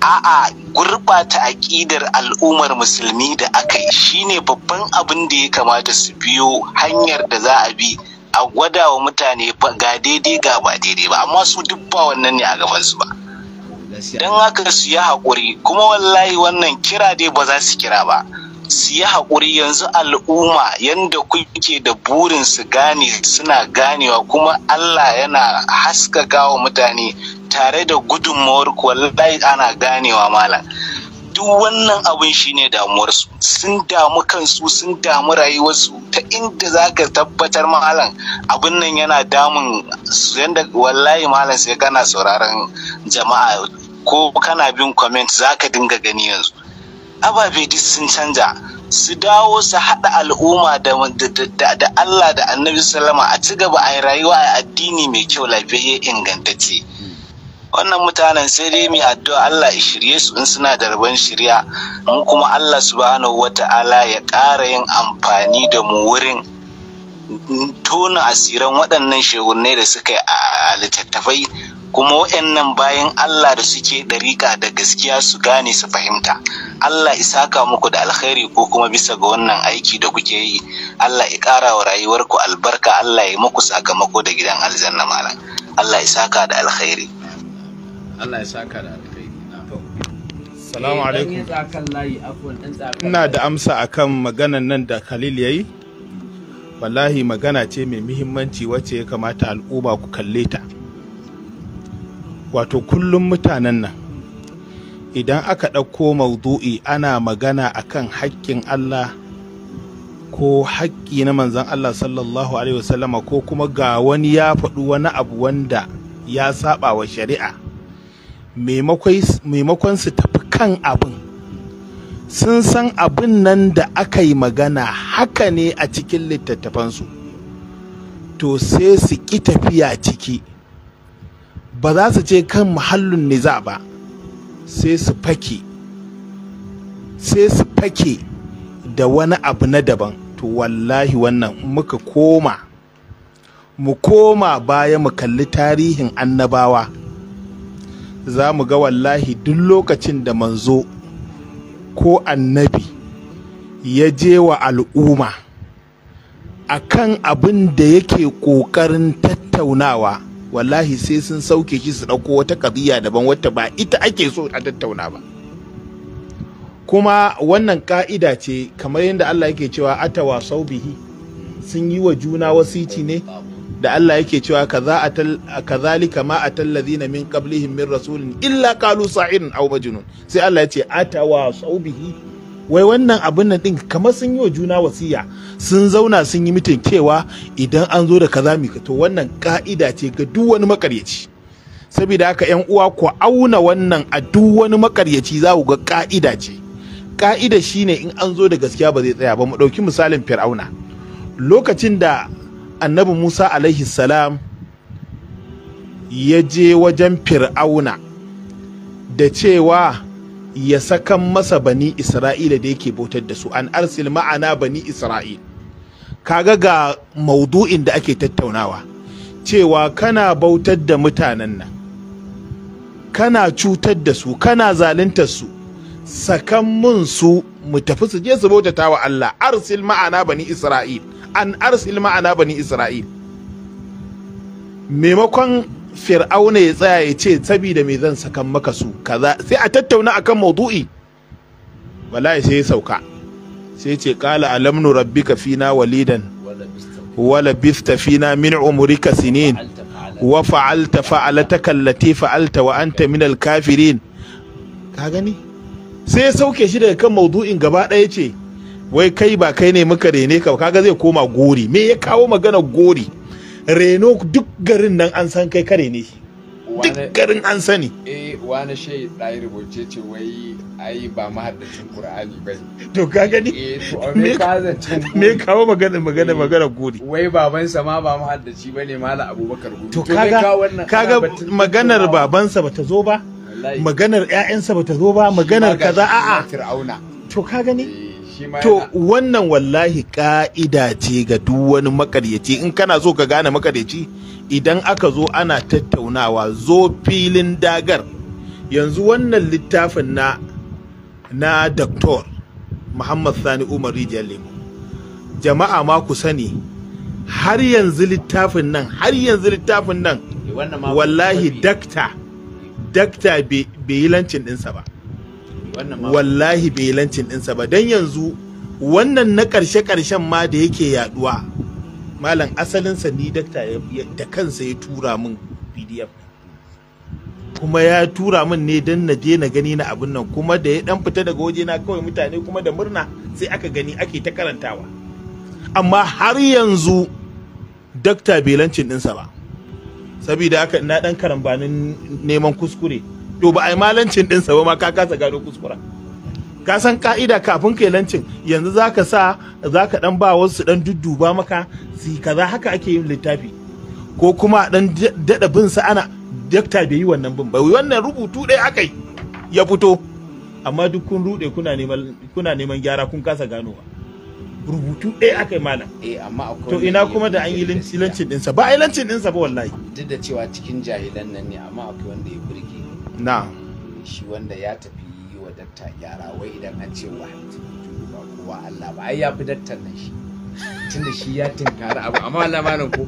a'a gurbata aƙidar al'ummar musulmi da aka yi shine babban abin da ya kamata su biyo hanyar da za a bi a gwada wa mutane ga daidai ga ba daidai ba amma su duk ba wannan ne a gaban su ba don haka su yi haƙuri kuma wallahi wannan kira dai ba za su kira ba su yi haƙuri yanzu al'umma yanda kuke da burin su gane suna ganewa kuma Allah yana haskaka wa mutane tare da gudunmawar wallahi ana ganewa malam duk wannan abin shine damuwarsu sun damu kansu sun damu rayuwarsu ta inda za ka tabbatar malam abin nan yana damun yadda wallahi malam sai kana sauraron jama'a ko kana bin comment za ka dinga gani yanzu ababe duk sun canja su dawo su haɗa al'umma da Allah da annabi sallama a ci gaba a rayuwa a addini mai kyau lafiyayye ingantacce. wannan mutanen sai dai mai addu'a Allah ya shirye su in suna da rabon shirya mu kuma Allah subhanahu wata'ala ya ƙara yin amfani da mu wurin tona asiran waɗannan shegunai da suka yi a littattafai kuma waɗannan bayan Allah da suke ɗariƙa da gaskiya su gane su fahimta Allah saka muku da alkhairi ko kuma bisa ga wannan aiki da kuke yi Allah ya ƙara wa rayuwarku albarka Allah ya muku sakamako da gidan aljanna malam Allah isaka da alkhairi Allah ya saka da alkhairi Salamu eh, alaikum. Ina da amsa akan maganan nan da Khalil yayi. Wallahi magana ce mai muhimmanci wacce ya kamata al'umma ku kalle ta. Wato kullum mutanen nan idan aka ɗauko maudu'i ana magana akan haƙƙin Allah ko haƙƙi na manzon Allah sallallahu Alaihi wasallama ko kuma ga wani ya faɗi wani abu wanda ya saba wa shari'a maimakon su tafi kan abin sun san abin nan da aka yi magana haka ne a cikin littattafansu to sai su ƙi tafiya ciki ba za su ce kan muhallin niza ba sai su fake sai su fake da wani abu na daban to wallahi wannan muka koma mu koma baya mu kalli tarihin annabawa za mu ga wallahi duk lokacin da manzo ko annabi ya je wa al'umma a kan abin da yake ƙoƙarin tattaunawa wallahi sai sun sauke shi su ɗauko wata ƙabiya daban wata ba ita ake so a tattauna ba kuma wannan ƙa'ida ce kamar yadda Allah yake cewa atawa sau bihi sun yi wa juna wasici ne da Allah yake cewa a ma atallazina min qablihim min rasulin illa kalusa irin aw majnun sai Allah yace atawa saubihi wai wannan abin nan din kamar sun yi wa juna wasiya sun zauna sun yi mitin cewa idan an zo da kaza mi to wannan ka'ida ce ga duk wani makaryaci saboda haka yan uwa ku auna wannan a duk wani makaryaci za ku ga ka'ida ce ka'ida shine in an zo da gaskiya ba zai tsaya ba mu dauki misalin fir'auna lokacin da annabi musa alaihi salam ya je wajen fir'auna da cewa ya sakan masa bani isra'ila da yake bautar da su an arsil ma'ana bani isra'il kaga ga maudu'in da ake tattaunawa cewa kana bautar da mutanen nan kana cutar da su kana zaluntar su sakan mun su mu tafi su je su bautata wa Allah arsil ma'ana bani isra'il an arsil ma'ana bani isra'il maimakon fir'auna ya tsaya ya ce saboda me zan sakan maka su kaza sai a tattauna akan maudu'i wallahi sai ya sauka sai ce kala alam nu rabbika fina walidan wala bista fina min umurika sinin wa fa'alta fa'alataka allati fa'alta wa anta min al-kafirin ka gani sai ya sauke shi daga kan maudu'in gaba ɗaya ce wai kai ba kai ne muka rene ka kaga zai koma gori me ya kawo magana gori reno duk garin nan an san kai kare ne duk garin an sani eh wani shai ɗaya rubuce ce wai ai ba mahaddacin qur'ani ba to ka gani eh, me kawo magana magana eh, magana gori wai babansa ma ba haddaci bane mallam abubakar gori to kaga kaga maganar babansa bata zo ba maganar ƴaƴansa bata zo ba maganar kaza a'a to ka gani eh. to wannan wallahi ka'ida ce ga duk wani makaryaci in kana so ka gane makaryaci idan aka zo ana tattaunawa zo filin dagar yanzu wannan littafin na na doktor muhammad sani umar rijiyar lemo, jama'a ma ku sani har yanzu littafin nan har yanzu littafin nan eh, wallahi dakta dakta bai yi lancin ɗinsa ba wallahi bai lancin ɗinsa ba don yanzu wannan na ƙarshe-ƙarshen ma da yake yaduwa malam asalinsa ni dakta da kansa ya tura min pdf kuma ya tura min ne don na je na gani na abin nan kuma da ya dan fita daga waje na kawai mutane kuma da murna sai aka gani ake ta karantawa amma har yanzu dakta bai lancin ɗinsa ba sabida haka na dan karambanin neman kuskure to ba a yi malancin ɗinsa ba ma ka kasa gano kuskura ka san ka'ida kafin yi lancin yanzu ka sa ka dan ba wasu dan dudduba maka si kaza haka ake yin littafi ko kuma dan dada bin sa ana dakta bai yi wannan bin ba wannan rubutu ɗaya aka yi ya fito amma duk kun rude kuna neman kuna neman gyara kun kasa ganowa rubutu ɗaya aka yi malam eh amma akwai to ina kuma da an yi lancin dinsa ba a yi lancin dinsa ba wallahi duk da cewa cikin jahilan nan ne amma akwai wanda ya burge na shi wanda ya tafi yi wa datta gyara wai idan a ce wa ba kowa Allah ba ai ya fi dattan nan shi tun da shi ya tinkara abu amma Allah malam ko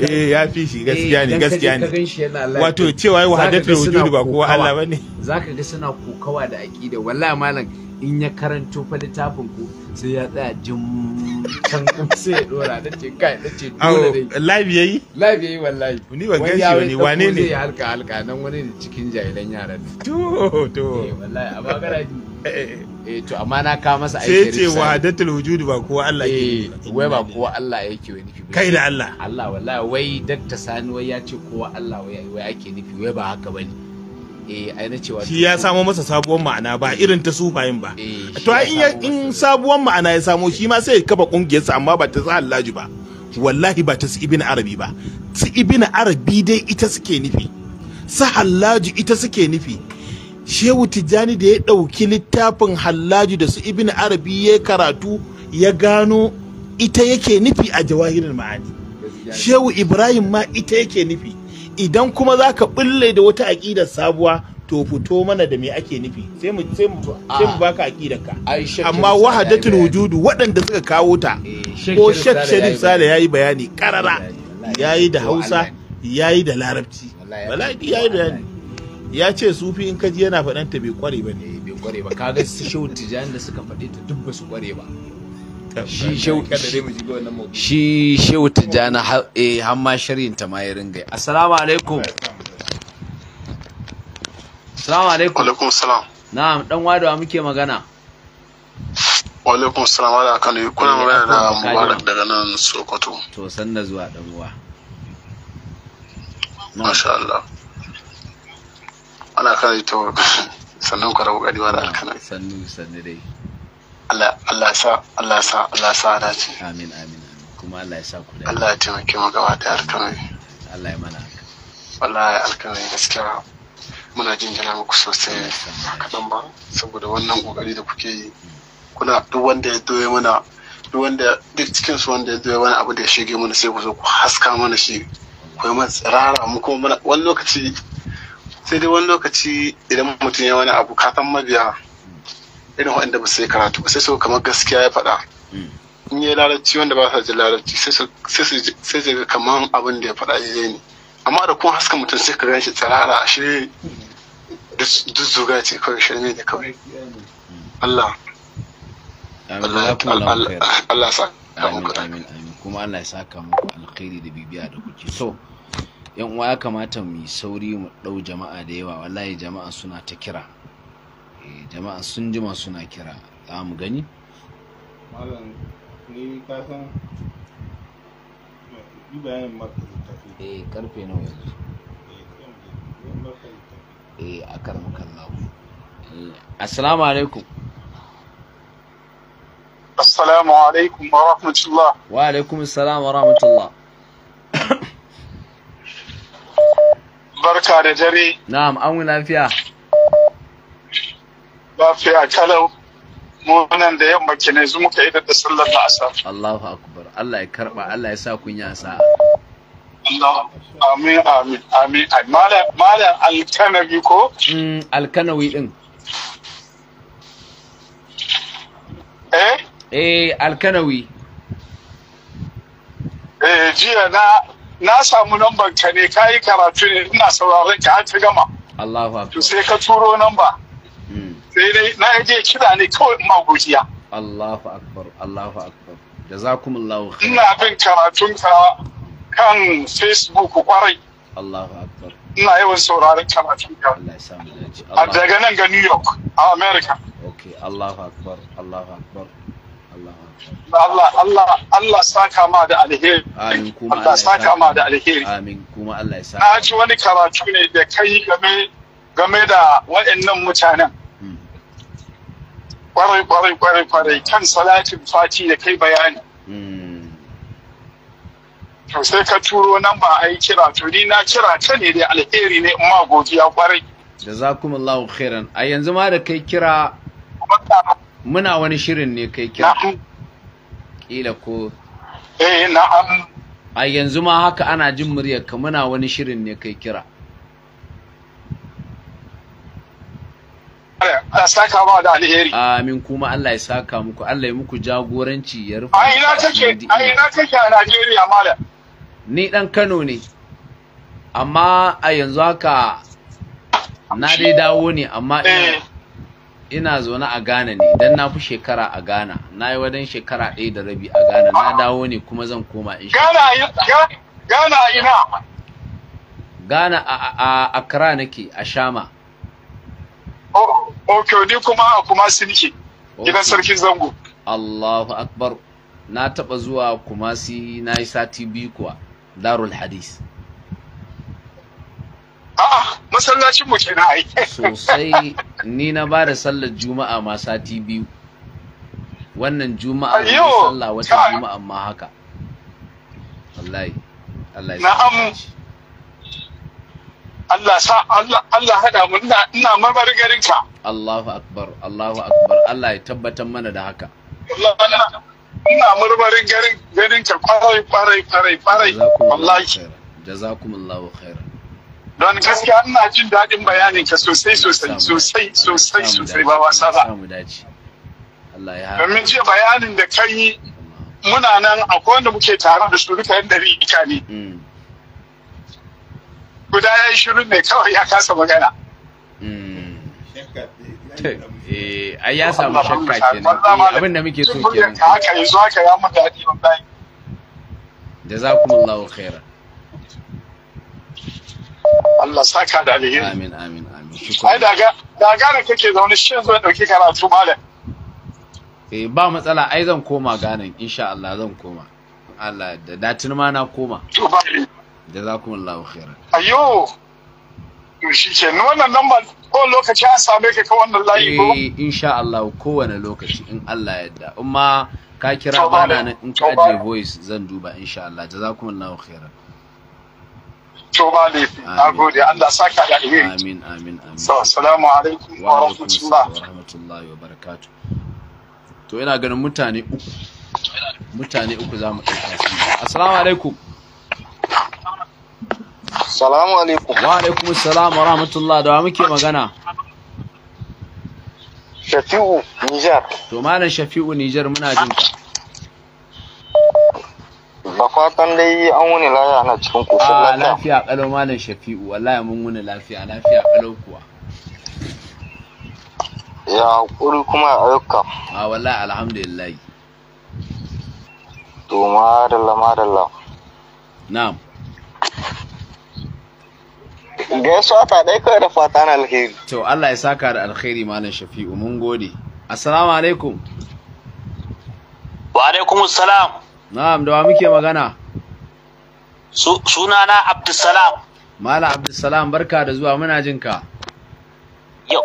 eh ya fi shi gaskiya ne eh, gaskiya ne wato cewa wa wahadatul wujud ba kowa Allah bane zaka ga suna kokawa da aqida wallahi malam in ya karanto fa littafin ko sai ya tsaya jin can sai ya dora da ce kai da ce dole dai live yayi live yayi wallahi ni ban gan shi wane ne ya halka halka nan wani ne cikin jahilan yaran to to eh wallahi a bakara eh, eh, eh. eh to amma na ka masa aiki sai ce wahadatul wujud ba kowa Allah yake eh wai ba kowa Allah yake wai nufi kai da Allah Allah wallahi wai dakta sani wai ya ce kowa Allah wai ake nufi wai ba haka bane Eh, shi ya samo masa sabuwar ma'ana ba eh. irin ta sufayin ba eh, to in in sabuwar ma'ana ya samo shi ma sai ya kafa sa amma ba ta Allaji ba wallahi ba ta su ibn arabi ba su ibn arabi dai ita suke nufi su hallaju ita suke nufi shehu tijjani da ya ɗauki littafin hallaju da su ibn arabi ya karatu ya gano ita yake nufi a jawahirin ma'ani shehu ibrahim ma ita yake nufi idan kuma za ka bulle da wata aƙidar sabuwa to fito mana da me ake nufi sai mu sai mu sai mu ah. baka aqidar ka amma wahadatul wujudu waɗanda suka kawo ta eh, ko Sheikh Sharif Sale yayi bayani karara yayi da Hausa yayi da Larabci wallahi yayi bayani ya ce sufi in kaji yana faɗanta bai kware ba ne eh, bai kware ba kaga su shehu tijani da suka faɗi ta duk ba su kware ba shi shehu shi shehu tijjani eh har ma shirin ta ma ya ringa assalamu alaikum assalamu alaikum alaikum salam na'am dan wadawa muke magana wa alaikum salam ala kanu kuna eh, magana da mubarak daga nan sokoto to sanna zuwa dan uwa masha Allah ana kan ita sannan ku rabu kadiwa da alkanai sannu sannu dai Allah sa Allah sa Allah sa sa, amin amin kuma Allah ya sa ku da Allah ya taimake mu gaba da sa, Allah ya mana wallahi ya gaskiya muna jin jana muku sosai sa, ba saboda wannan ƙoƙari da kuke yi kuna duk wanda ya doye mana duk wanda duk cikin su wanda ya doye ya abu da ya shige mana sai ku zo ku haska mana shi ku yi ya tsirara mu kuma wani lokaci sai dai wani lokaci idan mutum ya wani abu ka mabiya irin waɗanda ba su yi karatu ba sai su kamar gaskiya ya faɗa hmm. in yi larabci wanda ba sa jin larabci sai su ga kamar abin da ya faɗa ya ne amma da kuma haska mutum sai ka gan shi tsarara a shirye duk ce kawai ne da kawai Allah Allah sa amin amin kuma Allah ya saka muku alkhairi da bibiya da kuke so yan uwa ya kamata mu sauri mu dau jama'a da yawa wallahi jama'a suna ta kira Eh, jama'a sun jima suna kira za mu gani malam eh, karfe nawa yanzu eh, eh a karmu kallahu assalamu alaikum assalamu alaikum wa rahmatullah wa alaikum assalam wa rahmatullah barka da dare na'am an lafiya lafiya kalau mu nan da yamma kine zu muka yi da sallar da asar Allahu akbar Allah ya karba Allah ya sa kun yi asa Allah amin amin amin malam alkanawi ko hmm, alkanawi din eh eh alkanawi eh jiya na na samu lambar ka ne ka yi karatu ne ina sauraron ka har gama Allahu akbar to sai ka turo namba hmm. sai dai na je kira ne kawai ma gujiya. Allahu akbar Allahu akbar jazakumullahu khair ina bin karatun ka kan Facebook kwarai Allahu akbar ina yawan sauraron karatun ka Allah ya samu dace a daga nan ga New York a America okay Allahu akbar Allahu akbar Allah Allah Allah saka ma da alheri amin kuma Allah saka ma da alheri amin kuma Allah ya sa. na ci wani karatu ne da kai game game da waɗannan mutanen kwarai kwarai kwarai kwarai kan salatin fati da kai bayani hmm. to sai ka turo nan ba a yi kira to ni na kira ta ne dai alheri ne ma godiya kwarai jazakumullahu khairan a yanzu ma da kai kira muna wani shirin ne kai kira kila ko eh na'am a yanzu ma haka ana jin muryarka muna wani shirin ne kai kira saka ma da alheri. Amin kuma Allah ya saka muku, Allah ya muku jagoranci ya rufa. A ina take, a ina take a Najeriya malam. Ni dan Kano ne. Amma a yanzu haka na dai dawo ne amma eh. ina zaune a Ghana ne dan na fi shekara a Ghana. Na yi wadan shekara ɗaya da rabi a Ghana. Na dawo ne kuma zan koma in Ghana Ghana ina. Ghana a Accra nake a Shama. ok ni kuma a kuma sinki gidan sarkin zango Allahu akbar na taba zuwa kuma si na yi sati biyu kuwa darul hadis a'a masallacin mu kenan ai sosai ni na ba da sallar juma'a ma sati biyu wannan juma'a ne sallah wata juma'a ma haka wallahi Allah ya na'am Allah sa Allah Allah hada mu ina ina garin ka Allahu akbar Allahu akbar Allah ya tabbatar mana da haka Allah ina marmarin garin garin ka kwarai kwarai kwarai kwarai wallahi jazakumullahu khair don gaskiya ina jin daɗin bayanin ka sosai sosai sosai sosai sosai ba wasa ba domin jiya bayanin da kai muna nan akwai wanda muke tare da su duka yan ɗari ne mm. guda ya yi shirin ne kawai ya kasa magana hmm. a ya eh, samu shakka kenan eh, abin da muke so kenan ka haka yanzu haka ya mu daɗi wallahi jazakumullahu khairan Allah saka da alheri amin amin amin ai daga daga da kake zaune shi yanzu zan dauki karatu malam eh ba matsala ai zan koma ganin insha Allah zan koma Allah da datin ma na koma to ba jazakumullahu khairan ayo to shi ni wannan lamba ko lokaci an same ka ka wannan layi ko eh insha Allah kowane lokaci in Allah ya yarda umma ka kira bana nan in ka je voice zan duba insha Allah jazakumullahu khairan to ba nagode Allah saka da amin amin amin so assalamu alaikum wa rahmatullahi wa rahmatullahi wa barakatuh to ina ganin mutane uku mutane uku za mu ɗauka su assalamu alaikum Salamu alaikum. Wa alaikum salam wa rahmatullah da wa muke magana. Shafi'u Nijar. To malam Shafi'u Nijar muna jin ka. Ba fatan dai an wuni laya ana cikin koshin ah, lafiya. Ah lafiya kalau malam Shafi'u wallahi mun wuni lafiya lafiya kalau kuwa. Ya kuri kuma ayyuka. Ah wallahi alhamdulillah. To madalla madalla. na'am gaisuwa ta dai kawai da fatan alheri to Allah ya saka da alheri malam Shafi'u mun gode assalamu alaikum wa alaikum assalam na'am da wa muke magana Suna na Abdulsalam Malam Abdulsalam barka da zuwa muna jin ka Yo.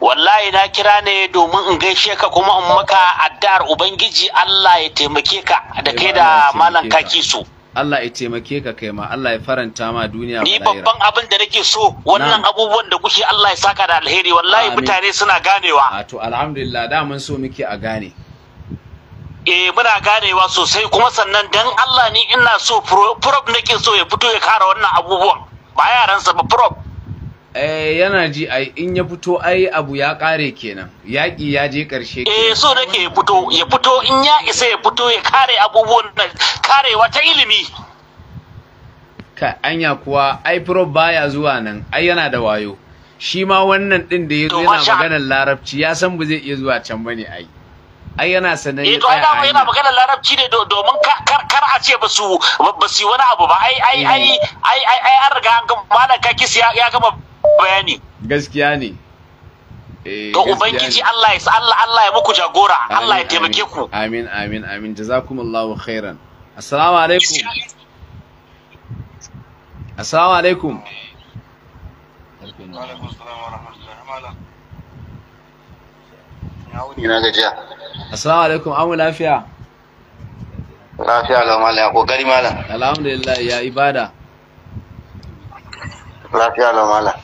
wallahi na kira ne domin in gaishe ka kuma in maka addu'ar ubangiji Allah ya taimake ka da eh, kai da malam kaki su Allah ya taimake ka kai ma Allah ya faranta ma duniya ni babban abin da nake so wannan abubuwan da kuke Allah ya saka da alheri wallahi mutane suna ganewa a to alhamdulillah da mun so muke a gane eh muna ganewa sosai kuma sannan dan Allah ni ina so prob nake so ya fito ya kara wannan abubuwan ba yaransa ba prob Eh, yana ji ai in ya fito ai abu ya kare kenan yaƙi ya je ƙarshe eh so nake ya fito ya fito in ya isa ya fito ya kare abubuwan da karewa ta ilimi ka anya kuwa ai pro baya zuwa nan ai yana da wayo shi ma wannan din da yazo yana maganar larabci ya san ba zai iya zuwa can bane ai ai yana sanar eh, ya ai a yana maganar larabci ne domin kar a ce ba su wani abu ba ai ai eh. ai ai ai an riga an gama malam kakis ya gama bayani gaskiya ne to eh, ubangiji Allah ya Allah Allah ya muku jagora Allah ya taimake ku amin amin amin jazakumullahu khairan assalamu alaikum assalamu alaikum Assalamu alaikum, amu lafiya. Lafiya ga malam, ya kokari malam. Alhamdulillah ya ibada. Lafiya ga malam.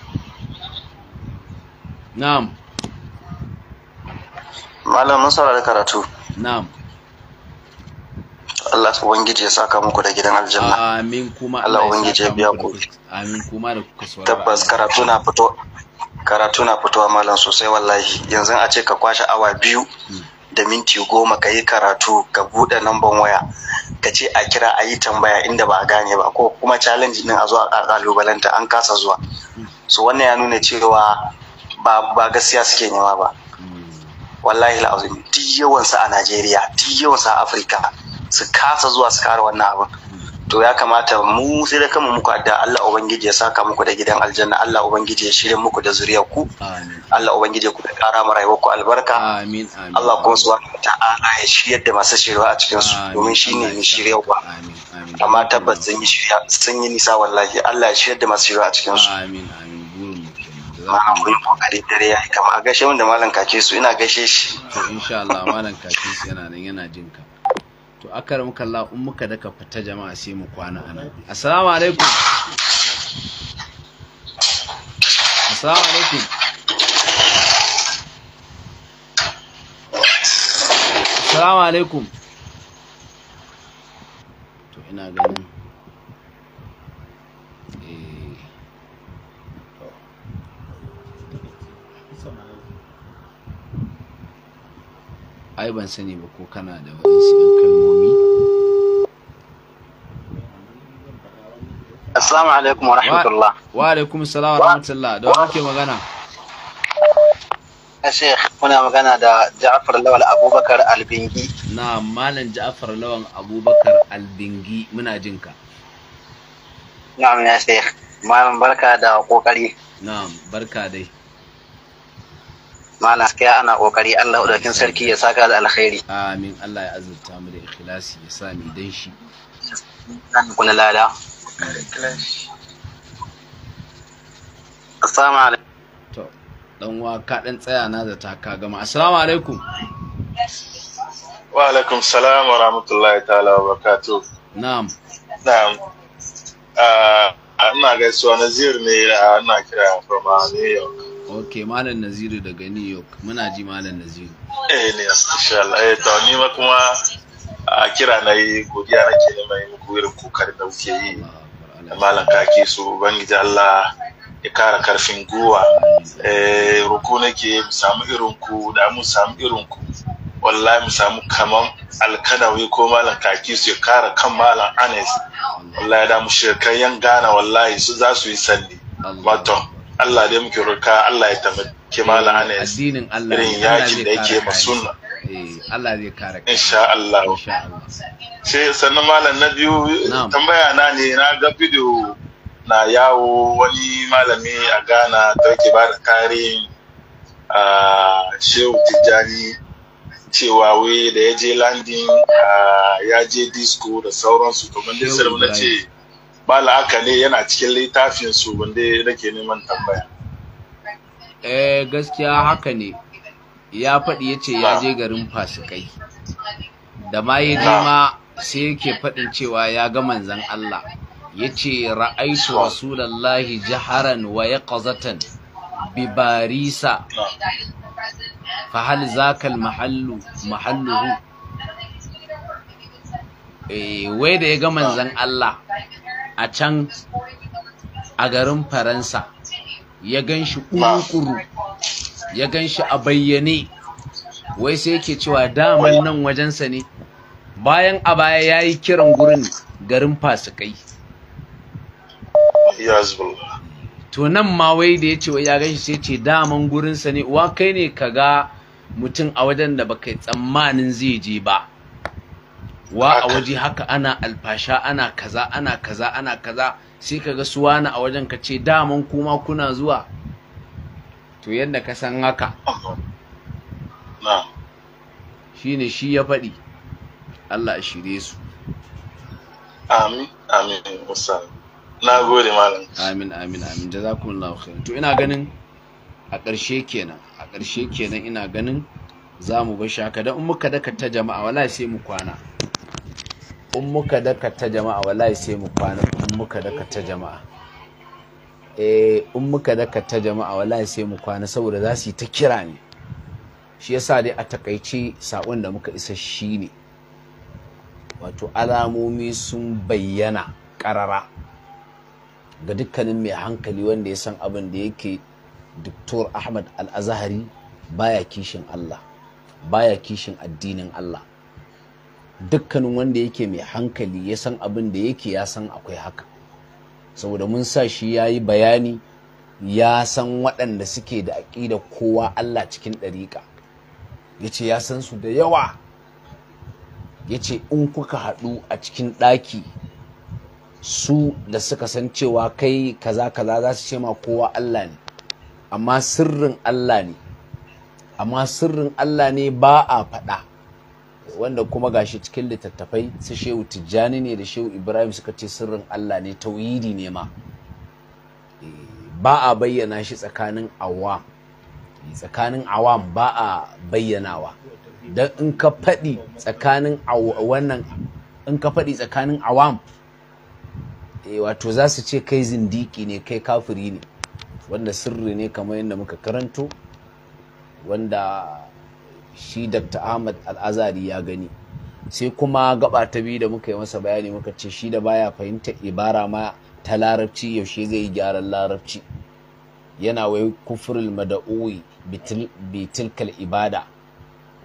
na'am malam mun saurari karatu na'am Allah wangiji ya saka muku da gidan aljanna amin kuma Allah wangiji ya biya ku amin kuma da kuka saurara tabbas karatu na fito karatu na fitowa malam sosai wallahi yanzu a ce ka kwashe awa biyu hmm. da minti goma ka yi karatu ka buɗe namban waya ka ce a kira a yi tambaya inda ba a gane ba ko kuma challenge din a zo a kalubalanta an kasa zuwa hmm. so wannan ya nuna cewa ba gaskiya suke nema ba wallahi la'azim duk yawansa a najeriya duk yawansa a afirka su kasa zuwa su kare wannan abin to ya kamata mu sai da kama muku adda Allah ubangiji ya saka muku da gidan aljanna Allah ubangiji ya shirye muku da zuriyar ku Allah ubangiji ku da kara mu rayuwar ku albarka amin Allah kuma subhanahu ta'ala ya shirya da masu shirwa a cikin su domin shine ne shiryar ku amma tabbas sun yi sun yi nisa wallahi Allah ya shirya da masu shirwa a cikin su amin amin malam mu yi kokari dare yayi kama a gaishe da malam kake su ina gaishe shi to insha Allah malam kake su yana nan yana jin ka to akaram kallah in muka daka fita jama'a sai mu kwana anan assalamu alaikum assalamu alaikum assalamu alaikum to ina ganin ai ban sani ba ko kana da wasu yan kalmomi assalamu alaikum wa rahmatullah wa alaikum salam wa rahmatullah da wani ke magana a sheikh muna magana da ja'far lawal abubakar albingi na malam ja'far lawan abubakar albingi muna jinka na'am ya sheikh malam barka da kokari na'am barka dai malam gaskiya ana kokari Allah udakin sarki ya saka da alkhairi amin Allah ya azurta mu da ikhlasi ya sa mu dan shi dan kula lada assalamu alaikum to dan wa ka dan tsaya na da taka gama assalamu alaikum wa alaikum salam wa rahmatullahi ta'ala wa barakatuh na'am na'am ah, ina gaisuwa nazir ne ah, ina kira from ah, New York ok malam naziru daga new york muna ji malam naziru eh ne insha Allah eh to ni ma kuma a kira na yi godiya nake ne mai muku irin kokarin da kuke yi malam kake so ubangiji Allah ya kara karfin gowa eh roko nake mu samu irin ku da mu samu irin ku wallahi mu samu kaman alkanawi ko malam kaki su ya kara kan malam anes wallahi da mu shirkan yan gana wallahi su za su yi salli wato Allah da muke roƙa Allah ya tamake mala eh, ana addinin Allah irin yakin da yake ma sunna eh, Allah zai kare ka insha Allah sai sannan malam na biyu tambaya na ne na ga bidiyo na yawo wani malami a Ghana da yake ba da kare a Shehu Tijjani cewa wai da ya je landing ya je disco da sauransu kamar dai sai mun ce Ba la'aka ne yana cikin littafin su wanda nake neman tambaya eh gaskiya haka ne ya faɗi ya ce ya je garin fasikai da ma ya je ma sai yake faɗin cewa ya ga manzan Allah ya ce ra'aitu rasulallahi jaharan wa ya ƙazatan bibarisa fahal zakal mahallu mahalluhu eh, wai da ya ga manzan Allah a can a garin faransa ya gan shi ya gan shi a bayyane wai sai yake cewa daman nan wajensa ne bayan a baya ya yi kiran gurin garin fasikai to nan ma wai da ya ce wai ya gan shi sai ce daman gurinsa ne wa kai ne ka ga mutum a wajen da baka tsammanin zai je ba wa a waje haka ana alfasha ana kaza ana kaza ana kaza sai kaga suwa suwana a wajen ka ce daman kuma kuna zuwa to yadda ka san haka shine shi ya faɗi Allah shirye su amin amin na gode malam amin amin amin jazakumullahu khairan to ina ganin a ƙarshe kenan a ƙarshe kenan ina ganin za mu bashi haka don in muka dakata jama'a wallahi sai mu kwana in muka dakata jama'a wallahi sai mu kwana in muka dakata jama'a eh in muka dakata jama'a wallahi sai mu kwana saboda za su yi ta kira ne shi yasa dai a takaice sakon da muka isa shi ne wato alamomi sun bayyana karara ga dukkanin mai hankali wanda ya san abin da yake Dr. Ahmad Al-Azhari baya kishin Allah baya kishin addinin Allah dukkanin wanda yake mai hankali ya san abin da yake ya san akwai haka saboda mun sa shi ya yi bayani ya san waɗanda suke da aƙida kowa Allah cikin ɗariƙa ya ce ya san su da yawa ya ce in kuka haɗu a cikin ɗaki su da suka san cewa kai kaza kaza za su ce ma kowa Allah ne amma sirrin Allah ne amma sirrin Allah ne ba a faɗa wanda kuma gashi cikin littattafai su shehu tijjani ne da shehu ibrahim suka ce sirrin Allah ne tauhidi ne ma eh, ba a bayyana shi tsakanin awam eh, tsakanin awam ba a bayyanawa don in ka faɗi tsakanin wannan in ka faɗi tsakanin awam eh, wato za su ce kai zindiki ne kai kafiri ne wanda sirri ne kamar yadda muka karanto wanda shi dr ahmad al'azari ya gani sai kuma gaba ta biyu da muka yi masa bayani muka ce shi da baya fahimta ibara ma ta larabci yaushe zai yi gyaran larabci yana wai kufurul mada'uwi bitilkal ibada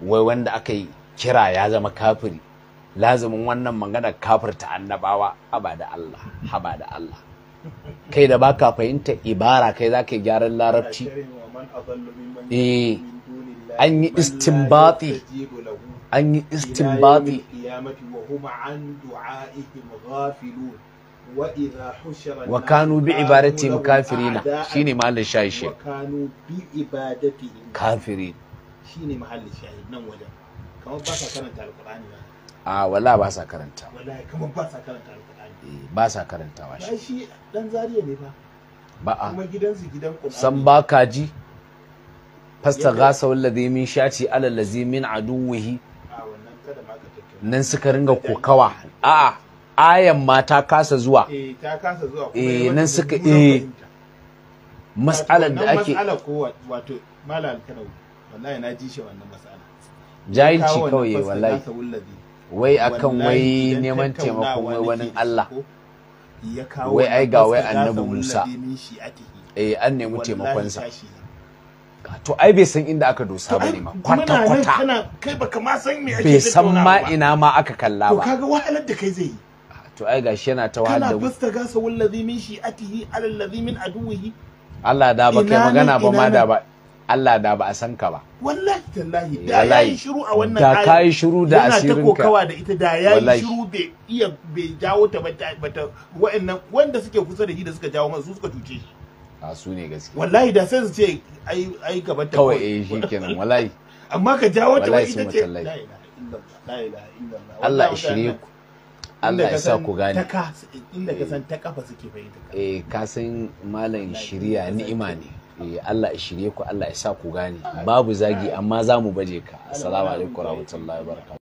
wai wanda aka yi kira ya zama kafiri lazimin wannan magana kafirta annabawa haba da Allah haba da Allah kai da baka fahimta ibara kai za ka yi gyaran larabci eh an yi istinbati an yi istinbati wa kanu bi ibadati kafirina shine mahallin shahishi wa kanu bi ibadatihim kafirin shine mahallin shahid nan wajen kamar ba sa karanta alqur'ani ba a wala ba sa karanta wallahi kamar ba sa karanta alqur'ani eh, ba sa karantawa shi shi dan zariya ne ba ba a kuma gidansu gidan qur'ani san ba kaji fasta gasa wallazi min shati ala lazi min aduwihi nan suka ringa kokawa a'a ayan ma ta kasa zuwa eh ta kasa zuwa eh nan suka eh mas'alar da ake mas'ala ko wato malal kanawi wallahi na ji shi wannan mas'ala jahilci kawai wallahi wai akan wai neman taimakon wai wani Allah wai ai ga wai annabi Musa eh an nemi taimakonsa to ai bai san inda aka dosa bane ma ma kwata kwata kai baka ma san me ake bai san ma ina ma aka kalla ba to kaga wahalar da kai zai yi to ai gashi yana ta wahalar da kana basta gasa wallazi min shi'atihi alal allazi min aduwihi Allah da ba kai magana ba ma da ba Allah da ba a san ka ba. Wallahi tallahi da yayi shiru a wannan Da kai shiru da asirin ka. Yana ta da ita da ya yi shiru bai iya bai jawo ta ba ta wa'annan wanda suke kusa da shi da suka jawo masa su suka tuce shi. a su ne gaskiya wallahi da sai su ce ai ai gaban ta kawai eh shikenan wallahi amma ka ja wata wai ita ce Allah ya shirye ku Allah ya sa ku gane inda ka san ta kafa suke fahimta eh ka san malam shiriya ni'ima ne eh, Allah ya shirye ku Allah ya sa ku gane babu zagi amma za mu baje ka assalamu alaikum warahmatullahi wabarakatuh